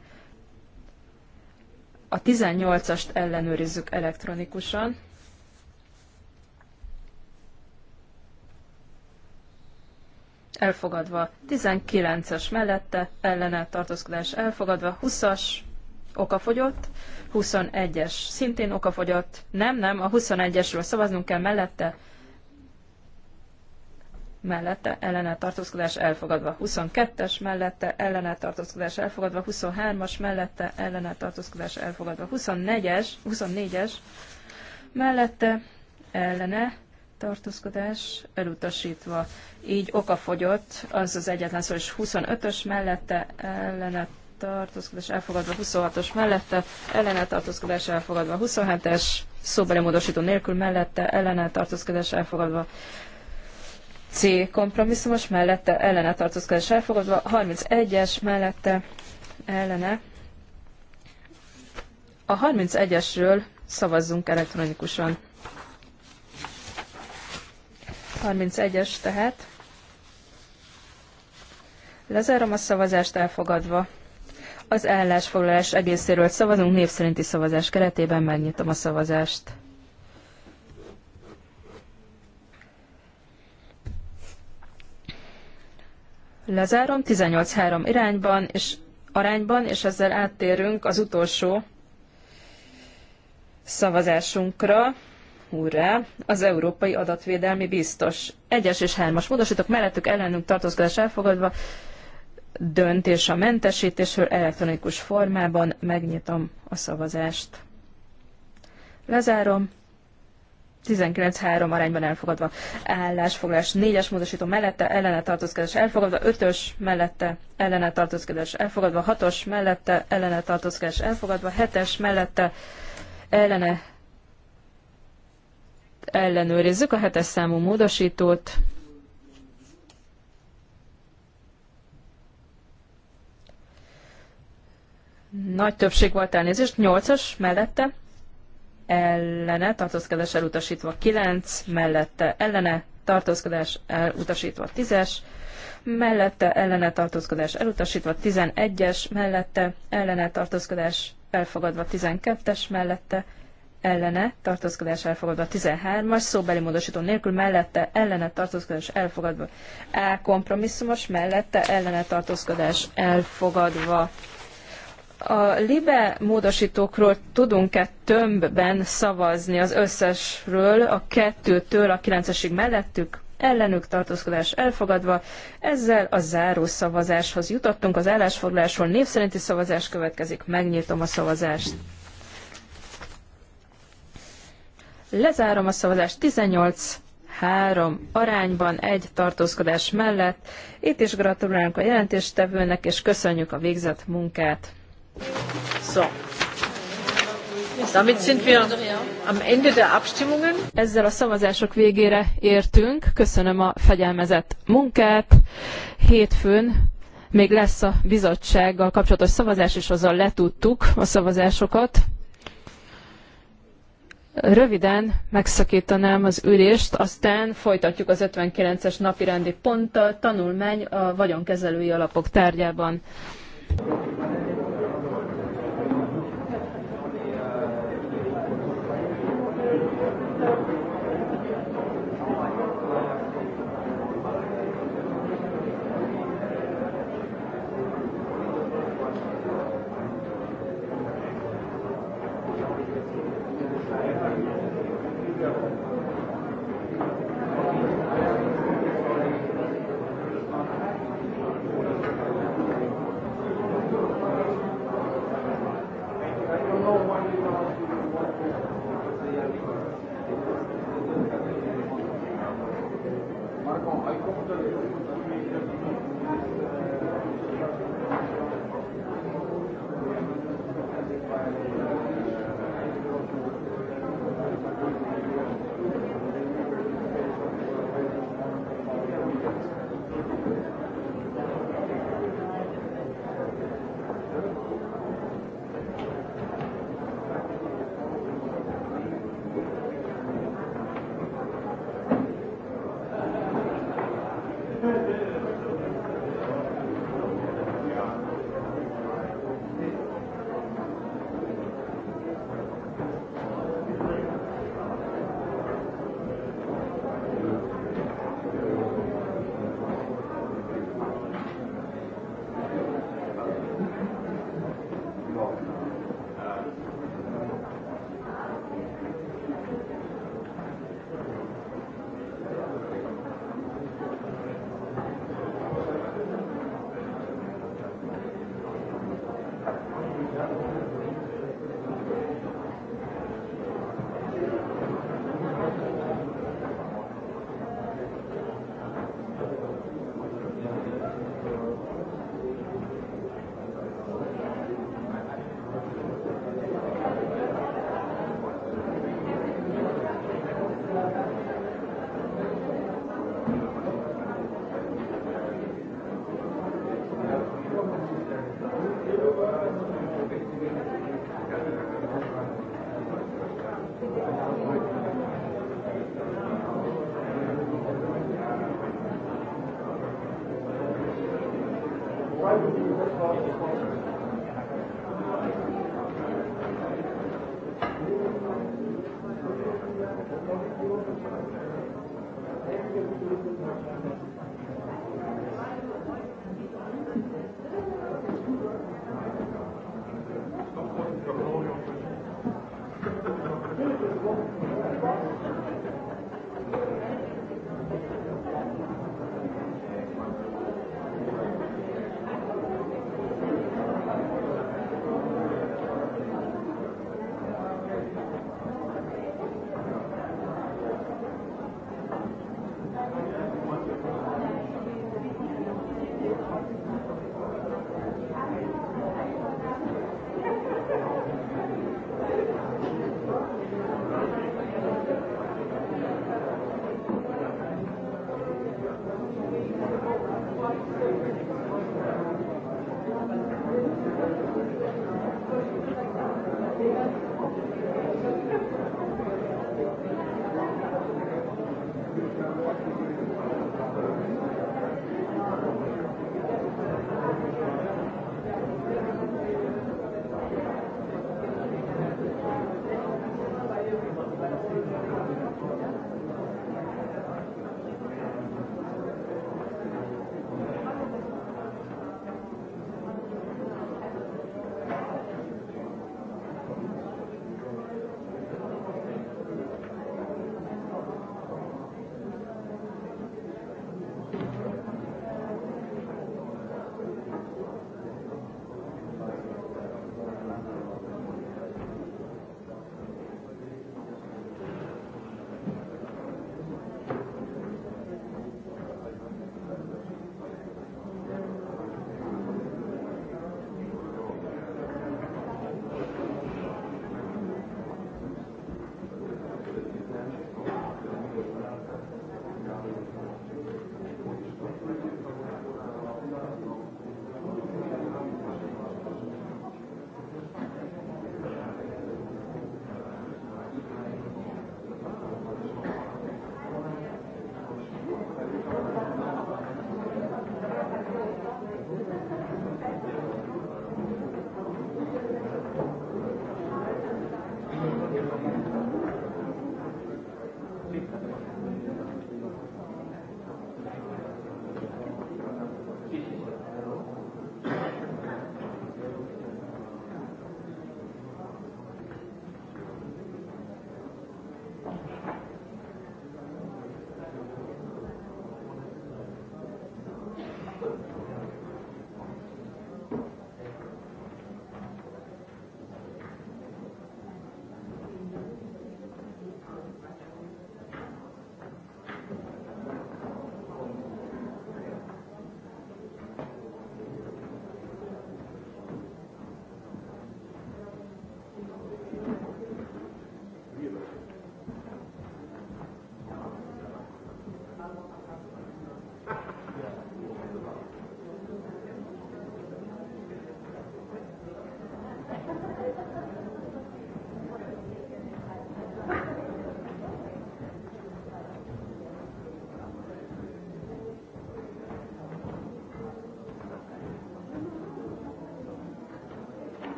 a 18-ast ellenőrizzük elektronikusan. elfogadva. 19-es mellette ellene tartózkodás elfogadva. 20-as okafogyott. 21-es szintén okafogyott. Nem, nem, a 21-esről szavaznunk kell mellette. Mellette ellene tartózkodás elfogadva. 22-es mellette ellene tartózkodás elfogadva. 23-as mellette ellene tartózkodás elfogadva. 24-es, 24-es mellette ellene tartózkodás elutasítva. Így okafogyott, az az egyetlen szó, és 25-ös mellette ellene tartózkodás elfogadva, 26-os mellette ellene tartózkodás elfogadva, 27-es szóbeli módosító nélkül mellette ellene tartózkodás elfogadva. C. Kompromisszumos mellette ellene tartózkodás elfogadva, 31-es mellette ellene. A 31-esről szavazzunk elektronikusan. 31-es tehát. Lezárom a szavazást elfogadva. Az állásfoglalás egészéről szavazunk, név szerinti szavazás keretében megnyitom a szavazást. Lezárom 18-3 irányban, és arányban, és ezzel áttérünk az utolsó szavazásunkra úrrá, az Európai Adatvédelmi Biztos. Egyes és hármas módosítók mellettük ellenünk tartózkodás elfogadva, döntés a mentesítésről elektronikus formában. Megnyitom a szavazást. Lezárom. 19-3 arányban elfogadva. Állásfoglalás 4-es módosító mellette, ellene tartózkodás elfogadva, 5-ös mellette, ellene tartózkodás elfogadva, 6-os mellette, ellene tartózkodás elfogadva, 7-es mellette, ellene ellenőrizzük a hetes számú módosítót. Nagy többség volt elnézést, 8-as mellette, ellene, tartózkodás elutasítva 9, mellette ellene, tartózkodás elutasítva 10-es, mellette ellene tartózkodás elutasítva 11-es, mellette ellene tartózkodás elfogadva 12-es, mellette ellene tartózkodás elfogadva. 13-as szóbeli módosító nélkül mellette ellene tartózkodás elfogadva. A kompromisszumos mellette ellene tartózkodás elfogadva. A libe módosítókról tudunk-e tömbben szavazni az összesről, a kettőtől a kilencesig mellettük? ellenük tartózkodás elfogadva. Ezzel a záró szavazáshoz jutottunk. Az állásfoglalásról név szavazás következik. Megnyitom a szavazást. Lezárom a szavazást 18 három arányban egy tartózkodás mellett. Itt is gratulálunk a jelentéstevőnek, és köszönjük a végzett munkát. So. Damit sind wir am Ende der Abstimmungen. Ezzel a szavazások végére értünk. Köszönöm a fegyelmezett munkát. Hétfőn még lesz a bizottsággal kapcsolatos szavazás, és azzal letudtuk a szavazásokat. Röviden megszakítanám az ülést, aztán folytatjuk az 59-es napirendi ponttal, tanulmány a vagyonkezelői alapok tárgyában.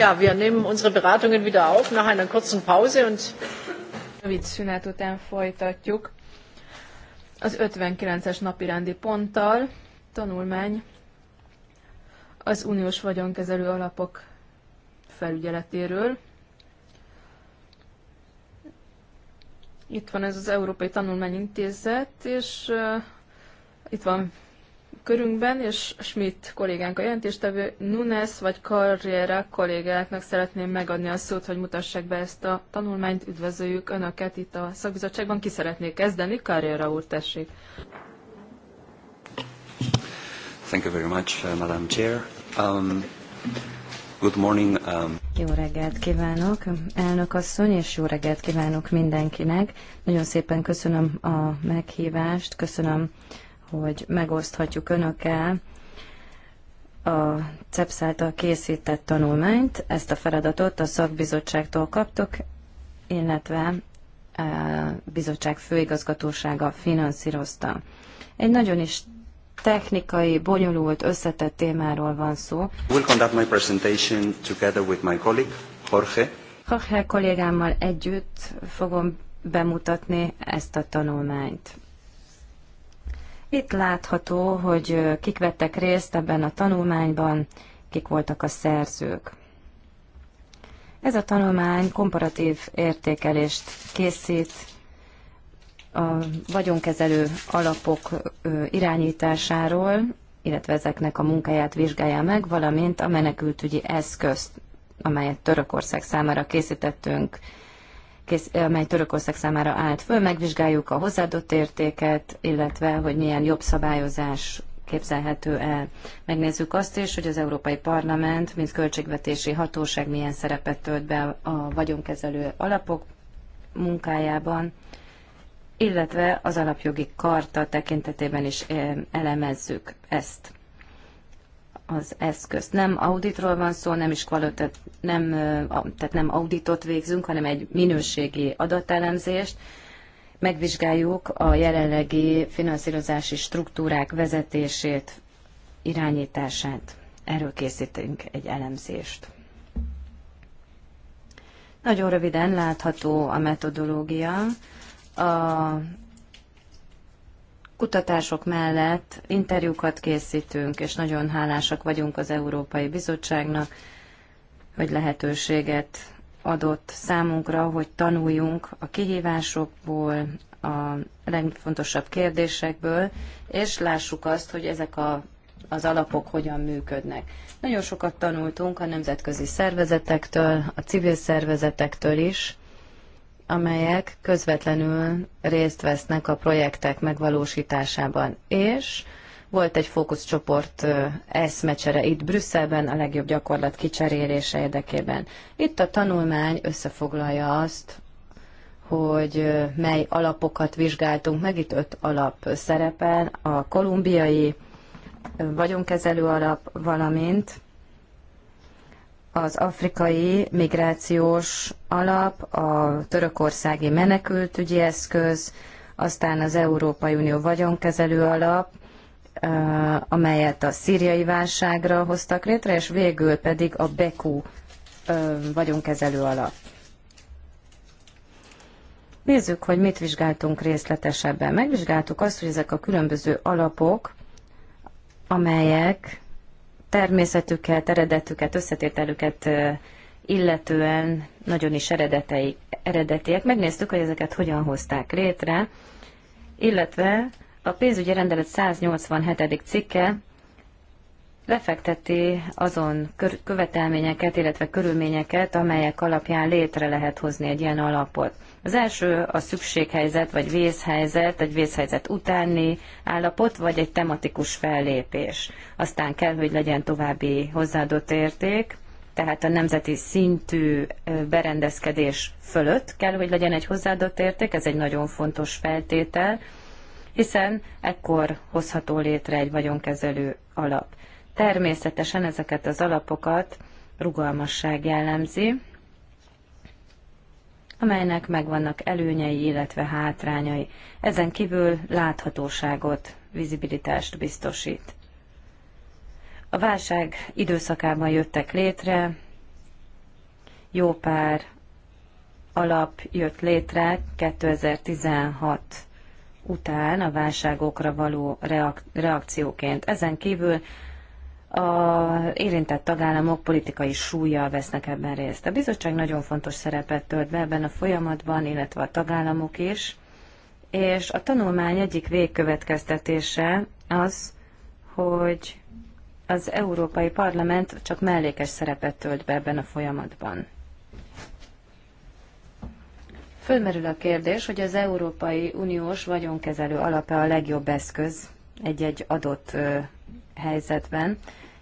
Ja, wir nehmen unsere Beratungen wieder auf nach einer kurzen Pause und rövid szünet után folytatjuk az 59-es rendi ponttal tanulmány az uniós vagyonkezelő alapok felügyeletéről. Itt van ez az Európai Tanulmányintézet, és uh, itt van körünkben, és Schmidt kollégánk a jelentéstevő, Nunes vagy Carriera kollégáknak szeretném megadni a szót, hogy mutassák be ezt a tanulmányt. Üdvözöljük Önöket itt a szakbizottságban. Ki szeretnék kezdeni? Carriera úr, tessék. Thank you very much, uh, Madam Chair. Um, good morning. Um... Jó reggelt kívánok, elnök asszony, és jó reggelt kívánok mindenkinek. Nagyon szépen köszönöm a meghívást, köszönöm hogy megoszthatjuk önökkel a CEPS által készített tanulmányt. Ezt a feladatot a szakbizottságtól kaptuk, illetve a e, bizottság főigazgatósága finanszírozta. Egy nagyon is technikai, bonyolult, összetett témáról van szó. Will conduct my presentation together with my colleague, Jorge. Jorge kollégámmal együtt fogom bemutatni ezt a tanulmányt. Itt látható, hogy kik vettek részt ebben a tanulmányban, kik voltak a szerzők. Ez a tanulmány komparatív értékelést készít a vagyonkezelő alapok irányításáról, illetve ezeknek a munkáját vizsgálja meg, valamint a menekültügyi eszközt, amelyet Törökország számára készítettünk kész, amely Törökország számára állt föl, megvizsgáljuk a hozzáadott értéket, illetve hogy milyen jobb szabályozás képzelhető el. Megnézzük azt is, hogy az Európai Parlament, mint költségvetési hatóság milyen szerepet tölt be a vagyonkezelő alapok munkájában, illetve az alapjogi karta tekintetében is eh, elemezzük ezt az eszközt. Nem auditról van szó, nem is kvalitet, nem, tehát nem auditot végzünk, hanem egy minőségi adatelemzést. Megvizsgáljuk a jelenlegi finanszírozási struktúrák vezetését, irányítását. Erről készítünk egy elemzést. Nagyon röviden látható a metodológia. A kutatások mellett interjúkat készítünk, és nagyon hálásak vagyunk az Európai Bizottságnak, hogy lehetőséget adott számunkra, hogy tanuljunk a kihívásokból, a legfontosabb kérdésekből, és lássuk azt, hogy ezek a, az alapok hogyan működnek. Nagyon sokat tanultunk a nemzetközi szervezetektől, a civil szervezetektől is, amelyek közvetlenül részt vesznek a projektek megvalósításában. És volt egy fókuszcsoport eszmecsere itt Brüsszelben a legjobb gyakorlat kicserélése érdekében. Itt a tanulmány összefoglalja azt, hogy mely alapokat vizsgáltunk meg. Itt öt alap szerepel, a kolumbiai vagyonkezelő alap, valamint az afrikai migrációs alap, a törökországi menekültügyi eszköz, aztán az Európai Unió vagyonkezelő alap, eh, amelyet a szíriai válságra hoztak létre, és végül pedig a BEKU eh, vagyonkezelő alap. Nézzük, hogy mit vizsgáltunk részletesebben. Megvizsgáltuk azt, hogy ezek a különböző alapok, amelyek természetüket, eredetüket, összetételüket illetően nagyon is eredetei, eredetiek. Megnéztük, hogy ezeket hogyan hozták létre, illetve a pénzügyi rendelet 187. cikke lefekteti azon követelményeket, illetve körülményeket, amelyek alapján létre lehet hozni egy ilyen alapot. Az első a szükséghelyzet vagy vészhelyzet, egy vészhelyzet utáni állapot, vagy egy tematikus fellépés. Aztán kell, hogy legyen további hozzáadott érték, tehát a nemzeti szintű berendezkedés fölött kell, hogy legyen egy hozzáadott érték, ez egy nagyon fontos feltétel, hiszen ekkor hozható létre egy vagyonkezelő alap. Természetesen ezeket az alapokat rugalmasság jellemzi, amelynek megvannak előnyei, illetve hátrányai. Ezen kívül láthatóságot, vizibilitást biztosít. A válság időszakában jöttek létre, jó pár alap jött létre 2016 után a válságokra való reakcióként. Ezen kívül a érintett tagállamok politikai súlyjal vesznek ebben részt. A bizottság nagyon fontos szerepet tölt be ebben a folyamatban, illetve a tagállamok is, és a tanulmány egyik végkövetkeztetése az, hogy az Európai Parlament csak mellékes szerepet tölt be ebben a folyamatban. Fölmerül a kérdés, hogy az Európai Uniós vagyonkezelő alapja a legjobb eszköz egy-egy adott helyzetben,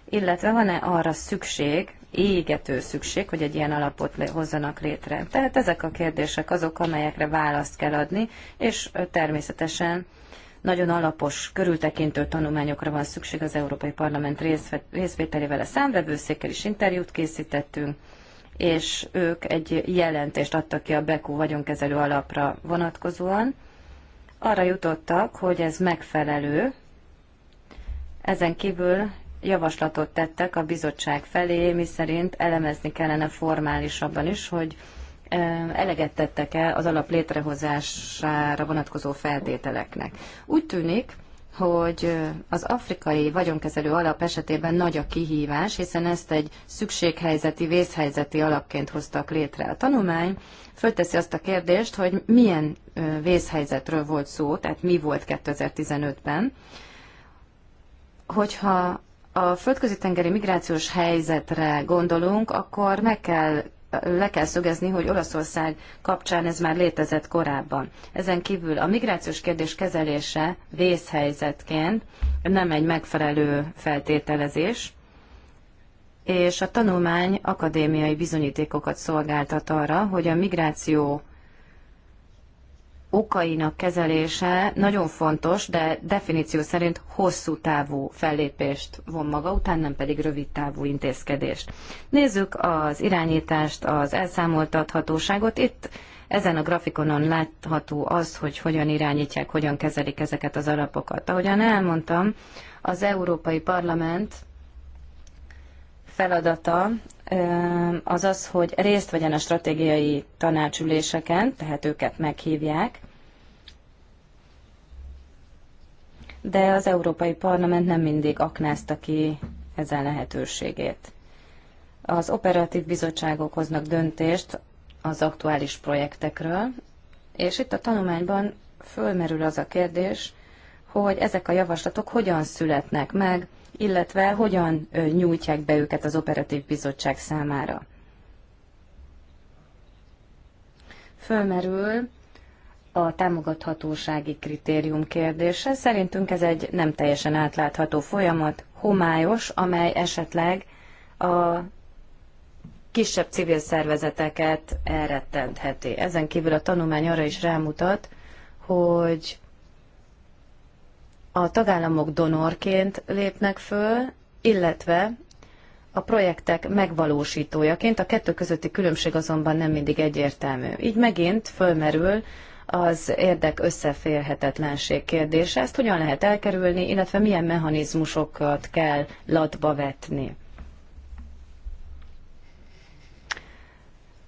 illetve van-e arra szükség, égető szükség, hogy egy ilyen alapot hozzanak létre. Tehát ezek a kérdések azok, amelyekre választ kell adni, és természetesen nagyon alapos, körültekintő tanulmányokra van szükség az Európai Parlament részvételével. A számvevőszékkel is interjút készítettünk, és ők egy jelentést adtak ki a beku vagyonkezelő alapra vonatkozóan. Arra jutottak, hogy ez megfelelő, ezen kívül javaslatot tettek a bizottság felé, miszerint elemezni kellene formálisabban is, hogy eleget tettek-e az alap létrehozására vonatkozó feltételeknek. Úgy tűnik, hogy az afrikai vagyonkezelő alap esetében nagy a kihívás, hiszen ezt egy szükséghelyzeti, vészhelyzeti alapként hoztak létre. A tanulmány fölteszi azt a kérdést, hogy milyen vészhelyzetről volt szó, tehát mi volt 2015-ben, Hogyha a földközi tengeri migrációs helyzetre gondolunk, akkor meg kell le kell szögezni, hogy Olaszország kapcsán ez már létezett korábban. Ezen kívül a migrációs kérdés kezelése vészhelyzetként nem egy megfelelő feltételezés, és a tanulmány akadémiai bizonyítékokat szolgáltat arra, hogy a migráció okainak kezelése nagyon fontos, de definíció szerint hosszú távú fellépést von maga után, nem pedig rövid távú intézkedést. Nézzük az irányítást, az elszámoltathatóságot. Itt ezen a grafikonon látható az, hogy hogyan irányítják, hogyan kezelik ezeket az alapokat. Ahogyan elmondtam, az Európai Parlament feladata az az, hogy részt vegyen a stratégiai tanácsüléseken, tehát őket meghívják, de az Európai Parlament nem mindig aknázta ki ezen lehetőségét. Az operatív bizottságok hoznak döntést az aktuális projektekről, és itt a tanulmányban fölmerül az a kérdés, hogy ezek a javaslatok hogyan születnek meg, illetve hogyan nyújtják be őket az operatív bizottság számára. Fölmerül a támogathatósági kritérium kérdése. Szerintünk ez egy nem teljesen átlátható folyamat, homályos, amely esetleg a kisebb civil szervezeteket elrettentheti. Ezen kívül a tanulmány arra is rámutat, hogy a tagállamok donorként lépnek föl, illetve a projektek megvalósítójaként, a kettő közötti különbség azonban nem mindig egyértelmű. Így megint fölmerül az érdek összeférhetetlenség kérdése. Ezt hogyan lehet elkerülni, illetve milyen mechanizmusokat kell latba vetni.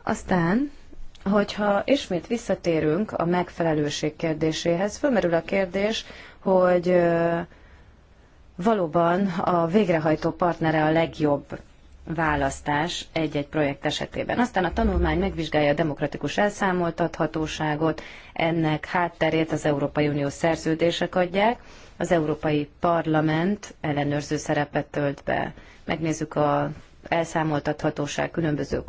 Aztán, hogyha ismét visszatérünk a megfelelőség kérdéséhez, fölmerül a kérdés, hogy valóban a végrehajtó partnere a legjobb választás egy-egy projekt esetében. Aztán a tanulmány megvizsgálja a demokratikus elszámoltathatóságot, ennek hátterét az Európai Unió szerződések adják, az Európai Parlament ellenőrző szerepet tölt be. Megnézzük a elszámoltathatóság különböző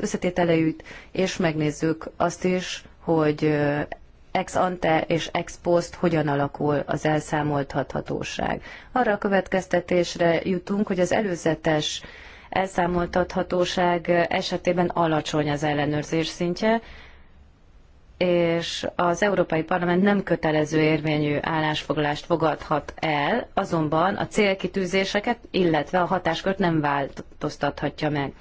összetételeit, és megnézzük azt is, hogy ex ante és ex post hogyan alakul az elszámoltathatóság. Arra a következtetésre jutunk, hogy az előzetes elszámoltathatóság esetében alacsony az ellenőrzés szintje, és az Európai Parlament nem kötelező érvényű állásfoglalást fogadhat el, azonban a célkitűzéseket, illetve a hatáskört nem változtathatja meg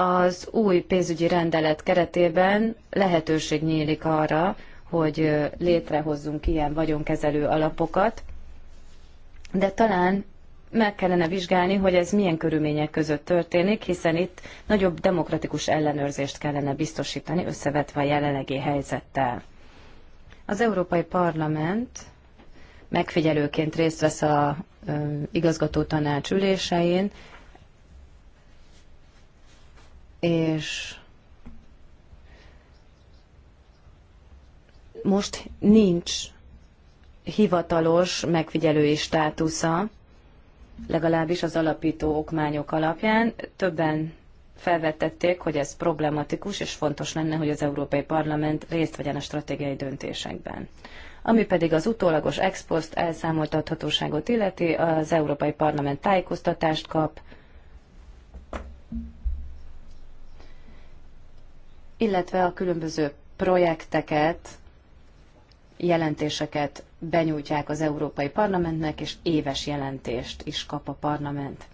az új pénzügyi rendelet keretében lehetőség nyílik arra, hogy létrehozzunk ilyen vagyonkezelő alapokat, de talán meg kellene vizsgálni, hogy ez milyen körülmények között történik, hiszen itt nagyobb demokratikus ellenőrzést kellene biztosítani, összevetve a jelenlegi helyzettel. Az Európai Parlament megfigyelőként részt vesz a igazgató tanács ülésein, és most nincs hivatalos megfigyelői státusza, legalábbis az alapító okmányok alapján. Többen felvetették, hogy ez problematikus, és fontos lenne, hogy az Európai Parlament részt vegyen a stratégiai döntésekben. Ami pedig az utólagos ex post elszámoltathatóságot illeti, az Európai Parlament tájékoztatást kap, illetve a különböző projekteket, jelentéseket benyújtják az Európai Parlamentnek, és éves jelentést is kap a parlament.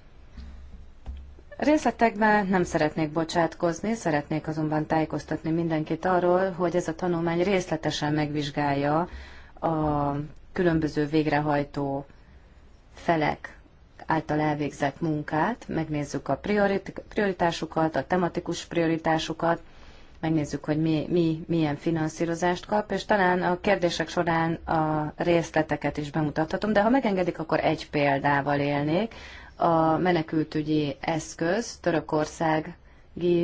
Részletekben nem szeretnék bocsátkozni, szeretnék azonban tájékoztatni mindenkit arról, hogy ez a tanulmány részletesen megvizsgálja a különböző végrehajtó felek által elvégzett munkát, megnézzük a prioritásukat, a tematikus prioritásukat, megnézzük, hogy mi, mi milyen finanszírozást kap, és talán a kérdések során a részleteket is bemutathatom, de ha megengedik, akkor egy példával élnék. A menekültügyi eszköz, törökországi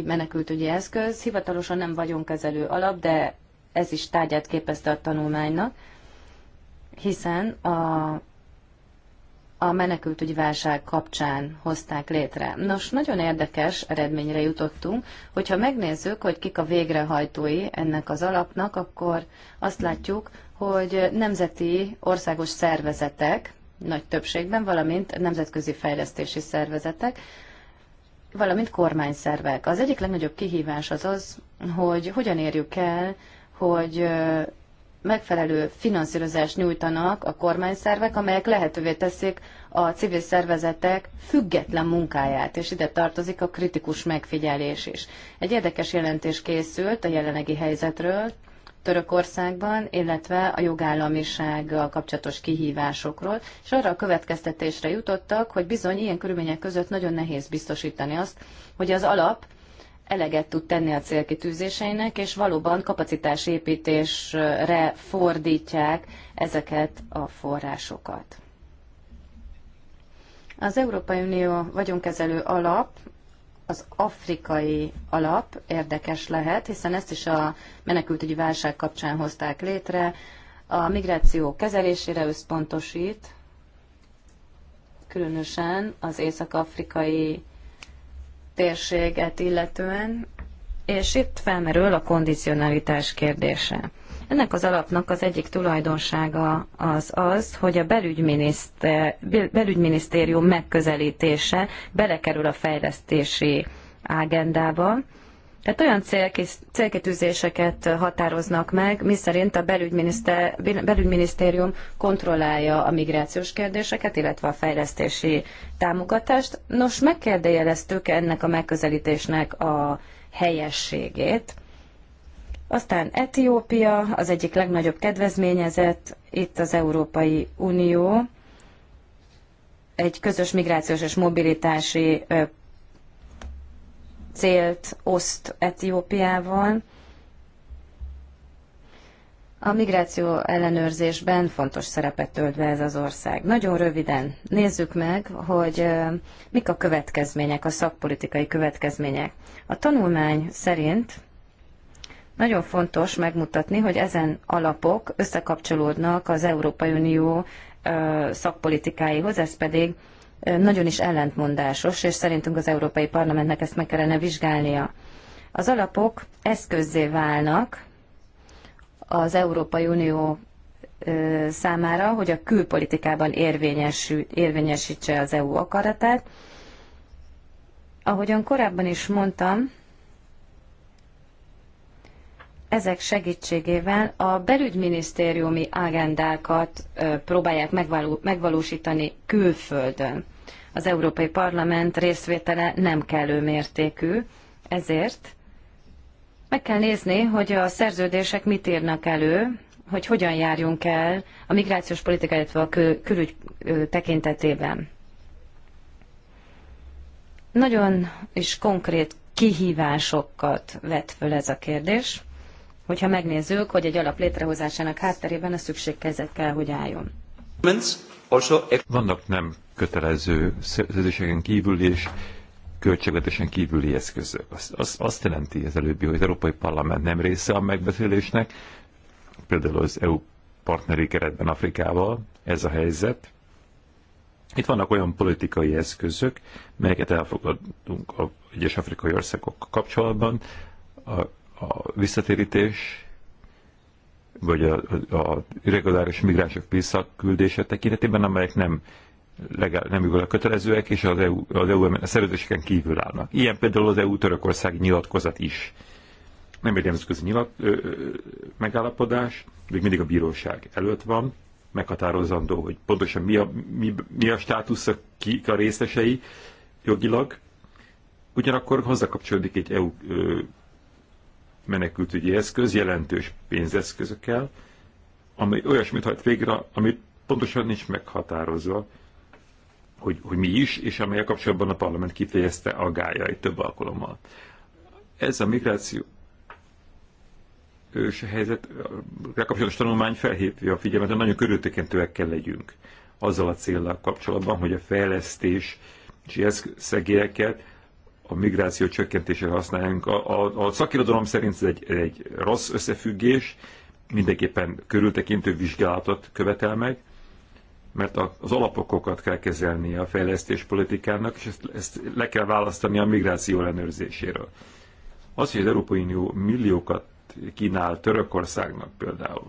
menekültügyi eszköz, hivatalosan nem vagyonkezelő alap, de ez is tárgyát képezte a tanulmánynak, hiszen a a menekültügyi válság kapcsán hozták létre. Nos, nagyon érdekes eredményre jutottunk, hogyha megnézzük, hogy kik a végrehajtói ennek az alapnak, akkor azt látjuk, hogy nemzeti országos szervezetek, nagy többségben, valamint nemzetközi fejlesztési szervezetek, valamint kormányszervek. Az egyik legnagyobb kihívás az az, hogy hogyan érjük el, hogy megfelelő finanszírozást nyújtanak a kormányszervek, amelyek lehetővé teszik a civil szervezetek független munkáját, és ide tartozik a kritikus megfigyelés is. Egy érdekes jelentés készült a jelenlegi helyzetről Törökországban, illetve a jogállamisággal kapcsolatos kihívásokról, és arra a következtetésre jutottak, hogy bizony ilyen körülmények között nagyon nehéz biztosítani azt, hogy az alap eleget tud tenni a célkitűzéseinek, és valóban kapacitásépítésre fordítják ezeket a forrásokat. Az Európai Unió vagyonkezelő alap, az afrikai alap érdekes lehet, hiszen ezt is a menekültügyi válság kapcsán hozták létre. A migráció kezelésére összpontosít, különösen az észak-afrikai térséget illetően, és itt felmerül a kondicionalitás kérdése. Ennek az alapnak az egyik tulajdonsága az az, hogy a belügyminisztérium megközelítése belekerül a fejlesztési agendába, tehát olyan célkitűzéseket határoznak meg, miszerint a belügyminisztérium kontrollálja a migrációs kérdéseket, illetve a fejlesztési támogatást. Nos, megkérdőjeleztük ennek a megközelítésnek a helyességét. Aztán Etiópia, az egyik legnagyobb kedvezményezett, itt az Európai Unió egy közös migrációs és mobilitási célt oszt Etiópiával. A migráció ellenőrzésben fontos szerepet tölt be ez az ország. Nagyon röviden nézzük meg, hogy mik a következmények, a szakpolitikai következmények. A tanulmány szerint nagyon fontos megmutatni, hogy ezen alapok összekapcsolódnak az Európai Unió szakpolitikáihoz, ez pedig nagyon is ellentmondásos, és szerintünk az Európai Parlamentnek ezt meg kellene vizsgálnia. Az alapok eszközzé válnak az Európai Unió számára, hogy a külpolitikában érvényesítse az EU akaratát. Ahogyan korábban is mondtam, ezek segítségével a belügyminisztériumi agendákat próbálják megvalósítani külföldön az Európai Parlament részvétele nem kellő mértékű, ezért meg kell nézni, hogy a szerződések mit írnak elő, hogy hogyan járjunk el a migrációs politika, illetve a kül- külügy tekintetében. Nagyon is konkrét kihívásokat vet föl ez a kérdés, hogyha megnézzük, hogy egy alap létrehozásának hátterében a szükségkezet kell, hogy álljon. Vannak nem kötelező szerződéseken kívüli és költségvetésen kívüli eszközök. Azt, azt, azt jelenti az előbbi, hogy az Európai Parlament nem része a megbeszélésnek, például az EU partneri keretben Afrikával ez a helyzet. Itt vannak olyan politikai eszközök, melyeket elfogadunk a egyes afrikai országok kapcsolatban, a, a visszatérítés vagy a, a, a irreguláris migránsok visszaküldése tekintetében, amelyek nem legal, nem a kötelezőek, és az EU, az EU a szerződéseken kívül állnak. Ilyen például az EU-Törökország nyilatkozat is. Nem egy nemzetközi nyilat, ö, ö, megállapodás, még mindig a bíróság előtt van, meghatározandó, hogy pontosan mi a, mi, mi a státusz, ki a részesei jogilag. Ugyanakkor hozzákapcsolódik egy EU menekültügyi eszköz jelentős pénzeszközökkel, ami olyasmit hajt végre, amit pontosan nincs meghatározva, hogy, hogy mi is, és amelyek kapcsolatban a parlament kifejezte aggájait több alkalommal. Ez a migráció ős helyzet, kapcsolatos tanulmány felhívja a figyelmet, hogy nagyon körültekintőek kell legyünk azzal a célnal kapcsolatban, hogy a fejlesztés és szegélyeket a migráció csökkentésére használjunk. A, a, a szakirodalom szerint ez egy, egy rossz összefüggés, mindenképpen körültekintő vizsgálatot követel meg, mert az alapokokat kell kezelni a fejlesztéspolitikának, és ezt, ezt le kell választani a migráció ellenőrzéséről. Az, hogy az Európai Unió milliókat kínál Törökországnak például,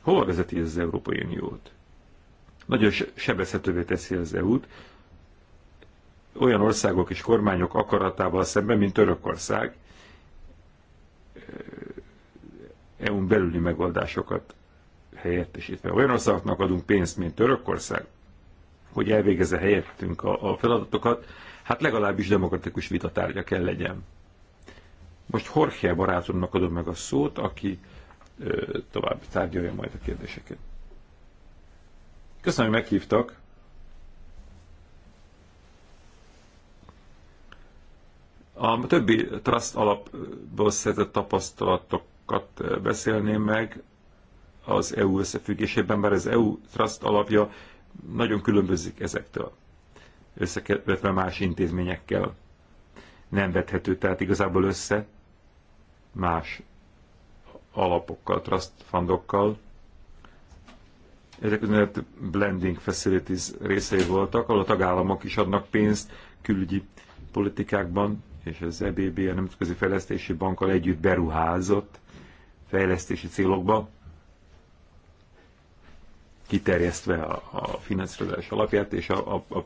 hova vezeti ez az Európai Uniót? Nagyon sebezhetővé teszi az EU-t, olyan országok és kormányok akaratával szemben, mint Törökország, eh, EU-n belüli megoldásokat helyettesítve. Olyan országoknak adunk pénzt, mint Törökország, hogy elvégezze helyettünk a, a feladatokat, hát legalábbis demokratikus vitatárgya kell legyen. Most Jorge barátomnak adom meg a szót, aki ö, eh, tovább tárgyalja majd a kérdéseket. Köszönöm, hogy meghívtak. A többi trust alapból szerzett tapasztalatokat eh, beszélném meg az EU összefüggésében, bár az EU trust alapja nagyon különbözik ezektől, összevetve más intézményekkel. Nem vethető, tehát igazából össze más alapokkal, trust fundokkal. Ezek úgynevezett blending facilities részei voltak, ahol a tagállamok is adnak pénzt külügyi politikákban, és az EBB a Nemzetközi Fejlesztési Bankkal együtt beruházott fejlesztési célokba, kiterjesztve a, a finanszírozás alapját és a, a, a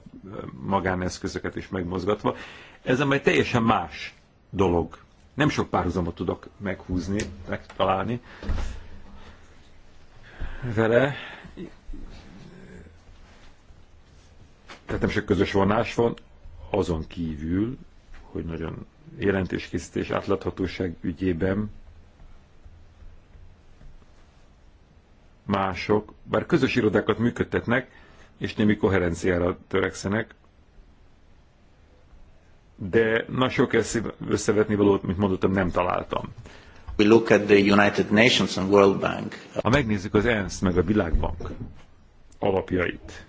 magáneszközöket is megmozgatva. Ez egy teljesen más dolog. Nem sok párhuzamot tudok meghúzni, megtalálni vele. Tehát nem sok közös vonás van, azon kívül, hogy nagyon jelentéskészítés átláthatóság ügyében mások, bár közös irodákat működtetnek, és némi koherenciára törekszenek, de na sok ezt összevetni valót, mint mondottam, nem találtam. We look at the United Nations and World Bank. Ha megnézzük az ENSZ meg a Világbank alapjait,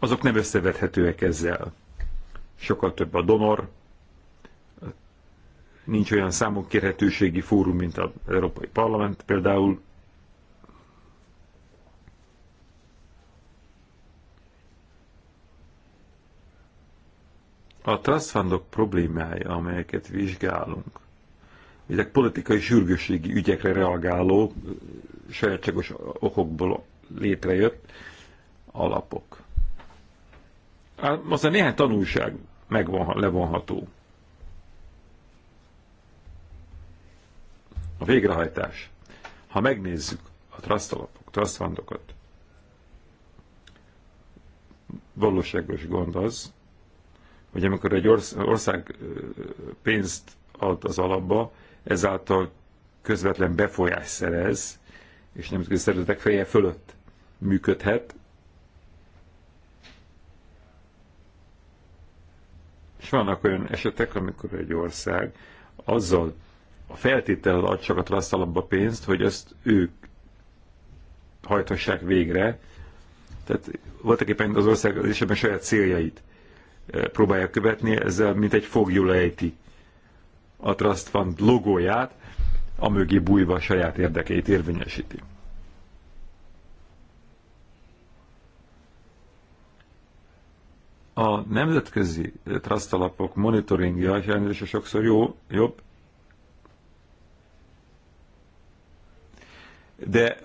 azok nem összevethetőek ezzel. Sokkal több a donor, nincs olyan számok kérhetőségi fórum, mint az Európai Parlament például. A trust fundok problémája, amelyeket vizsgálunk, ezek politikai sürgősségi ügyekre reagáló, sajátságos okokból létrejött alapok. Aztán néhány tanulság megvon, levonható. A végrehajtás. Ha megnézzük a trust alapok, trust fundokat, valóságos gond az, hogy amikor egy ország pénzt ad az alapba, ezáltal közvetlen befolyás szerez, és nemzetközi szervezetek feje fölött működhet. És vannak olyan esetek, amikor egy ország azzal a feltétel ad csak a trust alapba pénzt, hogy ezt ők hajtassák végre. Tehát voltak éppen az ország az esetben saját céljait eh, próbálja követni, ezzel mint egy fogjul lejti a Trust Fund logóját, amögé bújva a saját érdekeit érvényesíti. A nemzetközi trust alapok monitoringja sajnos sokszor jó, jobb, de eh,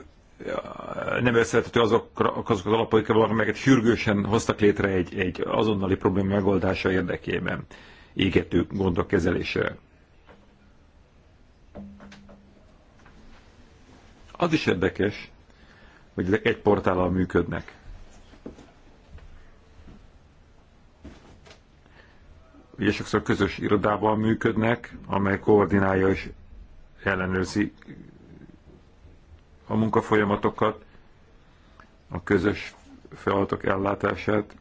nem összevethető azokra, azok az alapaikkel, amelyeket sürgősen hoztak létre egy, egy azonnali probléma megoldása érdekében égető gondok kezelése. Az is érdekes, hogy ezek egy portállal működnek. Ugye sokszor közös irodában működnek, amely koordinálja és ellenőrzi a munkafolyamatokat, a közös feladatok ellátását.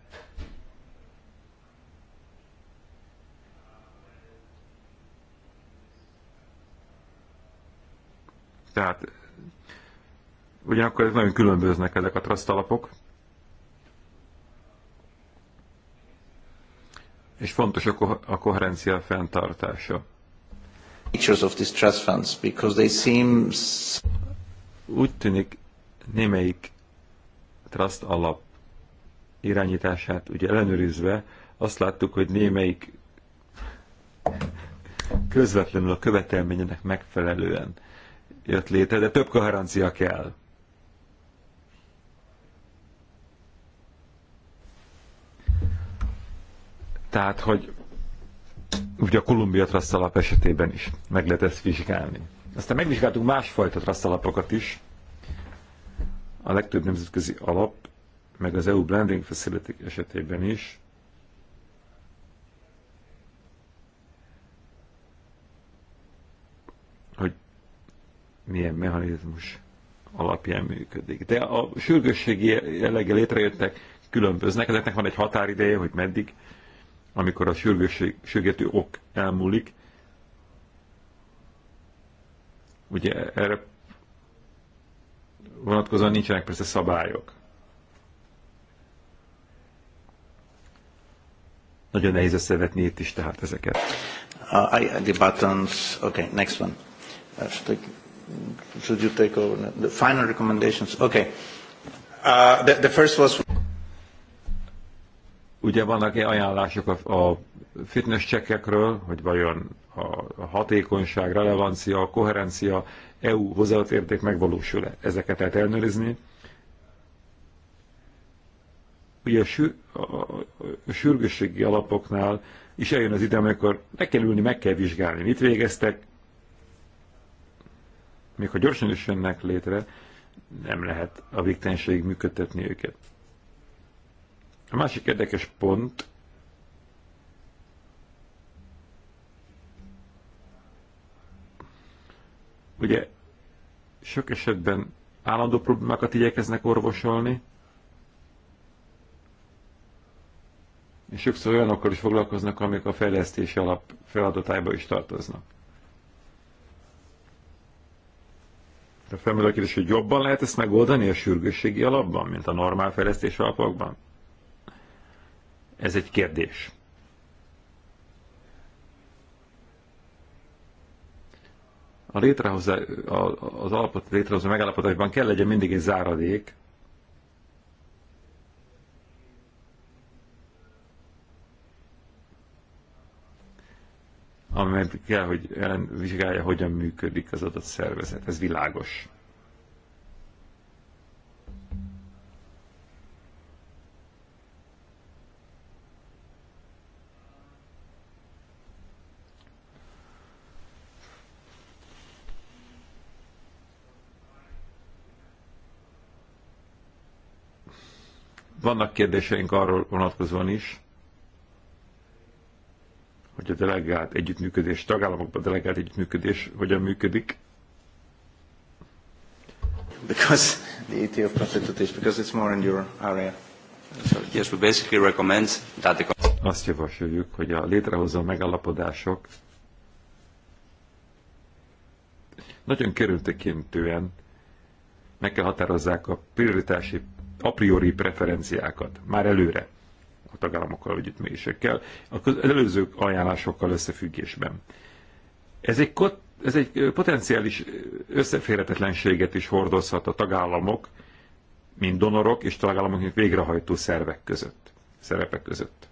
Tehát ugyanakkor ez nagyon különböznek ezek a trasztalapok. És fontos a, ko- a koherencia fenntartása. of these trust funds because they seem úgy tűnik némelyik trust alap irányítását ugye ellenőrizve azt láttuk, hogy némelyik közvetlenül a követelményének megfelelően jött létre, de több koherencia kell. Tehát, hogy ugye a Kolumbia Trust alap esetében is meg lehet ezt vizsgálni. Aztán megvizsgáltunk másfajta trasszalapokat is. A legtöbb nemzetközi alap, meg az EU Blending Facility esetében is. Hogy milyen mechanizmus alapján működik. De a sürgősségi jellege létrejöttek különböznek, ezeknek van egy határideje, hogy meddig, amikor a sürgőség, sürgető ok elmúlik, Ugye erre vonatkozóan nincsenek persze szabályok. Nagyon nehéz összevetni itt is tehát ezeket. Uh, I, the buttons, okay, next one. Uh, should, I, should you take over? The final recommendations, okay. Uh, the, the first was... Ugye vannak -e ajánlások a, a fitness checkekről, hogy vajon a hatékonyság, relevancia, a koherencia, EU hozzáadott érték megvalósul-e. Ezeket lehet ellenőrizni. Ugye a, sür, a sürgősségi alapoknál is eljön az ide, amikor meg kell ülni, meg kell vizsgálni, mit végeztek, még ha gyorsan is jönnek létre, nem lehet a végtelenségig működtetni őket. A másik érdekes pont, Ugye sok esetben állandó problémákat igyekeznek orvosolni, és sokszor olyanokkal is foglalkoznak, amik a fejlesztési alap feladatába is tartoznak. De felmerül a kérdés, hogy jobban lehet ezt megoldani a sürgősségi alapban, mint a normál fejlesztési alapokban? Ez egy kérdés. a létrehozza, az alapot létrehozó megállapodásban kell legyen mindig egy záradék, amely kell, hogy vizsgálja, hogyan működik az adott szervezet. Ez világos. Vannak kérdéseink arról vonatkozóan is, hogy a delegált együttműködés, tagállamokban delegált együttműködés hogyan működik. Because the ET of prostitutes, because it's more in your area. So, yes, we basically recommend that the... Azt javasoljuk, hogy a létrehozó megalapodások nagyon kerültekintően meg kell határozzák a prioritási a priori preferenciákat, már előre a tagállamokkal együttműködésekkel, az előző ajánlásokkal összefüggésben. Ez egy, ez egy potenciális összeférhetetlenséget is hordozhat a tagállamok, mint donorok és tagállamok, mint végrehajtó szervek között, szerepek között.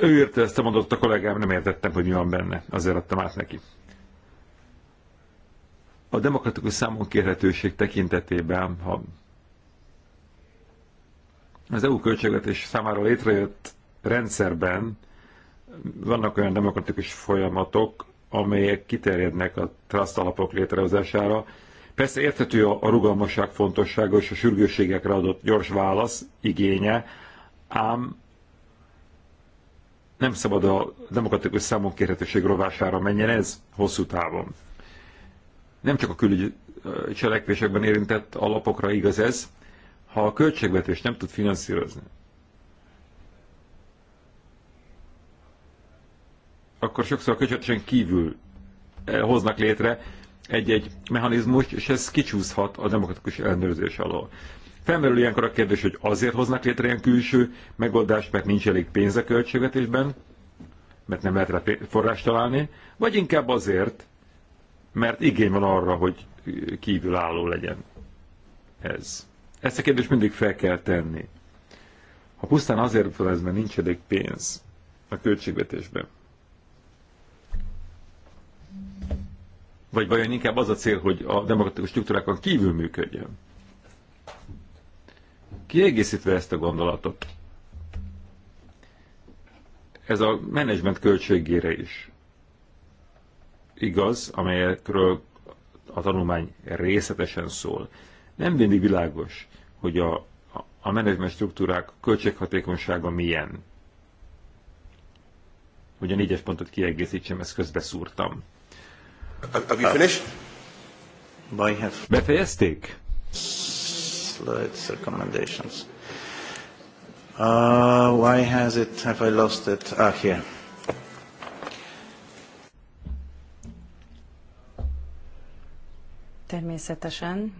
Ő érte ezt a mondott a kollégám nem értettem, hogy mi van benne, azért adtam át neki. A demokratikus számon kérhetőség tekintetében, ha az EU költségvetés számára létrejött rendszerben vannak olyan demokratikus folyamatok, amelyek kiterjednek a trust alapok létrehozására. Persze érthető a rugalmasság fontossága és a sürgőségekre adott gyors válasz igénye, ám nem szabad a demokratikus kérhetőség rovására menjen ez hosszú távon nem csak a külügyi cselekvésekben érintett alapokra igaz ez, ha a költségvetés nem tud finanszírozni, akkor sokszor a költségvetésen kívül eh, hoznak létre egy-egy mechanizmust, és ez kicsúszhat a demokratikus ellenőrzés alól. Felmerül ilyenkor a kérdés, hogy azért hoznak létre ilyen külső megoldást, mert nincs elég pénz a költségvetésben, mert nem lehet rá forrást találni, vagy inkább azért, mert igény van arra, hogy kívülálló legyen ez. Ezt a kérdést mindig fel kell tenni. Ha pusztán azért van ez, mert nincs elég pénz a költségvetésben, vagy vajon inkább az a cél, hogy a demokratikus struktúrákon kívül működjön? Kiegészítve ezt a gondolatot, ez a menedzsment költségére is igaz, amelyekről a tanulmány részletesen szól. Nem mindig világos, hogy a, a menedzsment struktúrák költséghatékonysága milyen. Hogy a négyes pontot kiegészítsem, ezt közbeszúrtam. Have you finished? By have. Befejezték? Slides recommendations. Uh, why has it, have I lost it? Ah, here. Természetesen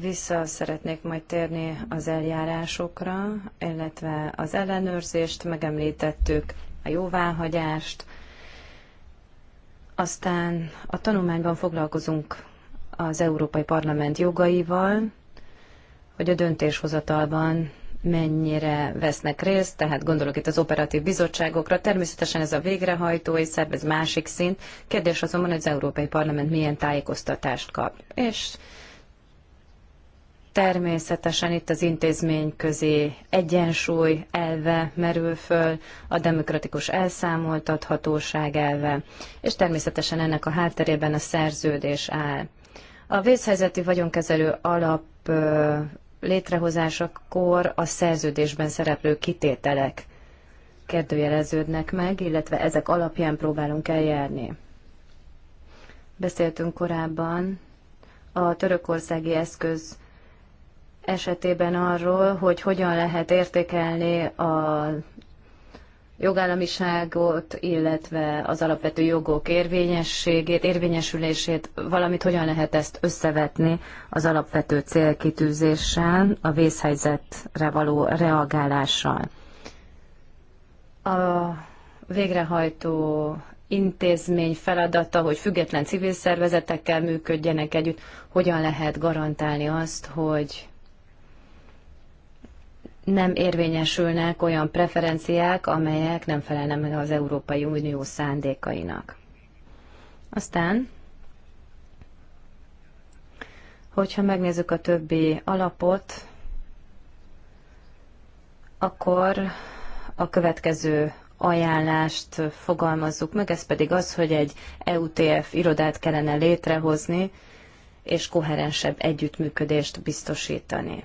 vissza szeretnék majd térni az eljárásokra, illetve az ellenőrzést, megemlítettük a jóváhagyást, aztán a tanulmányban foglalkozunk az Európai Parlament jogaival, hogy a döntéshozatalban mennyire vesznek részt, tehát gondolok itt az operatív bizottságokra. Természetesen ez a végrehajtói szerv, ez másik szint. Kérdés azonban, hogy az Európai Parlament milyen tájékoztatást kap. És természetesen itt az intézmény közé egyensúly elve merül föl, a demokratikus elszámoltathatóság elve, és természetesen ennek a hátterében a szerződés áll. A vészhelyzeti vagyonkezelő alap létrehozásakor a szerződésben szereplő kitételek kérdőjeleződnek meg, illetve ezek alapján próbálunk eljárni. Beszéltünk korábban a törökországi eszköz esetében arról, hogy hogyan lehet értékelni a jogállamiságot, illetve az alapvető jogok érvényességét, érvényesülését, valamit hogyan lehet ezt összevetni az alapvető célkitűzéssel, a vészhelyzetre való reagálással. A végrehajtó intézmény feladata, hogy független civil szervezetekkel működjenek együtt, hogyan lehet garantálni azt, hogy nem érvényesülnek olyan preferenciák, amelyek nem felelnek meg az Európai Unió szándékainak. Aztán, hogyha megnézzük a többi alapot, akkor a következő ajánlást fogalmazzuk meg, ez pedig az, hogy egy EUTF irodát kellene létrehozni, és koherensebb együttműködést biztosítani.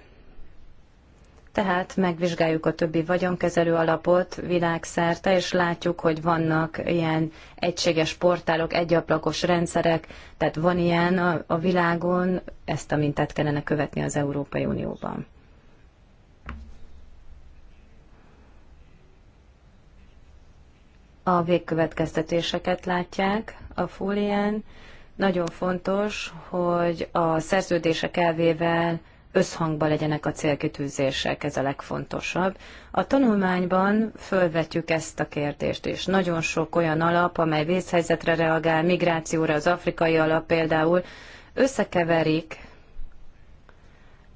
Tehát megvizsgáljuk a többi vagyonkezelő alapot világszerte, és látjuk, hogy vannak ilyen egységes portálok, egyablakos rendszerek, tehát van ilyen a, a világon, ezt a mintát kellene követni az Európai Unióban. A végkövetkeztetéseket látják a fólián. Nagyon fontos, hogy a szerződések elvével összhangban legyenek a célkitűzések, ez a legfontosabb. A tanulmányban fölvetjük ezt a kérdést és Nagyon sok olyan alap, amely vészhelyzetre reagál, migrációra, az afrikai alap például, összekeverik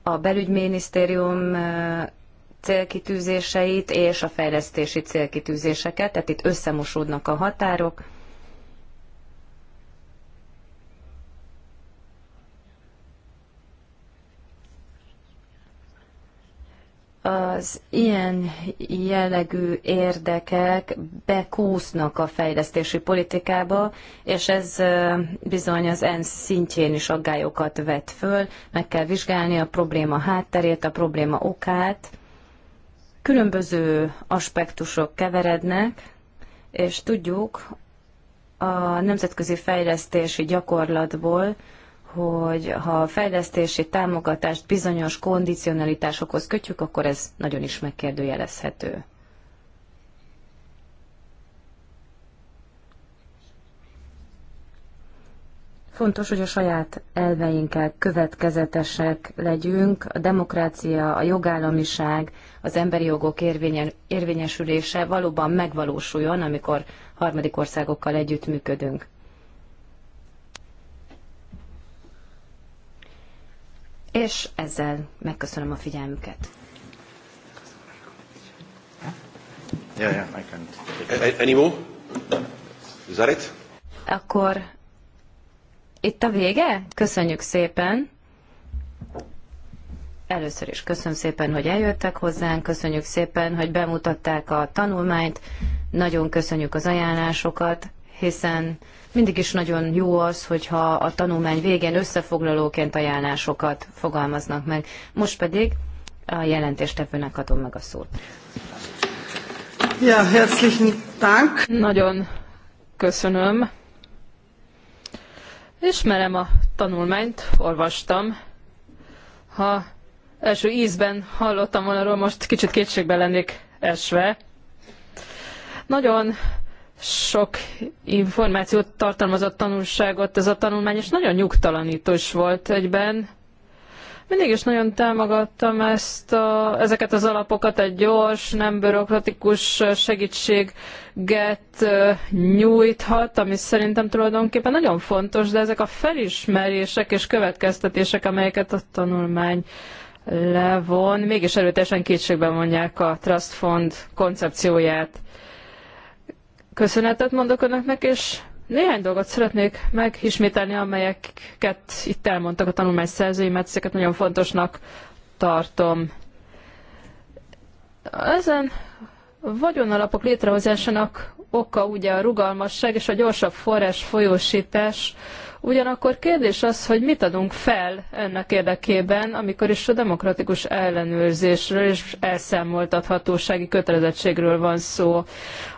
a belügyminisztérium célkitűzéseit és a fejlesztési célkitűzéseket, tehát itt összemosódnak a határok, az ilyen jellegű érdekek bekúsznak a fejlesztési politikába, és ez bizony az ENSZ szintjén is aggályokat vet föl. Meg kell vizsgálni a probléma hátterét, a probléma okát. Különböző aspektusok keverednek, és tudjuk a nemzetközi fejlesztési gyakorlatból, hogy ha a fejlesztési támogatást bizonyos kondicionalitásokhoz kötjük, akkor ez nagyon is megkérdőjelezhető. Fontos, hogy a saját elveinkkel következetesek legyünk. A demokrácia, a jogállamiság, az emberi jogok érvényesülése valóban megvalósuljon, amikor harmadik országokkal együttműködünk. és ezzel megköszönöm a figyelmüket. Yeah, yeah, I can't. Any more? Is that it? Akkor itt a vége? Köszönjük szépen! Először is köszönöm szépen, hogy eljöttek hozzánk, köszönjük szépen, hogy bemutatták a tanulmányt, nagyon köszönjük az ajánlásokat, hiszen mindig is nagyon jó az, hogyha a tanulmány végén összefoglalóként ajánlásokat fogalmaznak meg. Most pedig a jelentéstevőnek adom meg a szót. Ja, herzlichen Dank. Nagyon köszönöm. Ismerem a tanulmányt, olvastam. Ha első ízben hallottam volna, most kicsit kétségbe lennék esve. Nagyon sok információt tartalmazott tanulságot ez a tanulmány, és nagyon nyugtalanító is volt egyben. Mindig is nagyon támogattam ezt a, ezeket az alapokat, egy gyors, nem bürokratikus segítséget nyújthat, ami szerintem tulajdonképpen nagyon fontos, de ezek a felismerések és következtetések, amelyeket a tanulmány levon, mégis erőteljesen kétségben mondják a Trust Fund koncepcióját köszönetet mondok önöknek, és néhány dolgot szeretnék megismételni, amelyeket itt elmondtak a tanulmány szerzői, mert ezeket nagyon fontosnak tartom. Ezen vagyonalapok létrehozásának oka ugye a rugalmasság és a gyorsabb forrás folyósítás Ugyanakkor kérdés az, hogy mit adunk fel ennek érdekében, amikor is a demokratikus ellenőrzésről és elszámoltathatósági kötelezettségről van szó.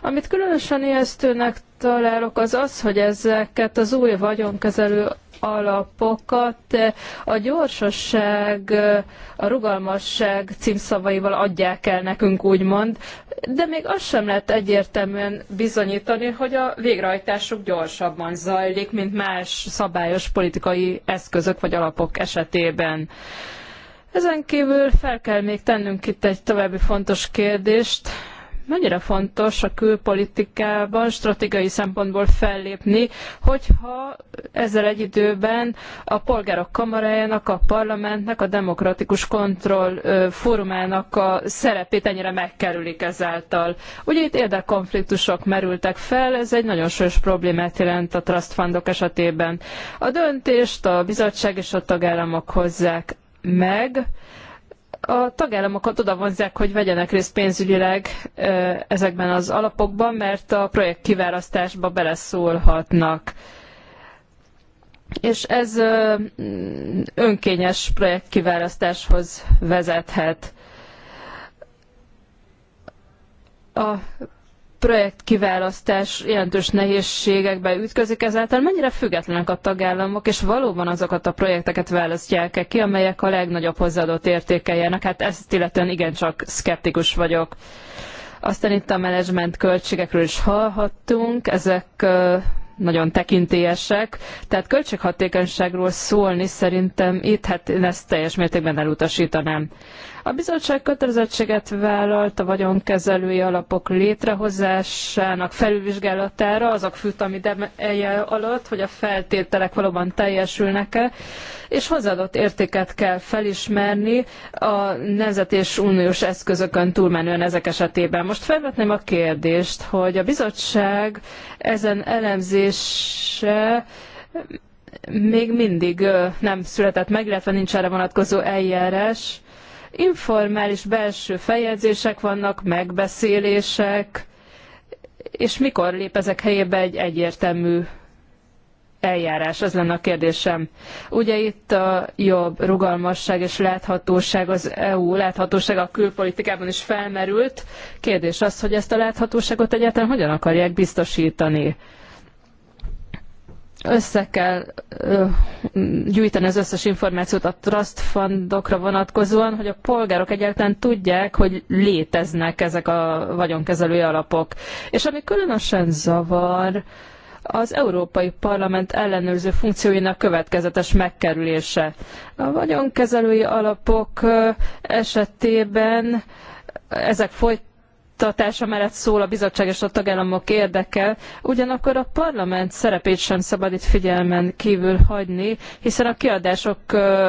Amit különösen ijesztőnek találok, az az, hogy ezeket az új vagyonkezelő alapokat a gyorsaság, a rugalmasság címszavaival adják el nekünk, úgymond, de még azt sem lehet egyértelműen bizonyítani, hogy a végrehajtásuk gyorsabban zajlik, mint más szabályos politikai eszközök vagy alapok esetében. Ezen kívül fel kell még tennünk itt egy további fontos kérdést, mennyire fontos a külpolitikában stratégiai szempontból fellépni, hogyha ezzel egy időben a polgárok kamarájának, a parlamentnek, a demokratikus kontroll fórumának a szerepét ennyire megkerülik ezáltal. Ugye itt érdekkonfliktusok merültek fel, ez egy nagyon sős problémát jelent a trust fundok esetében. A döntést a bizottság és a tagállamok hozzák meg, a tagállamokat oda vonzák, hogy vegyenek részt pénzügyileg ezekben az alapokban, mert a projekt kiválasztásba beleszólhatnak. És ez önkényes projekt kiválasztáshoz vezethet. A projektkiválasztás jelentős nehézségekbe ütközik, ezáltal mennyire függetlenek a tagállamok, és valóban azokat a projekteket választják -e ki, amelyek a legnagyobb hozzáadott értékeljenek. Hát ezt illetően igencsak szkeptikus vagyok. Aztán itt a menedzsment költségekről is hallhattunk, ezek nagyon tekintélyesek, tehát költséghatékonyságról szólni szerintem itt, hát én ezt teljes mértékben elutasítanám. A bizottság kötelezettséget vállalt a vagyonkezelői alapok létrehozásának felülvizsgálatára, azok fűtami deje alatt, hogy a feltételek valóban teljesülnek-e, és hozzáadott értéket kell felismerni a nemzet és uniós eszközökön túlmenően ezek esetében. Most felvetném a kérdést, hogy a bizottság ezen elemzése még mindig nem született meg, illetve nincs erre vonatkozó eljárás informális belső feljegyzések vannak, megbeszélések, és mikor lép ezek helyébe egy egyértelmű eljárás? Ez lenne a kérdésem. Ugye itt a jobb rugalmasság és láthatóság, az EU láthatóság a külpolitikában is felmerült. Kérdés az, hogy ezt a láthatóságot egyáltalán hogyan akarják biztosítani? össze kell ö, gyűjteni az összes információt a trust fundokra vonatkozóan, hogy a polgárok egyáltalán tudják, hogy léteznek ezek a vagyonkezelői alapok. És ami különösen zavar, az Európai Parlament ellenőrző funkcióinak következetes megkerülése. A vagyonkezelői alapok esetében ezek folyt megvitatása mellett szól a bizottság és a tagállamok érdeke, ugyanakkor a parlament szerepét sem szabad itt figyelmen kívül hagyni, hiszen a kiadások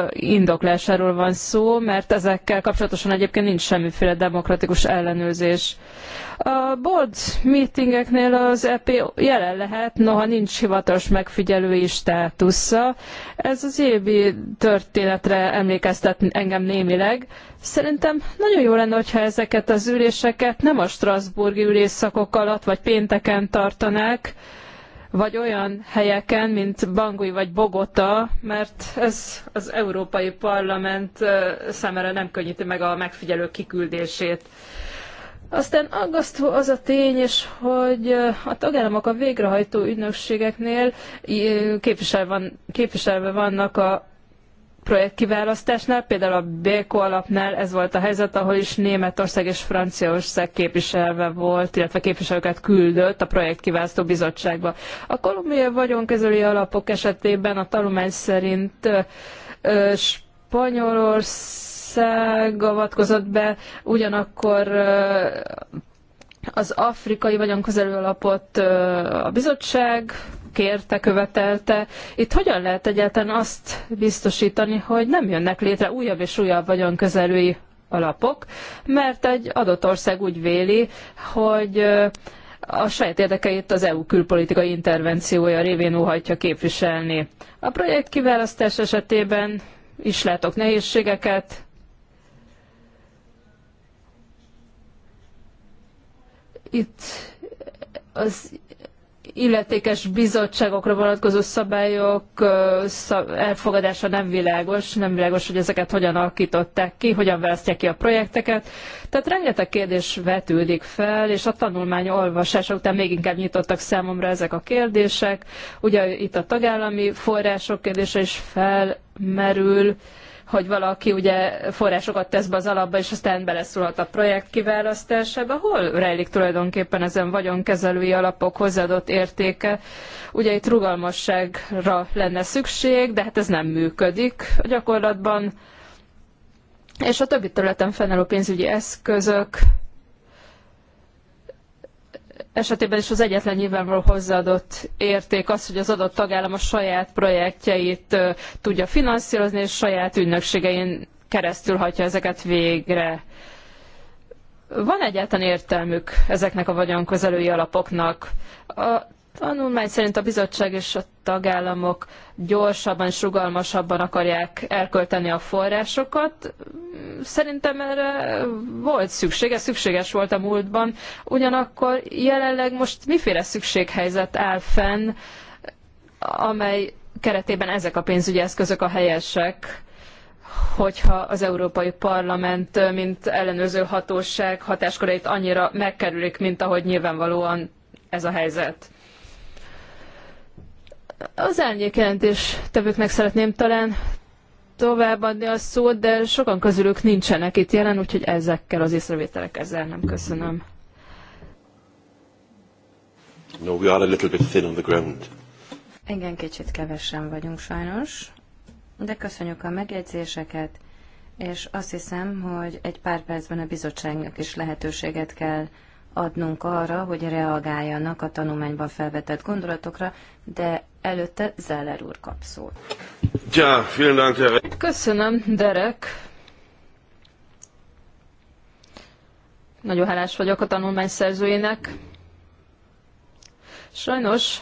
indoklásáról van szó, mert ezekkel kapcsolatosan egyébként nincs semmiféle demokratikus ellenőrzés. A board meetingeknél az EP jelen lehet, noha nincs hivatalos megfigyelői státusza. Ez az évi e történetre emlékeztet engem némileg. Szerintem nagyon jó lenne, hogyha ezeket az üléseket nem a Strasburgi ülésszakok alatt vagy pénteken tartanák, vagy olyan helyeken, mint Bangui vagy Bogota, mert ez az Európai Parlament számára nem könnyíti meg a megfigyelő kiküldését. Aztán aggasztó az a tény is, hogy a tagállamok a végrehajtó ügynökségeknél képviselve, van, képviselve vannak a projektkiválasztásnál, például a Béko alapnál ez volt a helyzet, ahol is Németország és Franciaország képviselve volt, illetve képviselőket küldött a projektkiválasztó bizottságba. A Kolumbia vagyonkezelői alapok esetében a tanulmány szerint Spanyolország Oroszország avatkozott be, ugyanakkor az afrikai vagyon közelő alapot a bizottság kérte, követelte. Itt hogyan lehet egyáltalán azt biztosítani, hogy nem jönnek létre újabb és újabb vagyon közelői alapok, mert egy adott ország úgy véli, hogy a saját érdekeit az EU külpolitikai intervenciója révén óhajtja képviselni. A projekt kiválasztás esetében is látok nehézségeket, Itt az illetékes bizottságokra vonatkozó szabályok elfogadása nem világos, nem világos, hogy ezeket hogyan alakították ki, hogyan választják ki a projekteket. Tehát rengeteg kérdés vetődik fel, és a tanulmány olvasása után még inkább nyitottak számomra ezek a kérdések. Ugye itt a tagállami források kérdése is felmerül, hogy valaki ugye forrásokat tesz be az alapba, és aztán beleszólhat a projekt kiválasztásába. Hol rejlik tulajdonképpen ezen vagyonkezelői alapok hozzáadott értéke? Ugye itt rugalmasságra lenne szükség, de hát ez nem működik a gyakorlatban. És a többi területen fennálló pénzügyi eszközök esetében is az egyetlen nyilvánvaló hozzáadott érték az, hogy az adott tagállam a saját projektjeit tudja finanszírozni, és saját ügynökségein keresztül hagyja ezeket végre. Van egyáltalán értelmük ezeknek a vagyonközelői alapoknak? A tanulmány szerint a bizottság és a tagállamok gyorsabban és rugalmasabban akarják elkölteni a forrásokat. Szerintem erre volt szüksége, szükséges volt a múltban, ugyanakkor jelenleg most miféle szükséghelyzet áll fenn, amely keretében ezek a pénzügyi eszközök a helyesek hogyha az Európai Parlament, mint ellenőrző hatóság hatásköreit annyira megkerülik, mint ahogy nyilvánvalóan ez a helyzet. Az árnyékjelentés tevőknek szeretném talán továbbadni a szót, de sokan közülük nincsenek itt jelen, úgyhogy ezekkel az észrevételekkel zárnám. Köszönöm. No, we are a little bit thin on the ground. Igen, kicsit kevesen vagyunk sajnos, de köszönjük a megjegyzéseket, és azt hiszem, hogy egy pár percben a bizottságnak is lehetőséget kell adnunk arra, hogy reagáljanak a tanulmányban felvetett gondolatokra, de Előtte Zeller úr kap szót. Ja, vielen Dank, Köszönöm, Derek. Nagyon hálás vagyok a tanulmány szerzőjének. Sajnos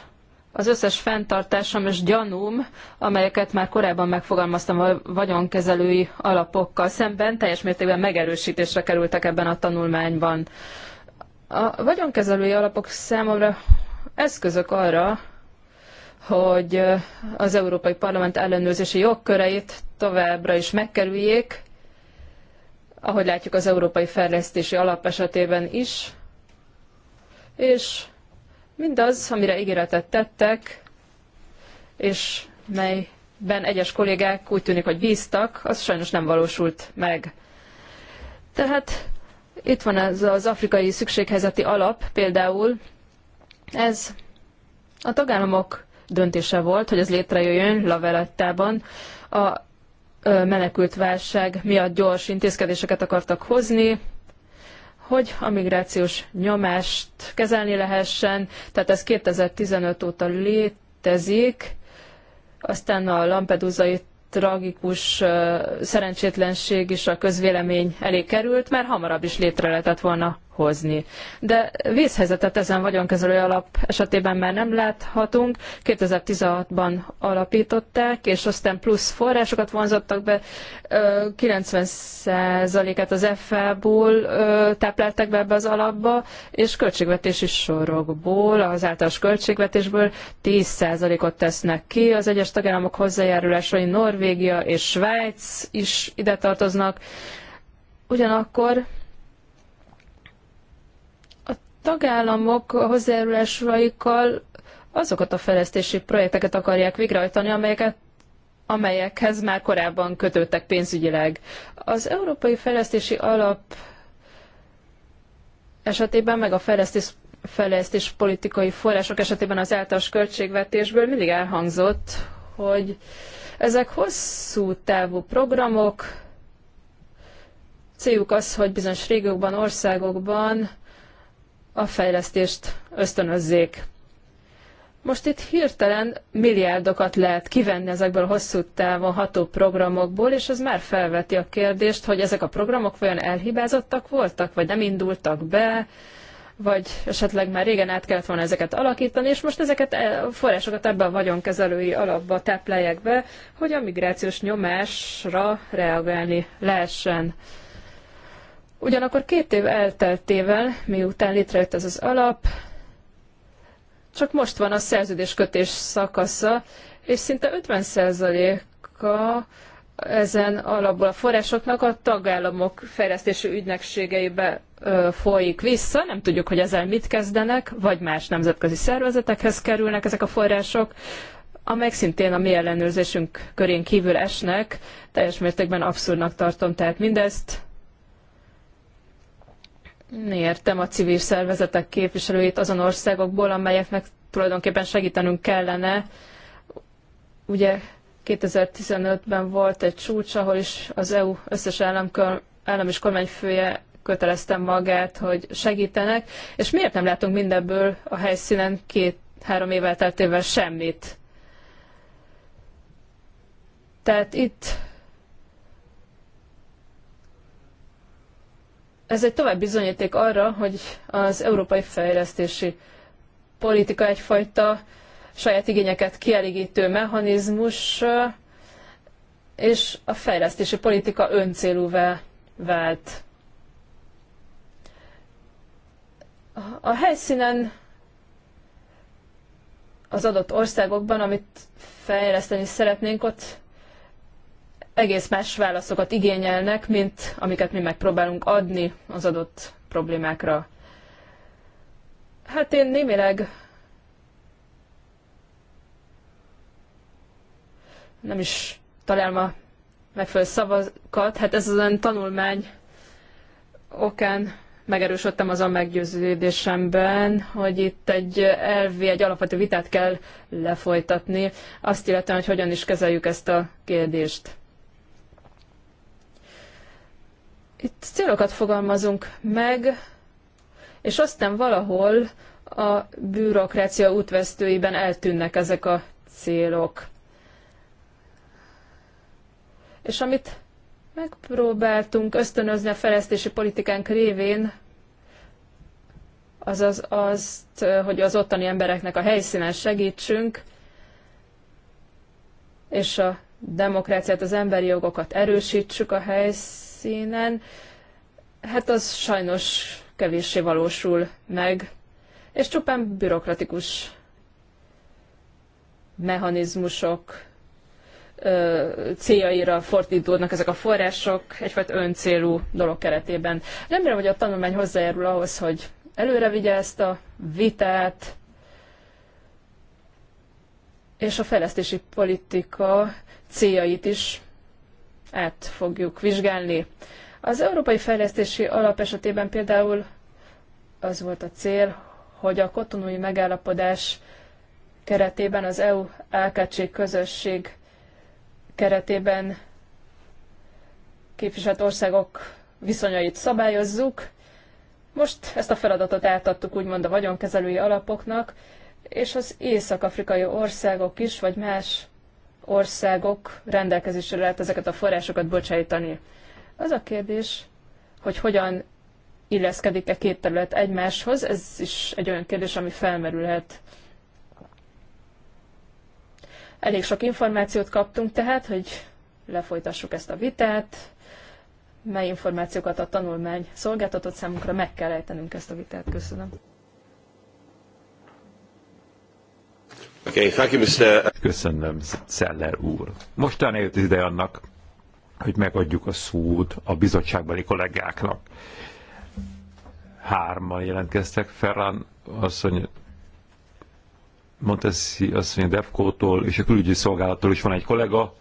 az összes fenntartásom és gyanúm, amelyeket már korábban megfogalmaztam a vagyonkezelői alapokkal szemben, teljes mértékben megerősítésre kerültek ebben a tanulmányban. A vagyonkezelői alapok számomra eszközök arra, hogy az Európai Parlament ellenőrzési jogköreit továbbra is megkerüljék, ahogy látjuk az Európai Fejlesztési Alap esetében is, és mindaz, amire ígéretet tettek, és melyben egyes kollégák úgy tűnik, hogy bíztak, az sajnos nem valósult meg. Tehát itt van ez az afrikai szükséghelyzeti alap például, ez a tagállamok döntése volt, hogy ez létrejöjjön Lavelettában. A menekült válság miatt gyors intézkedéseket akartak hozni, hogy a migrációs nyomást kezelni lehessen. Tehát ez 2015 óta létezik, aztán a Lampedusai tragikus szerencsétlenség is a közvélemény elé került, mert hamarabb is létre lehetett volna hozni. De vészhelyzetet ezen vagyonkezelő alap esetében már nem láthatunk. 2016-ban alapították, és aztán plusz forrásokat vonzottak be. 90%-át az FA-ból táplálták be ebbe az alapba, és költségvetési sorokból, az általános költségvetésből 10%-ot tesznek ki. Az egyes tagállamok hozzájárulásai Norvégia és Svájc is ide tartoznak. Ugyanakkor tagállamok hozzájárulásaikkal azokat a fejlesztési projekteket akarják végrehajtani, amelyeket amelyekhez már korábban kötődtek pénzügyileg. Az Európai Fejlesztési Alap esetében, meg a fejlesztés, fejlesztés politikai források esetében az általános költségvetésből mindig elhangzott, hogy ezek hosszú távú programok, céljuk az, hogy bizonyos régiókban, országokban a fejlesztést ösztönözzék. Most itt hirtelen milliárdokat lehet kivenni ezekből a hosszú távon ható programokból, és ez már felveti a kérdést, hogy ezek a programok olyan elhibázottak voltak, vagy nem indultak be, vagy esetleg már régen át kellett volna ezeket alakítani, és most ezeket a e, forrásokat ebbe a vagyonkezelői alapba táplálják be, hogy a migrációs nyomásra reagálni lehessen. Ugyanakkor két év elteltével, miután létrejött ez az alap, csak most van a szerződéskötés szakasza, és szinte 50%-a ezen alapból a forrásoknak a tagállamok fejlesztési ügynökségeibe folyik vissza, nem tudjuk, hogy ezzel mit kezdenek, vagy más nemzetközi szervezetekhez kerülnek ezek a források, amelyek szintén a mi ellenőrzésünk körén kívül esnek, teljes mértékben abszurdnak tartom, tehát mindezt értem a civil szervezetek képviselőit azon országokból, amelyeknek tulajdonképpen segítenünk kellene. Ugye 2015-ben volt egy csúcs, ahol is az EU összes állam, állam és kormányfője kötelezte magát, hogy segítenek, és miért nem látunk mindebből a helyszínen két-három év elteltével semmit? Tehát itt Ez egy tovább bizonyíték arra, hogy az európai fejlesztési politika egyfajta saját igényeket kielégítő mechanizmus, és a fejlesztési politika öncélúvá vált. A helyszínen az adott országokban, amit fejleszteni szeretnénk, ott egész más válaszokat igényelnek, mint amiket mi megpróbálunk adni az adott problémákra. Hát én némileg nem is találom a megfelelő szavakat. Hát ez az tanulmány okán megerősödtem azon meggyőződésemben, hogy itt egy elvi, egy alapvető vitát kell lefolytatni, azt illetően, hogy hogyan is kezeljük ezt a kérdést. Itt célokat fogalmazunk meg, és aztán valahol a bürokrácia útvesztőiben eltűnnek ezek a célok. És amit megpróbáltunk ösztönözni a fejlesztési politikánk révén, azaz azt, hogy az ottani embereknek a helyszínen segítsünk, és a demokráciát, az emberi jogokat erősítsük a helyszínen, helyszínen, hát az sajnos kevéssé valósul meg, és csupán bürokratikus mechanizmusok céljaira fordítódnak ezek a források, egyfajta öncélú dolog keretében. Remélem, hogy a tanulmány hozzájárul ahhoz, hogy előre vigye ezt a vitát, és a fejlesztési politika céljait is át fogjuk vizsgálni. Az Európai Fejlesztési Alap esetében például az volt a cél, hogy a kotonói megállapodás keretében az EU-AKC közösség keretében képviselt országok viszonyait szabályozzuk. Most ezt a feladatot átadtuk úgymond a vagyonkezelői alapoknak, és az észak-afrikai országok is, vagy más országok rendelkezésre lehet ezeket a forrásokat bocsájtani. Az a kérdés, hogy hogyan illeszkedik-e két terület egymáshoz, ez is egy olyan kérdés, ami felmerülhet. Elég sok információt kaptunk tehát, hogy lefolytassuk ezt a vitát, mely információkat a tanulmány szolgáltatott számunkra, meg kell ejtenünk ezt a vitát. Köszönöm. Okay, thank you, Mr. Köszönöm, Szeller úr. Mostan eljött ide annak, hogy megadjuk a szót a bizottságbeli kollégáknak. Hárman jelentkeztek, Ferran asszony, Montessi asszony Defkótól és a külügyi szolgálattól is van egy kollega,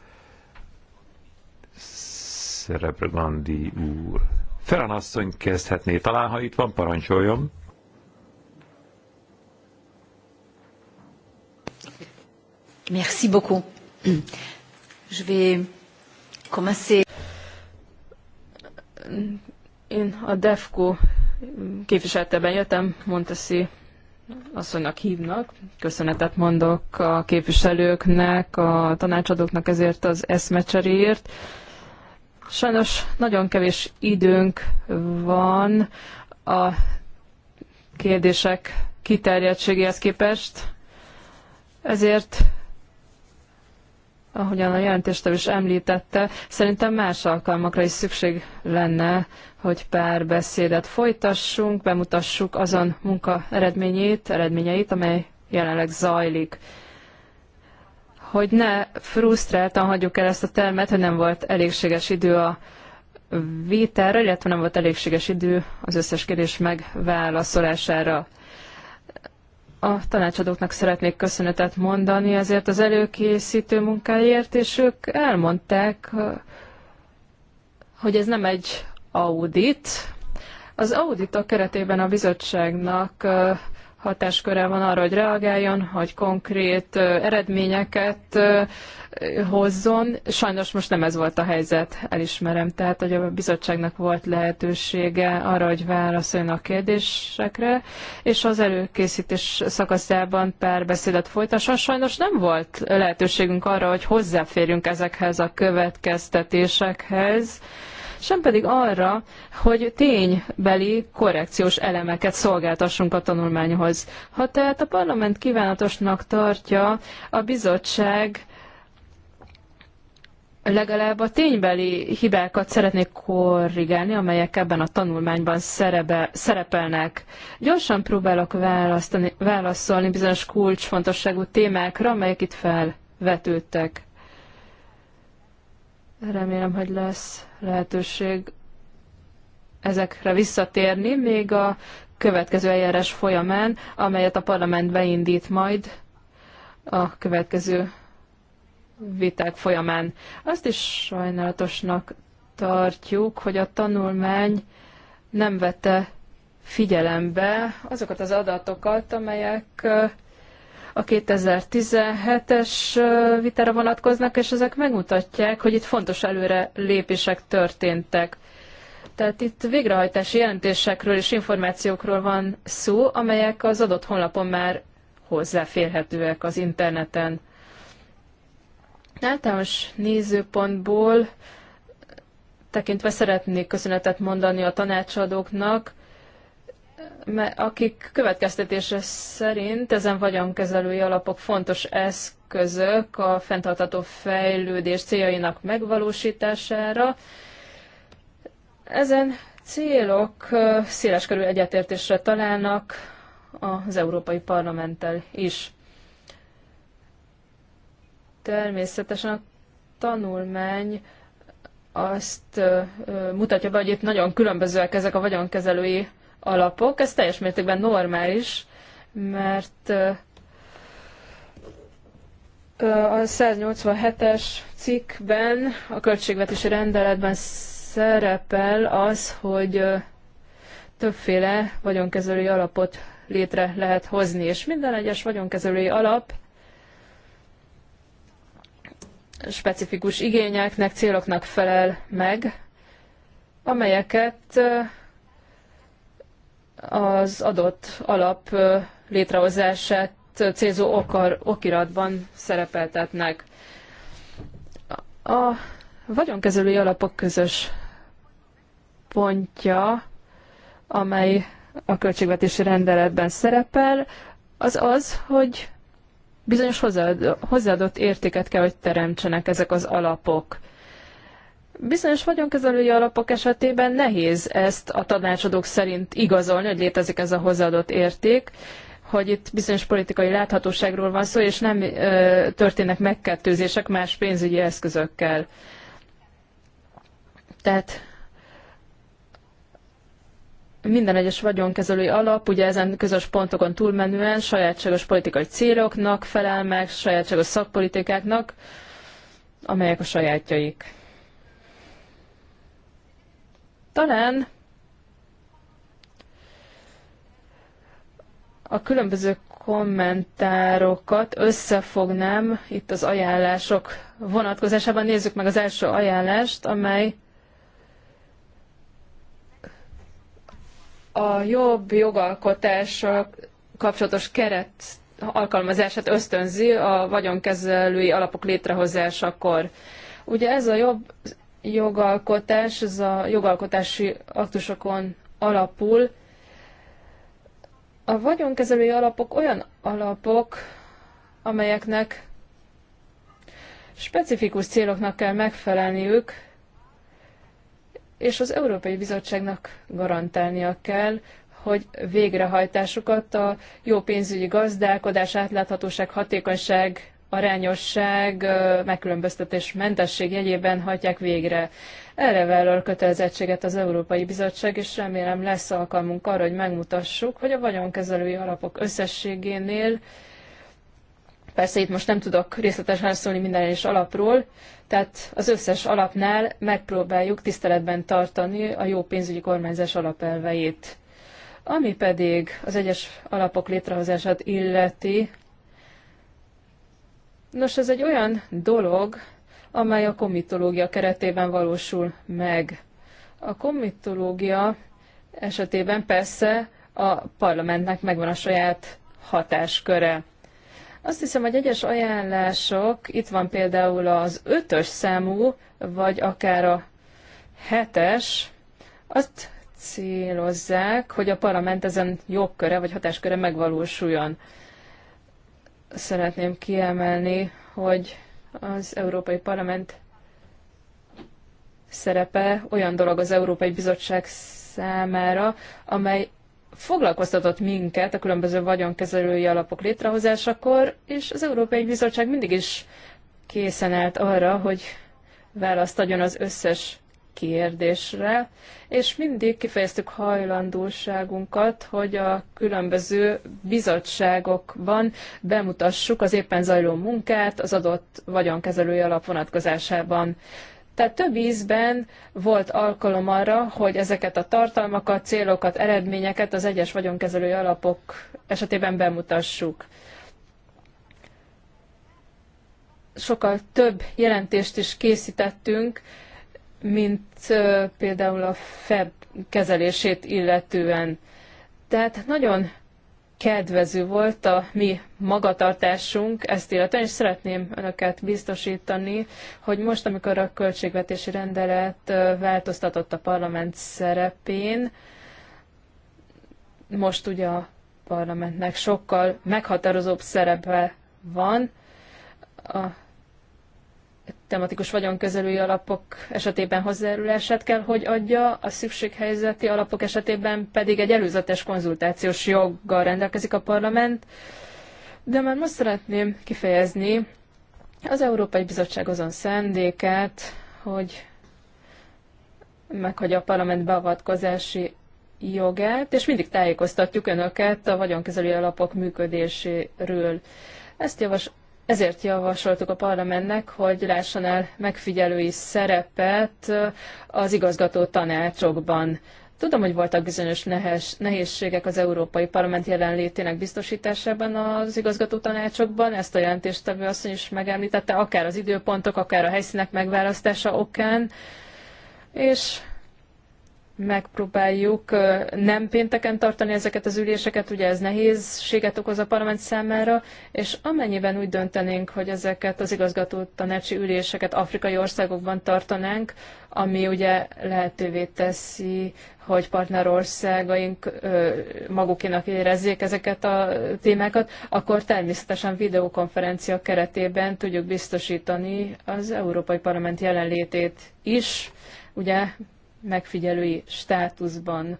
Szerebre Gandhi úr. Ferran asszony kezdhetné, talán ha itt van, parancsoljon. Merci beaucoup. Je vais commencer. Én a DEFCO képviseletében jöttem, Montessi asszonynak hívnak. Köszönetet mondok a képviselőknek, a tanácsadóknak ezért az eszmecseréért. Sajnos nagyon kevés időnk van a kérdések kiterjedtségéhez képest, ezért ahogyan a jelentéstől is említette, szerintem más alkalmakra is szükség lenne, hogy párbeszédet folytassunk, bemutassuk azon munka eredményét, eredményeit, amely jelenleg zajlik. Hogy ne frusztráltan hagyjuk el ezt a termet, hogy nem volt elégséges idő a vitára, illetve nem volt elégséges idő az összes kérdés megválaszolására. A tanácsadóknak szeretnék köszönetet mondani ezért az előkészítő munkáért, és ők elmondták, hogy ez nem egy audit. Az auditok keretében a bizottságnak hatásköre van arra, hogy reagáljon, hogy konkrét eredményeket hozzon. Sajnos most nem ez volt a helyzet, elismerem. Tehát, hogy a bizottságnak volt lehetősége arra, hogy válaszoljon a kérdésekre, és az előkészítés szakaszában pár folytasson. Sajnos nem volt lehetőségünk arra, hogy hozzáférjünk ezekhez a következtetésekhez, sem pedig arra, hogy ténybeli korrekciós elemeket szolgáltassunk a tanulmányhoz. Ha tehát a parlament kívánatosnak tartja a bizottság legalább a ténybeli hibákat szeretnék korrigálni, amelyek ebben a tanulmányban szerebe, szerepelnek. Gyorsan próbálok választani, válaszolni bizonyos kulcsfontosságú témákra, amelyek itt felvetődtek. Remélem, hogy lesz lehetőség ezekre visszatérni még a következő eljárás folyamán, amelyet a parlament beindít majd a következő viták folyamán. Azt is sajnálatosnak tartjuk, hogy a tanulmány nem vette figyelembe azokat az adatokat, amelyek a 2017-es vitára vonatkoznak, és ezek megmutatják, hogy itt fontos előre lépések történtek. Tehát itt végrehajtási jelentésekről és információkról van szó, amelyek az adott honlapon már hozzáférhetőek az interneten. Általános nézőpontból tekintve szeretnék köszönetet mondani a tanácsadóknak, mert akik következtetése szerint ezen vagyonkezelői alapok fontos eszközök a fenntartató fejlődés céljainak megvalósítására. Ezen célok széleskörű egyetértésre találnak az Európai Parlamenttel is. Természetesen a tanulmány azt mutatja be, hogy itt nagyon különbözőek ezek a vagyonkezelői alapok. Ez teljes mértékben normális, mert a 187-es cikkben, a költségvetési rendeletben szerepel az, hogy többféle vagyonkezelői alapot létre lehet hozni, és minden egyes vagyonkezelői alap specifikus igényeknek, céloknak felel meg, amelyeket az adott alap létrehozását célzó okar, okiratban szerepeltetnek. A vagyonkezelői alapok közös pontja, amely a költségvetési rendeletben szerepel, az az, hogy bizonyos hozzáadott értéket kell, hogy teremtsenek ezek az alapok. Bizonyos vagyonkezelői alapok esetében nehéz ezt a tanácsadók szerint igazolni, hogy létezik ez a hozzáadott érték, hogy itt bizonyos politikai láthatóságról van szó, és nem ö, történnek megkettőzések más pénzügyi eszközökkel. Tehát minden egyes vagyonkezelői alap ugye ezen közös pontokon túlmenően sajátságos politikai céloknak felel meg, sajátságos szakpolitikáknak, amelyek a sajátjaik. Talán a különböző kommentárokat összefognám itt az ajánlások vonatkozásában. Nézzük meg az első ajánlást, amely a jobb jogalkotás kapcsolatos keret alkalmazását ösztönzi a vagyonkezelői alapok létrehozásakor. Ugye ez a jobb jogalkotás, ez a jogalkotási aktusokon alapul. A vagyonkezelői alapok olyan alapok, amelyeknek specifikus céloknak kell megfelelniük, és az Európai Bizottságnak garantálnia kell, hogy végrehajtásukat a jó pénzügyi gazdálkodás, átláthatóság, hatékonyság, arányosság, megkülönböztetés mentesség jegyében hajtják végre. Erre vállal kötelezettséget az Európai Bizottság, és remélem lesz alkalmunk arra, hogy megmutassuk, hogy a vagyonkezelői alapok összességénél Persze itt most nem tudok részletesen szólni minden egyes alapról, tehát az összes alapnál megpróbáljuk tiszteletben tartani a jó pénzügyi kormányzás alapelveit. Ami pedig az egyes alapok létrehozását illeti, nos, ez egy olyan dolog, amely a komitológia keretében valósul meg. A komitológia esetében persze a parlamentnek megvan a saját hatásköre. Azt hiszem, hogy egyes ajánlások, itt van például az ötös számú, vagy akár a hetes, azt célozzák, hogy a parlament ezen jogköre vagy hatásköre megvalósuljon. Szeretném kiemelni, hogy az Európai Parlament szerepe olyan dolog az Európai Bizottság számára, amely foglalkoztatott minket a különböző vagyonkezelői alapok létrehozásakor, és az Európai Bizottság mindig is készen állt arra, hogy választ adjon az összes kérdésre, és mindig kifejeztük hajlandóságunkat, hogy a különböző bizottságokban bemutassuk az éppen zajló munkát az adott vagyonkezelői alap vonatkozásában. Tehát több ízben volt alkalom arra, hogy ezeket a tartalmakat, célokat, eredményeket az egyes vagyonkezelői alapok esetében bemutassuk. Sokkal több jelentést is készítettünk, mint például a feb kezelését illetően. Tehát nagyon kedvező volt a mi magatartásunk ezt illetően, és szeretném önöket biztosítani, hogy most, amikor a költségvetési rendelet változtatott a parlament szerepén, most ugye a parlamentnek sokkal meghatározóbb szerepe van, a tematikus vagyonkezelői alapok esetében hozzájárulását kell, hogy adja, a szükséghelyzeti alapok esetében pedig egy előzetes konzultációs joggal rendelkezik a parlament. De már most szeretném kifejezni az Európai Bizottság azon szándékát, hogy meghagyja a parlament beavatkozási jogát, és mindig tájékoztatjuk önöket a vagyonkezelői alapok működéséről. Ezt javas, ezért javasoltuk a parlamentnek, hogy lásson el megfigyelői szerepet az igazgató tanácsokban. Tudom, hogy voltak bizonyos nehézségek az Európai Parlament jelenlétének biztosításában az igazgató tanácsokban, ezt a jelentéstevő asszony is megemlítette, akár az időpontok, akár a helyszínek megválasztása okán, és megpróbáljuk nem pénteken tartani ezeket az üléseket, ugye ez nehézséget okoz a parlament számára, és amennyiben úgy döntenénk, hogy ezeket az igazgató tanácsi üléseket afrikai országokban tartanánk, ami ugye lehetővé teszi, hogy partnerországaink magukénak érezzék ezeket a témákat, akkor természetesen videokonferencia keretében tudjuk biztosítani az Európai Parlament jelenlétét is, ugye megfigyelői státuszban.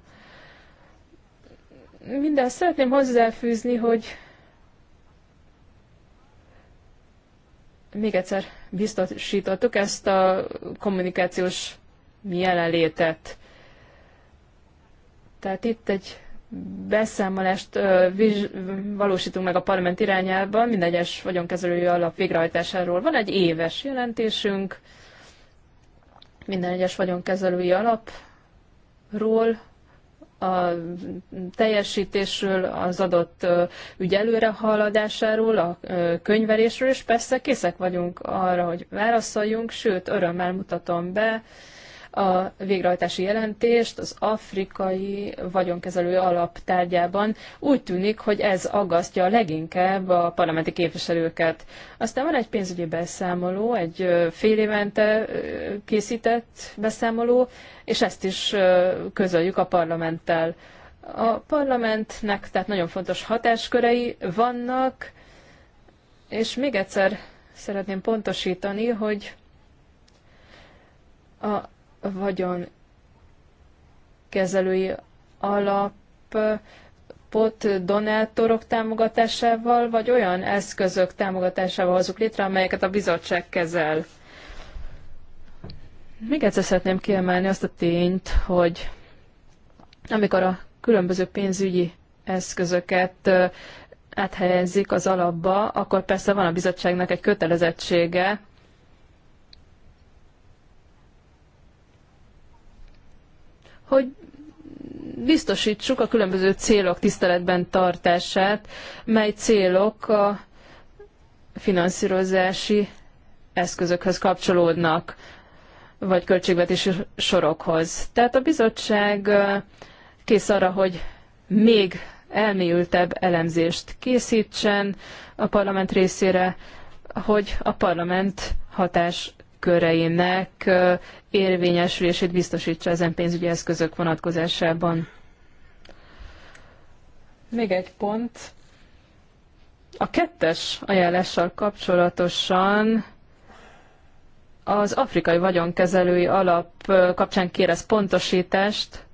Minden szeretném hozzáfűzni, hogy még egyszer biztosítottuk ezt a kommunikációs jelenlétet. Tehát itt egy beszámolást uh, valósítunk meg a parlament irányában, minden egyes vagyonkezelői alap végrehajtásáról. Van egy éves jelentésünk, minden egyes vagyonkezelői alapról, a teljesítésről, az adott ügy előrehaladásáról, a könyvelésről, és persze készek vagyunk arra, hogy válaszoljunk, sőt, örömmel mutatom be, a végrehajtási jelentést az afrikai vagyonkezelő alaptárgyában. Úgy tűnik, hogy ez aggasztja leginkább a parlamenti képviselőket. Aztán van egy pénzügyi beszámoló, egy fél évente készített beszámoló, és ezt is közöljük a parlamenttel. A parlamentnek tehát nagyon fontos hatáskörei vannak, és még egyszer szeretném pontosítani, hogy a vagyon kezelői alapot donátorok támogatásával, vagy olyan eszközök támogatásával hozzuk létre, amelyeket a bizottság kezel. Még egyszer szeretném kiemelni azt a tényt, hogy amikor a különböző pénzügyi eszközöket áthelyezik az alapba, akkor persze van a bizottságnak egy kötelezettsége, hogy biztosítsuk a különböző célok tiszteletben tartását, mely célok a finanszírozási eszközökhöz kapcsolódnak, vagy költségvetési sorokhoz. Tehát a bizottság kész arra, hogy még elmélyültebb elemzést készítsen a parlament részére, hogy a parlament hatás köreinek érvényesülését biztosítsa ezen pénzügyi eszközök vonatkozásában. Még egy pont. A kettes ajánlással kapcsolatosan az afrikai vagyonkezelői alap kapcsán kérez pontosítást,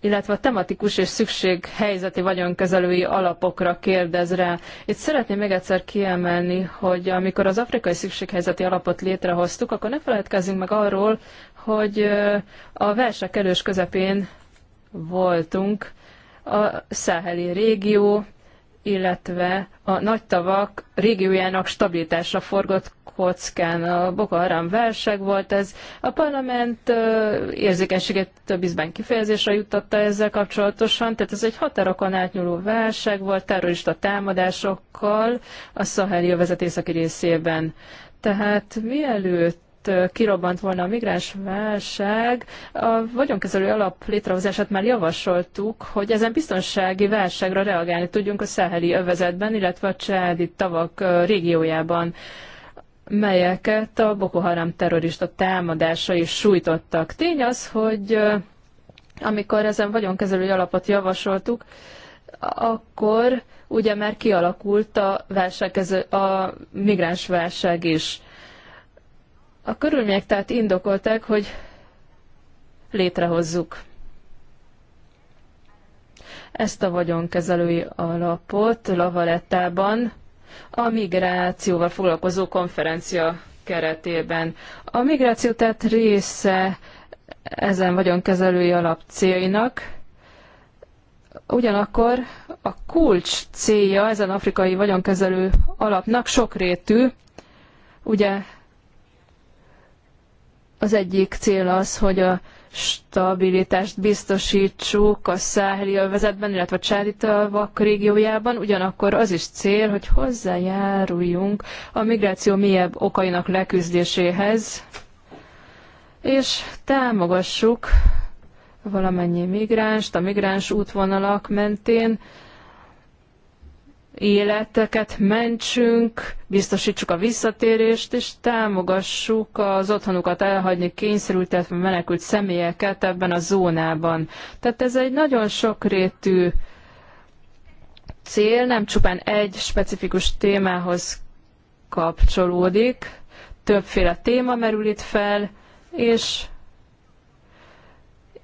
illetve a tematikus és szükség helyzeti vagyonkezelői alapokra kérdez rá. Itt szeretném még egyszer kiemelni, hogy amikor az afrikai szükséghelyzeti alapot létrehoztuk, akkor ne feledkezzünk meg arról, hogy a versek erős közepén voltunk a száheli régió, illetve a nagy tavak régiójának stabilitásra forgott kockán. A Boko Haram válság volt ez. A parlament érzékenységet több ízben kifejezésre juttatta ezzel kapcsolatosan, tehát ez egy határokon átnyúló válság volt terrorista támadásokkal a Szaheli övezet északi részében. Tehát mielőtt kirobbant volna a migráns válság, a vagyonkezelő alap létrehozását már javasoltuk, hogy ezen biztonsági válságra reagálni tudjunk a száheli övezetben, illetve a csádi tavak régiójában melyeket a Boko Haram terrorista támadásai sújtottak. Tény az, hogy amikor ezen vagyonkezelői alapot javasoltuk, akkor ugye már kialakult a, a migráns válság is. A körülmények tehát indokolták, hogy létrehozzuk ezt a vagyonkezelői alapot Lavalettában, a migrációval foglalkozó konferencia keretében. A migráció tett része ezen vagyonkezelői alapcéljainak, ugyanakkor a kulcs célja ezen afrikai vagyonkezelő alapnak sokrétű, ugye az egyik cél az, hogy a stabilitást biztosítsuk a száheli övezetben, illetve a csádi régiójában, ugyanakkor az is cél, hogy hozzájáruljunk a migráció mélyebb okainak leküzdéséhez, és támogassuk valamennyi migránst a migráns útvonalak mentén, életeket mentsünk, biztosítsuk a visszatérést, és támogassuk az otthonukat elhagyni kényszerült, tehát menekült személyeket ebben a zónában. Tehát ez egy nagyon sokrétű cél, nem csupán egy specifikus témához kapcsolódik, többféle téma merül itt fel, és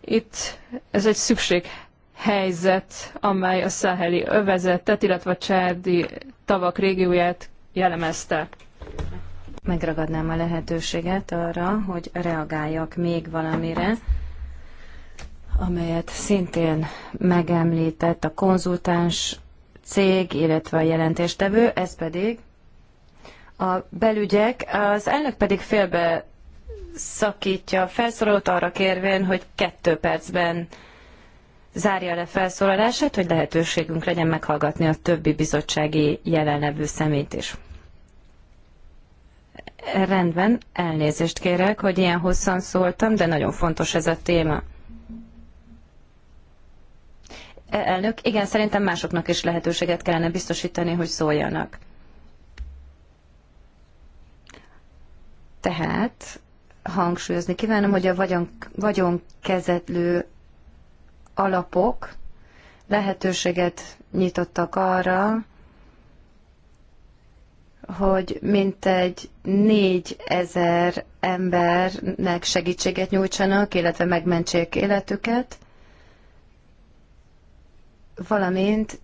itt ez egy szükség helyzet, amely a szaheli övezetet, illetve a Csárdi tavak régióját jellemezte. Megragadnám a lehetőséget arra, hogy reagáljak még valamire, amelyet szintén megemlített a konzultáns cég, illetve a jelentéstevő, ez pedig a belügyek, az elnök pedig félbe szakítja a felszorolót arra kérvén, hogy kettő percben zárja le felszólalását, hogy lehetőségünk legyen meghallgatni a többi bizottsági jelenlevő szemét is. Rendben, elnézést kérek, hogy ilyen hosszan szóltam, de nagyon fontos ez a téma. E, elnök, igen, szerintem másoknak is lehetőséget kellene biztosítani, hogy szóljanak. Tehát hangsúlyozni kívánom, hogy a vagyon, vagyonkezelő alapok lehetőséget nyitottak arra, hogy mintegy ezer embernek segítséget nyújtsanak, illetve megmentsék életüket, valamint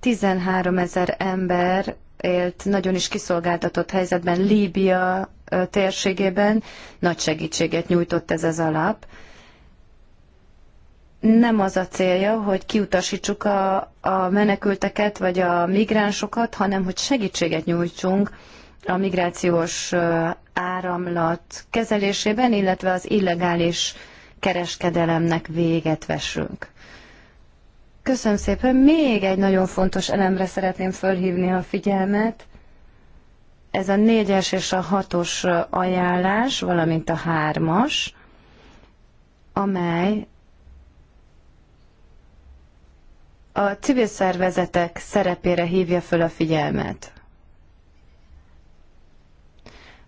13 ezer ember élt nagyon is kiszolgáltatott helyzetben Líbia térségében, nagy segítséget nyújtott ez az alap nem az a célja, hogy kiutasítsuk a, a menekülteket vagy a migránsokat, hanem hogy segítséget nyújtsunk a migrációs áramlat kezelésében, illetve az illegális kereskedelemnek véget vessünk. Köszönöm szépen. Még egy nagyon fontos elemre szeretném fölhívni a figyelmet. Ez a négyes és a hatos ajánlás, valamint a hármas, amely a civil szervezetek szerepére hívja föl a figyelmet.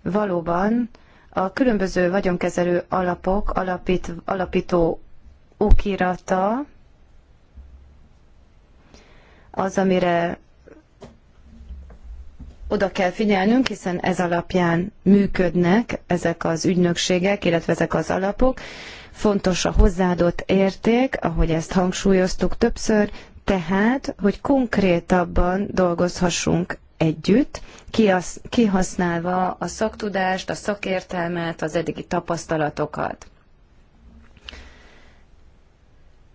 Valóban a különböző vagyonkezelő alapok alapít, alapító okirata az, amire oda kell figyelnünk, hiszen ez alapján működnek ezek az ügynökségek, illetve ezek az alapok. Fontos a hozzáadott érték, ahogy ezt hangsúlyoztuk többször, tehát, hogy konkrétabban dolgozhassunk együtt, kihasználva a szaktudást, a szakértelmet, az eddigi tapasztalatokat.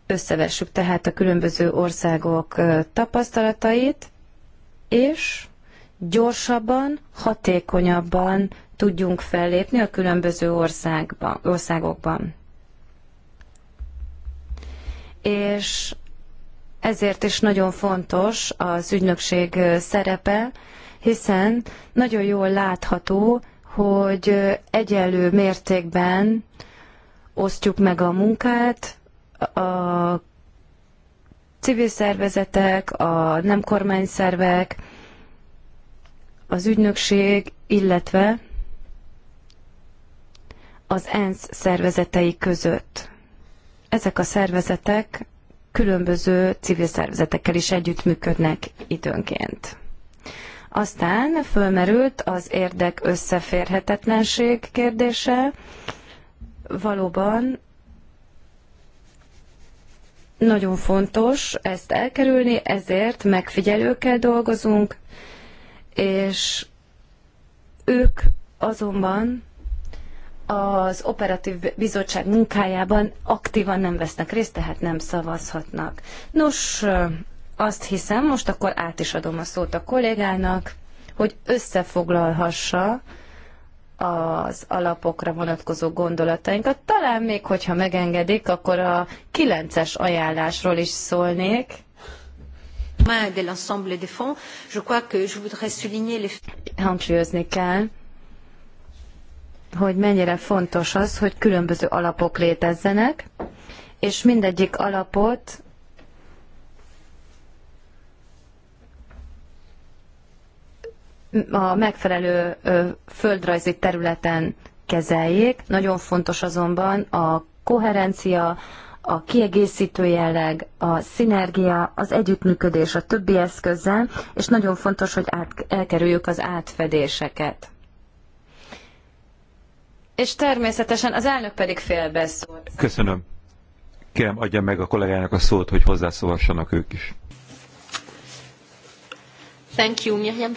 Összevessük tehát a különböző országok tapasztalatait, és gyorsabban, hatékonyabban tudjunk fellépni a különböző országban, országokban. És ezért is nagyon fontos az ügynökség szerepe, hiszen nagyon jól látható, hogy egyenlő mértékben osztjuk meg a munkát, a civil szervezetek, a nem kormányszervek, az ügynökség, illetve az ENSZ szervezetei között. Ezek a szervezetek különböző civil szervezetekkel is együttműködnek időnként. Aztán fölmerült az érdek összeférhetetlenség kérdése. Valóban nagyon fontos ezt elkerülni, ezért megfigyelőkkel dolgozunk, és ők azonban az operatív bizottság munkájában aktívan nem vesznek részt, tehát nem szavazhatnak. Nos, azt hiszem, most akkor át is adom a szót a kollégának, hogy összefoglalhassa az alapokra vonatkozó gondolatainkat. Talán még, hogyha megengedik, akkor a kilences ajánlásról is szólnék de l'ensemble des fonds, je crois que je voudrais souligner les... Hangsúlyozni kell, hogy mennyire fontos az, hogy különböző alapok létezzenek, és mindegyik alapot a megfelelő földrajzi területen kezeljék. Nagyon fontos azonban a koherencia, a kiegészítő jelleg, a szinergia, az együttműködés a többi eszközzel, és nagyon fontos, hogy át, elkerüljük az átfedéseket és természetesen az elnök pedig félbeszólt. Köszönöm. Kérem, adja meg a kollégának a szót, hogy hozzászólhassanak ők is. Thank you, Miriam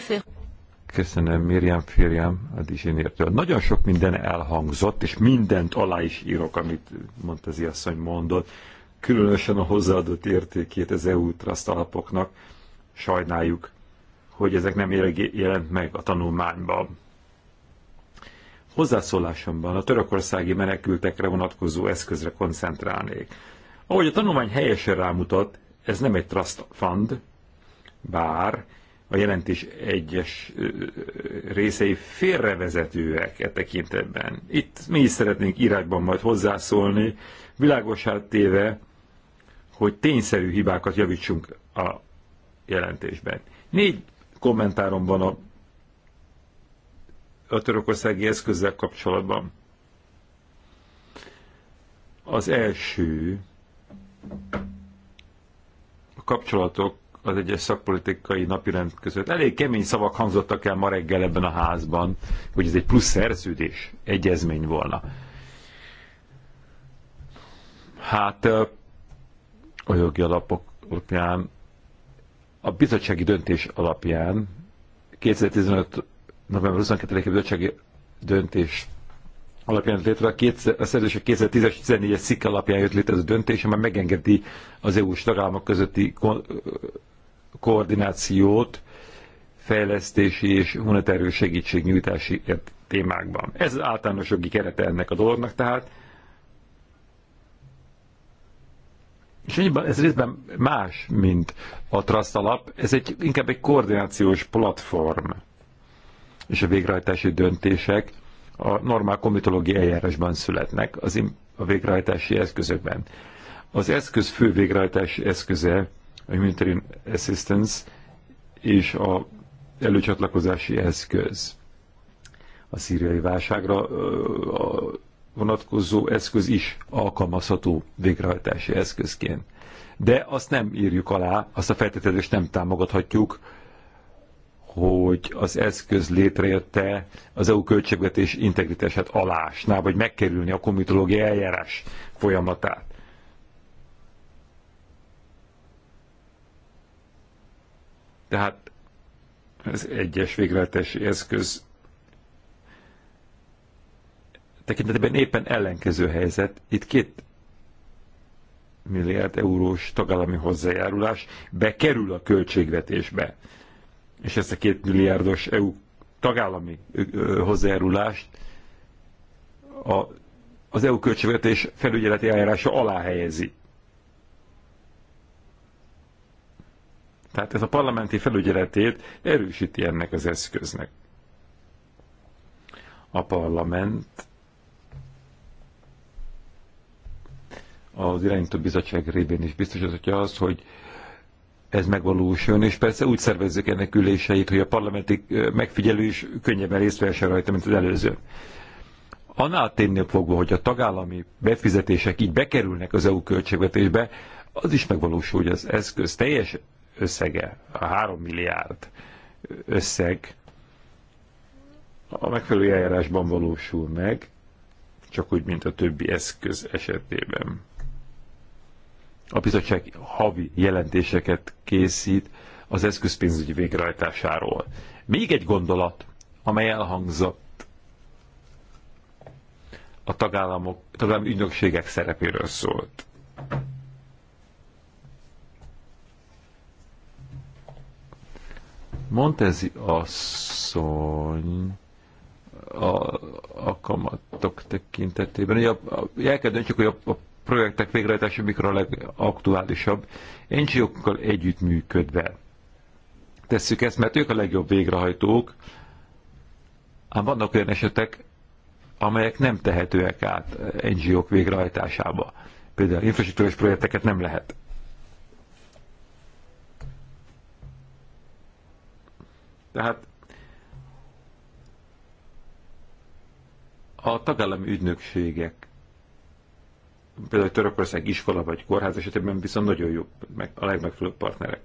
Köszönöm Miriam Firjám a Dizsinértől. Nagyon sok minden elhangzott, és mindent alá is írok, amit mondta az asszony mondott. Különösen a hozzáadott értékét az EU Trust alapoknak. Sajnáljuk, hogy ezek nem jelent meg a tanulmányban hozzászólásomban a törökországi menekültekre vonatkozó eszközre koncentrálnék. Ahogy a tanulmány helyesen rámutat, ez nem egy trust fund, bár a jelentés egyes részei félrevezetőek e tekintetben. Itt mi is szeretnénk írásban majd hozzászólni, világosát téve, hogy tényszerű hibákat javítsunk a jelentésben. Négy kommentárom van a a törökországi eszközzel kapcsolatban. Az első a kapcsolatok az egyes szakpolitikai napirend között. Elég kemény szavak hangzottak el ma reggel ebben a házban, hogy ez egy plusz szerződés, egyezmény volna. Hát a jogi alapok alapján, a bizottsági döntés alapján 2015 november 22-i bizottsági döntés alapján létre, a, kétszer, a szerződések 2010-es 14-es cikk alapján jött létre ez a döntés, amely megengedi az EU-s tagállamok közötti ko- koordinációt fejlesztési és humanitárius segítségnyújtási témákban. Ez az általános jogi kerete ennek a dolognak, tehát És ennyiben ez részben más, mint a Trust alap, ez egy, inkább egy koordinációs platform és a végrehajtási döntések a normál komitológiai eljárásban születnek, az a végrehajtási eszközökben. Az eszköz fő végrehajtási eszköze a Humanitarian Assistance és a előcsatlakozási eszköz. A szíriai válságra a vonatkozó eszköz is alkalmazható végrehajtási eszközként. De azt nem írjuk alá, azt a feltételezést nem támogathatjuk, hogy az eszköz létrejötte az EU költségvetés integritását alásná, vagy megkerülni a komitológiai eljárás folyamatát. Tehát az egyes végletes eszköz tekintetében éppen ellenkező helyzet. Itt két milliárd eurós tagállami hozzájárulás bekerül a költségvetésbe és ezt a két milliárdos EU tagállami hozzájárulást a, az EU költségvetés felügyeleti eljárása alá helyezi. Tehát ez a parlamenti felügyeletét erősíti ennek az eszköznek. A parlament az irányító bizottság révén is biztosítja az, hogy ez megvalósuljon, és persze úgy szervezzük ennek üléseit, hogy a parlamenti megfigyelő is könnyebben részt vehessen rajta, mint az előző. Annál ténynél fogva, hogy a tagállami befizetések így bekerülnek az EU költségvetésbe, az is megvalósul, hogy az eszköz teljes összege, a 3 milliárd összeg a megfelelő eljárásban valósul meg, csak úgy, mint a többi eszköz esetében. A bizottság havi jelentéseket készít az eszközpénzügyi végrehajtásáról. Még egy gondolat, amely elhangzott a tagállamok, tagállami ügynökségek szerepéről szólt. Montezi asszony a, a kamatok tekintetében. Ugye a, a, el kell döntjük, hogy a, a projektek végrehajtása mikor a legaktuálisabb. NGO-kkal együttműködve tesszük ezt, mert ők a legjobb végrehajtók, ám vannak olyan esetek, amelyek nem tehetőek át NGO-k végrehajtásába. Például infrastruktúrás projekteket nem lehet. Tehát a tagállami ügynökségek például Törökország iskola vagy kórház esetében viszont nagyon jó, meg a legmegfelelőbb partnerek.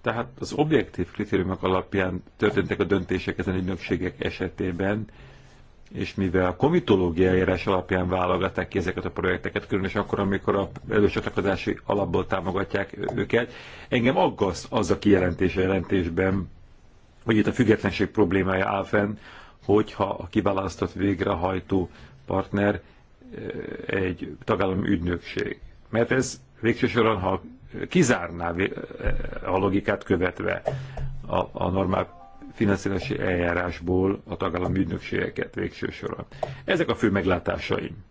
Tehát az objektív kritériumok alapján történtek a döntések ezen ügynökségek esetében, és mivel a komitológiai eljárás alapján válogatták ki ezeket a projekteket, különösen akkor, amikor a előcsatlakozási alapból támogatják őket, engem aggaszt az a kijelentés jelentésben, hogy itt a függetlenség problémája áll fenn, hogyha a kiválasztott végrehajtó partner eh, egy tagállami ügynökség. Mert ez végső soron, ha kizárná eh, a logikát követve a, a normál finanszírozási eljárásból a tagállami ügynökségeket végső soron. Ezek a fő meglátásaim.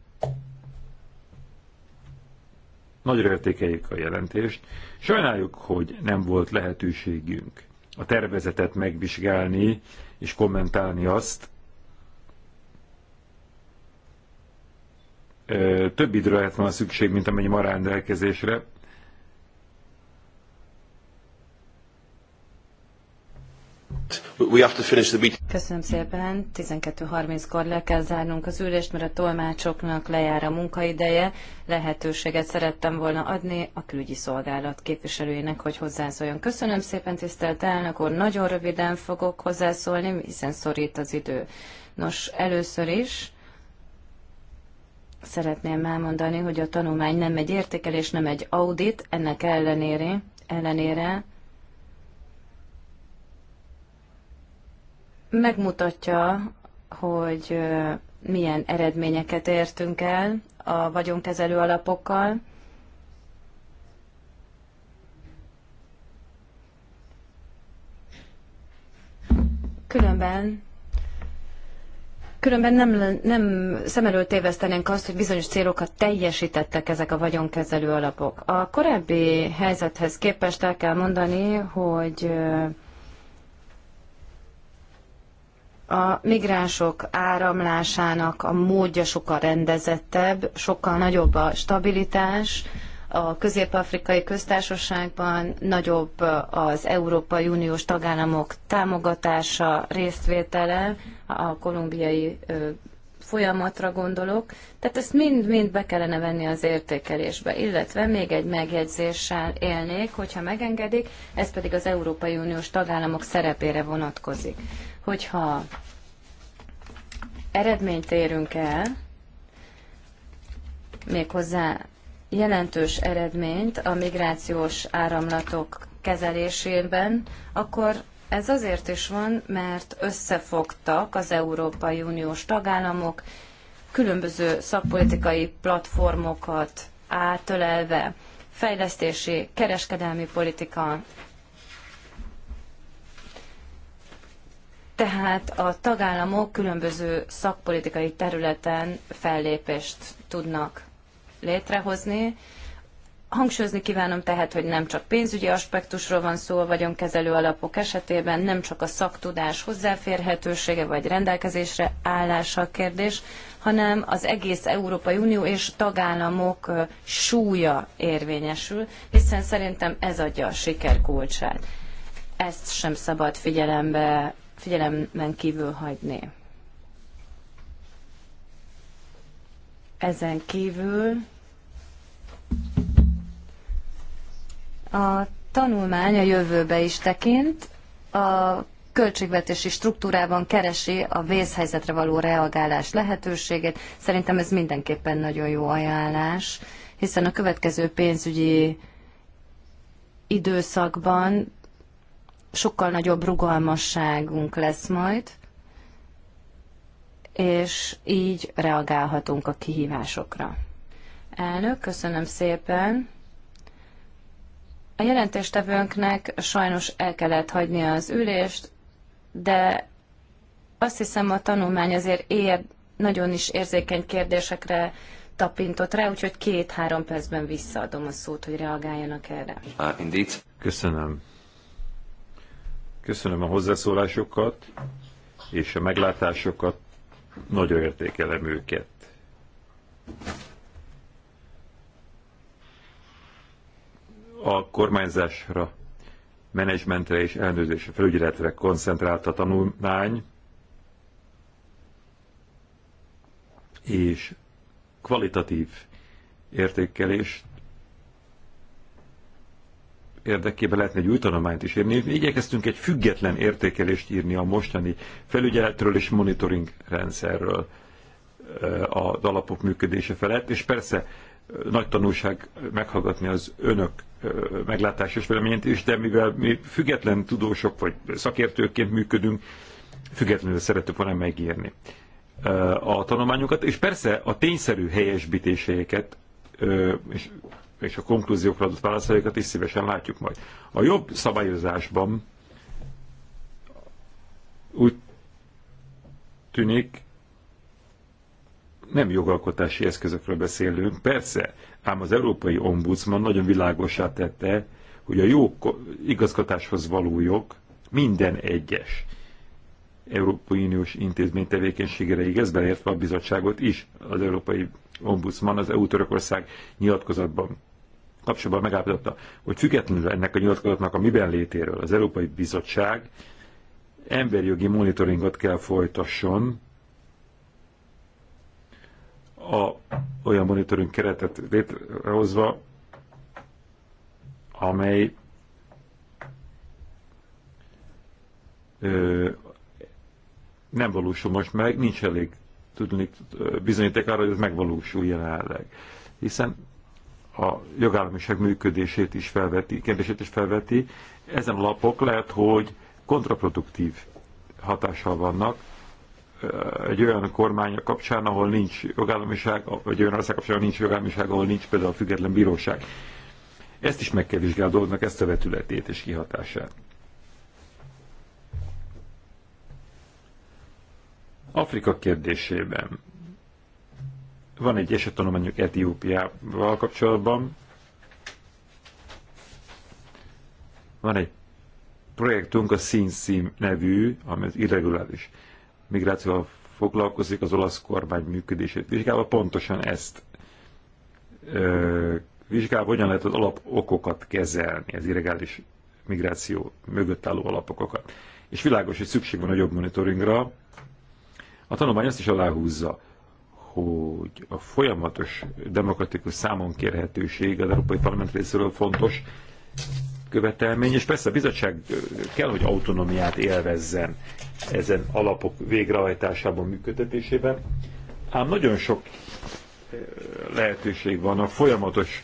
Nagyra értékeljük a jelentést. Sajnáljuk, hogy nem volt lehetőségünk a tervezetet megvizsgálni és kommentálni azt. Több időre lehet van szükség, mint amennyi ma rendelkezésre, Köszönöm szépen. 12.30-kor le kell zárnunk az ülést, mert a tolmácsoknak lejár a munkaideje. Lehetőséget szerettem volna adni a külügyi szolgálat képviselőjének, hogy hozzászóljon. Köszönöm szépen, tisztelt elnök úr. Nagyon röviden fogok hozzászólni, hiszen szorít az idő. Nos, először is szeretném elmondani, hogy a tanulmány nem egy értékelés, nem egy audit, ennek ellenére, ellenére megmutatja, hogy milyen eredményeket értünk el a vagyonkezelő alapokkal. Különben Különben nem, nem szem előtt tévesztenénk azt, hogy bizonyos célokat teljesítettek ezek a vagyonkezelő alapok. A korábbi helyzethez képest el kell mondani, hogy a migránsok áramlásának a módja sokkal rendezettebb, sokkal nagyobb a stabilitás, a közép-afrikai köztársaságban nagyobb az Európai Uniós tagállamok támogatása, részvétele, a kolumbiai folyamatra gondolok, tehát ezt mind-mind be kellene venni az értékelésbe, illetve még egy megjegyzéssel élnék, hogyha megengedik, ez pedig az Európai Uniós tagállamok szerepére vonatkozik. Hogyha eredményt érünk el, méghozzá jelentős eredményt a migrációs áramlatok kezelésében, akkor ez azért is van, mert összefogtak az Európai Uniós tagállamok különböző szakpolitikai platformokat átölelve, fejlesztési, kereskedelmi politika, tehát a tagállamok különböző szakpolitikai területen fellépést tudnak létrehozni, Hangsúlyozni kívánom tehát, hogy nem csak pénzügyi aspektusról van szó a vagyonkezelő alapok esetében, nem csak a szaktudás hozzáférhetősége vagy rendelkezésre állása a kérdés, hanem az egész Európai Unió és tagállamok súlya érvényesül, hiszen szerintem ez adja a siker kulcsát. Ezt sem szabad figyelembe, figyelemben kívül hagyni. Ezen kívül a tanulmány a jövőbe is tekint, a költségvetési struktúrában keresi a vészhelyzetre való reagálás lehetőségét. Szerintem ez mindenképpen nagyon jó ajánlás, hiszen a következő pénzügyi időszakban sokkal nagyobb rugalmasságunk lesz majd, és így reagálhatunk a kihívásokra. Elnök, köszönöm szépen. A jelentéstevőnknek sajnos el kellett hagynia az ülést, de azt hiszem a tanulmány azért ér, nagyon is érzékeny kérdésekre tapintott rá, úgyhogy két-három percben visszaadom a szót, hogy reagáljanak erre. Ah, indeed. Köszönöm. Köszönöm a hozzászólásokat és a meglátásokat. Nagyon értékelem őket. a kormányzásra, menedzsmentre és elnőzésre, felügyeletre koncentrált a tanulmány, és kvalitatív értékelés érdekében lehetne egy új tanulmányt is írni. Igyekeztünk egy független értékelést írni a mostani felügyeletről és monitoring rendszerről az alapok működése felett, és persze nagy tanulság meghallgatni az önök meglátásos véleményét is, de mivel mi független tudósok vagy szakértőként működünk, függetlenül szeretük volna megírni a tanulmányokat, és persze a tényszerű helyesbítéseiket és, és a konklúziókra adott válaszaikat is szívesen látjuk majd. A jobb szabályozásban úgy tűnik, nem jogalkotási eszközökről beszélünk, persze, ám az Európai Ombudsman nagyon világosá tette, hogy a jó igazgatáshoz való jog minden egyes Európai Uniós intézmény tevékenységére igaz, beleértve a bizottságot is. Az Európai Ombudsman az EU-Törökország nyilatkozatban kapcsolatban megállapította, hogy függetlenül ennek a nyilatkozatnak a miben létéről az Európai Bizottság emberi jogi monitoringot kell folytasson a, olyan monitoring keretet létrehozva, amely ö, nem valósul most meg, nincs elég tudni bizonyíték arra, hogy ez megvalósul jelenleg. Hiszen a jogállamiság működését is felveti, kérdését is felveti. Ezen lapok lehet, hogy kontraproduktív hatással vannak, egy olyan kormány kapcsán, ahol nincs jogállamiság, vagy olyan ország kapcsán, ahol nincs jogállamiság, ahol nincs például a független bíróság. Ezt is meg kell vizsgálni ezt a vetületét és kihatását. Afrika kérdésében van egy esettanulmányok Etiópiával kapcsolatban, van egy projektunk, a Színszím nevű, ami az irreguláris migrációval foglalkozik, az olasz kormány működését vizsgálva, pontosan ezt ö, vizsgálva, hogyan lehet az alapokokat kezelni, az irregális migráció mögött álló alapokokat. És világos, hogy szükség van a jobb monitoringra. A tanulmány azt is aláhúzza, hogy a folyamatos demokratikus számon kérhetőség az Európai Parlament részéről fontos, követelmény, és persze a bizottság kell, hogy autonomiát élvezzen ezen alapok végrehajtásában, működtetésében, ám nagyon sok lehetőség van a folyamatos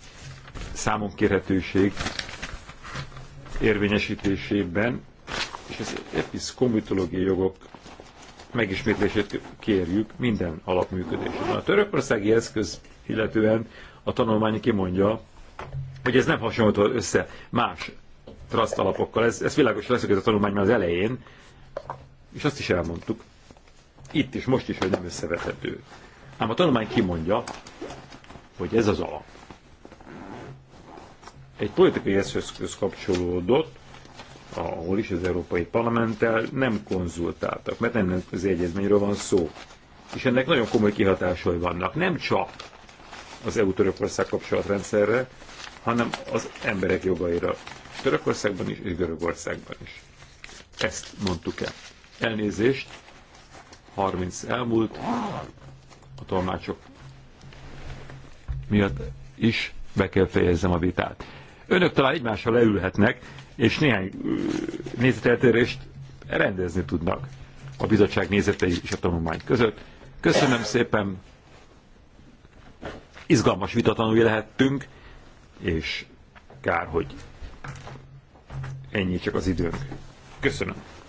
számunk kérhetőség érvényesítésében, és az episzkomitológiai jogok megismétlését kérjük minden alapműködésben. A törökországi eszköz illetően a tanulmány kimondja, hogy ez nem hasonlítható össze más trust alapokkal. Ez, ez világos lesz, ez a tanulmány már az elején, és azt is elmondtuk, itt is, most is, hogy nem összevethető. Ám a tanulmány kimondja, hogy ez az alap. Egy politikai eszközhöz kapcsolódott, ahol is az Európai Parlamenttel nem konzultáltak, mert nem az egyezményről van szó. És ennek nagyon komoly kihatásai vannak. Nem csak az EU-Törökország kapcsolatrendszerre, hanem az emberek jogaira Törökországban is, és Görögországban is. Ezt mondtuk el. Elnézést, 30 elmúlt, a tolmácsok miatt is be kell fejezzem a vitát. Önök talán egymással leülhetnek, és néhány nézeteltérést rendezni tudnak a bizottság nézetei és a tanulmány között. Köszönöm szépen, izgalmas vitatanúi lehettünk, és kár, hogy Ennyi csak az időnk. Köszönöm.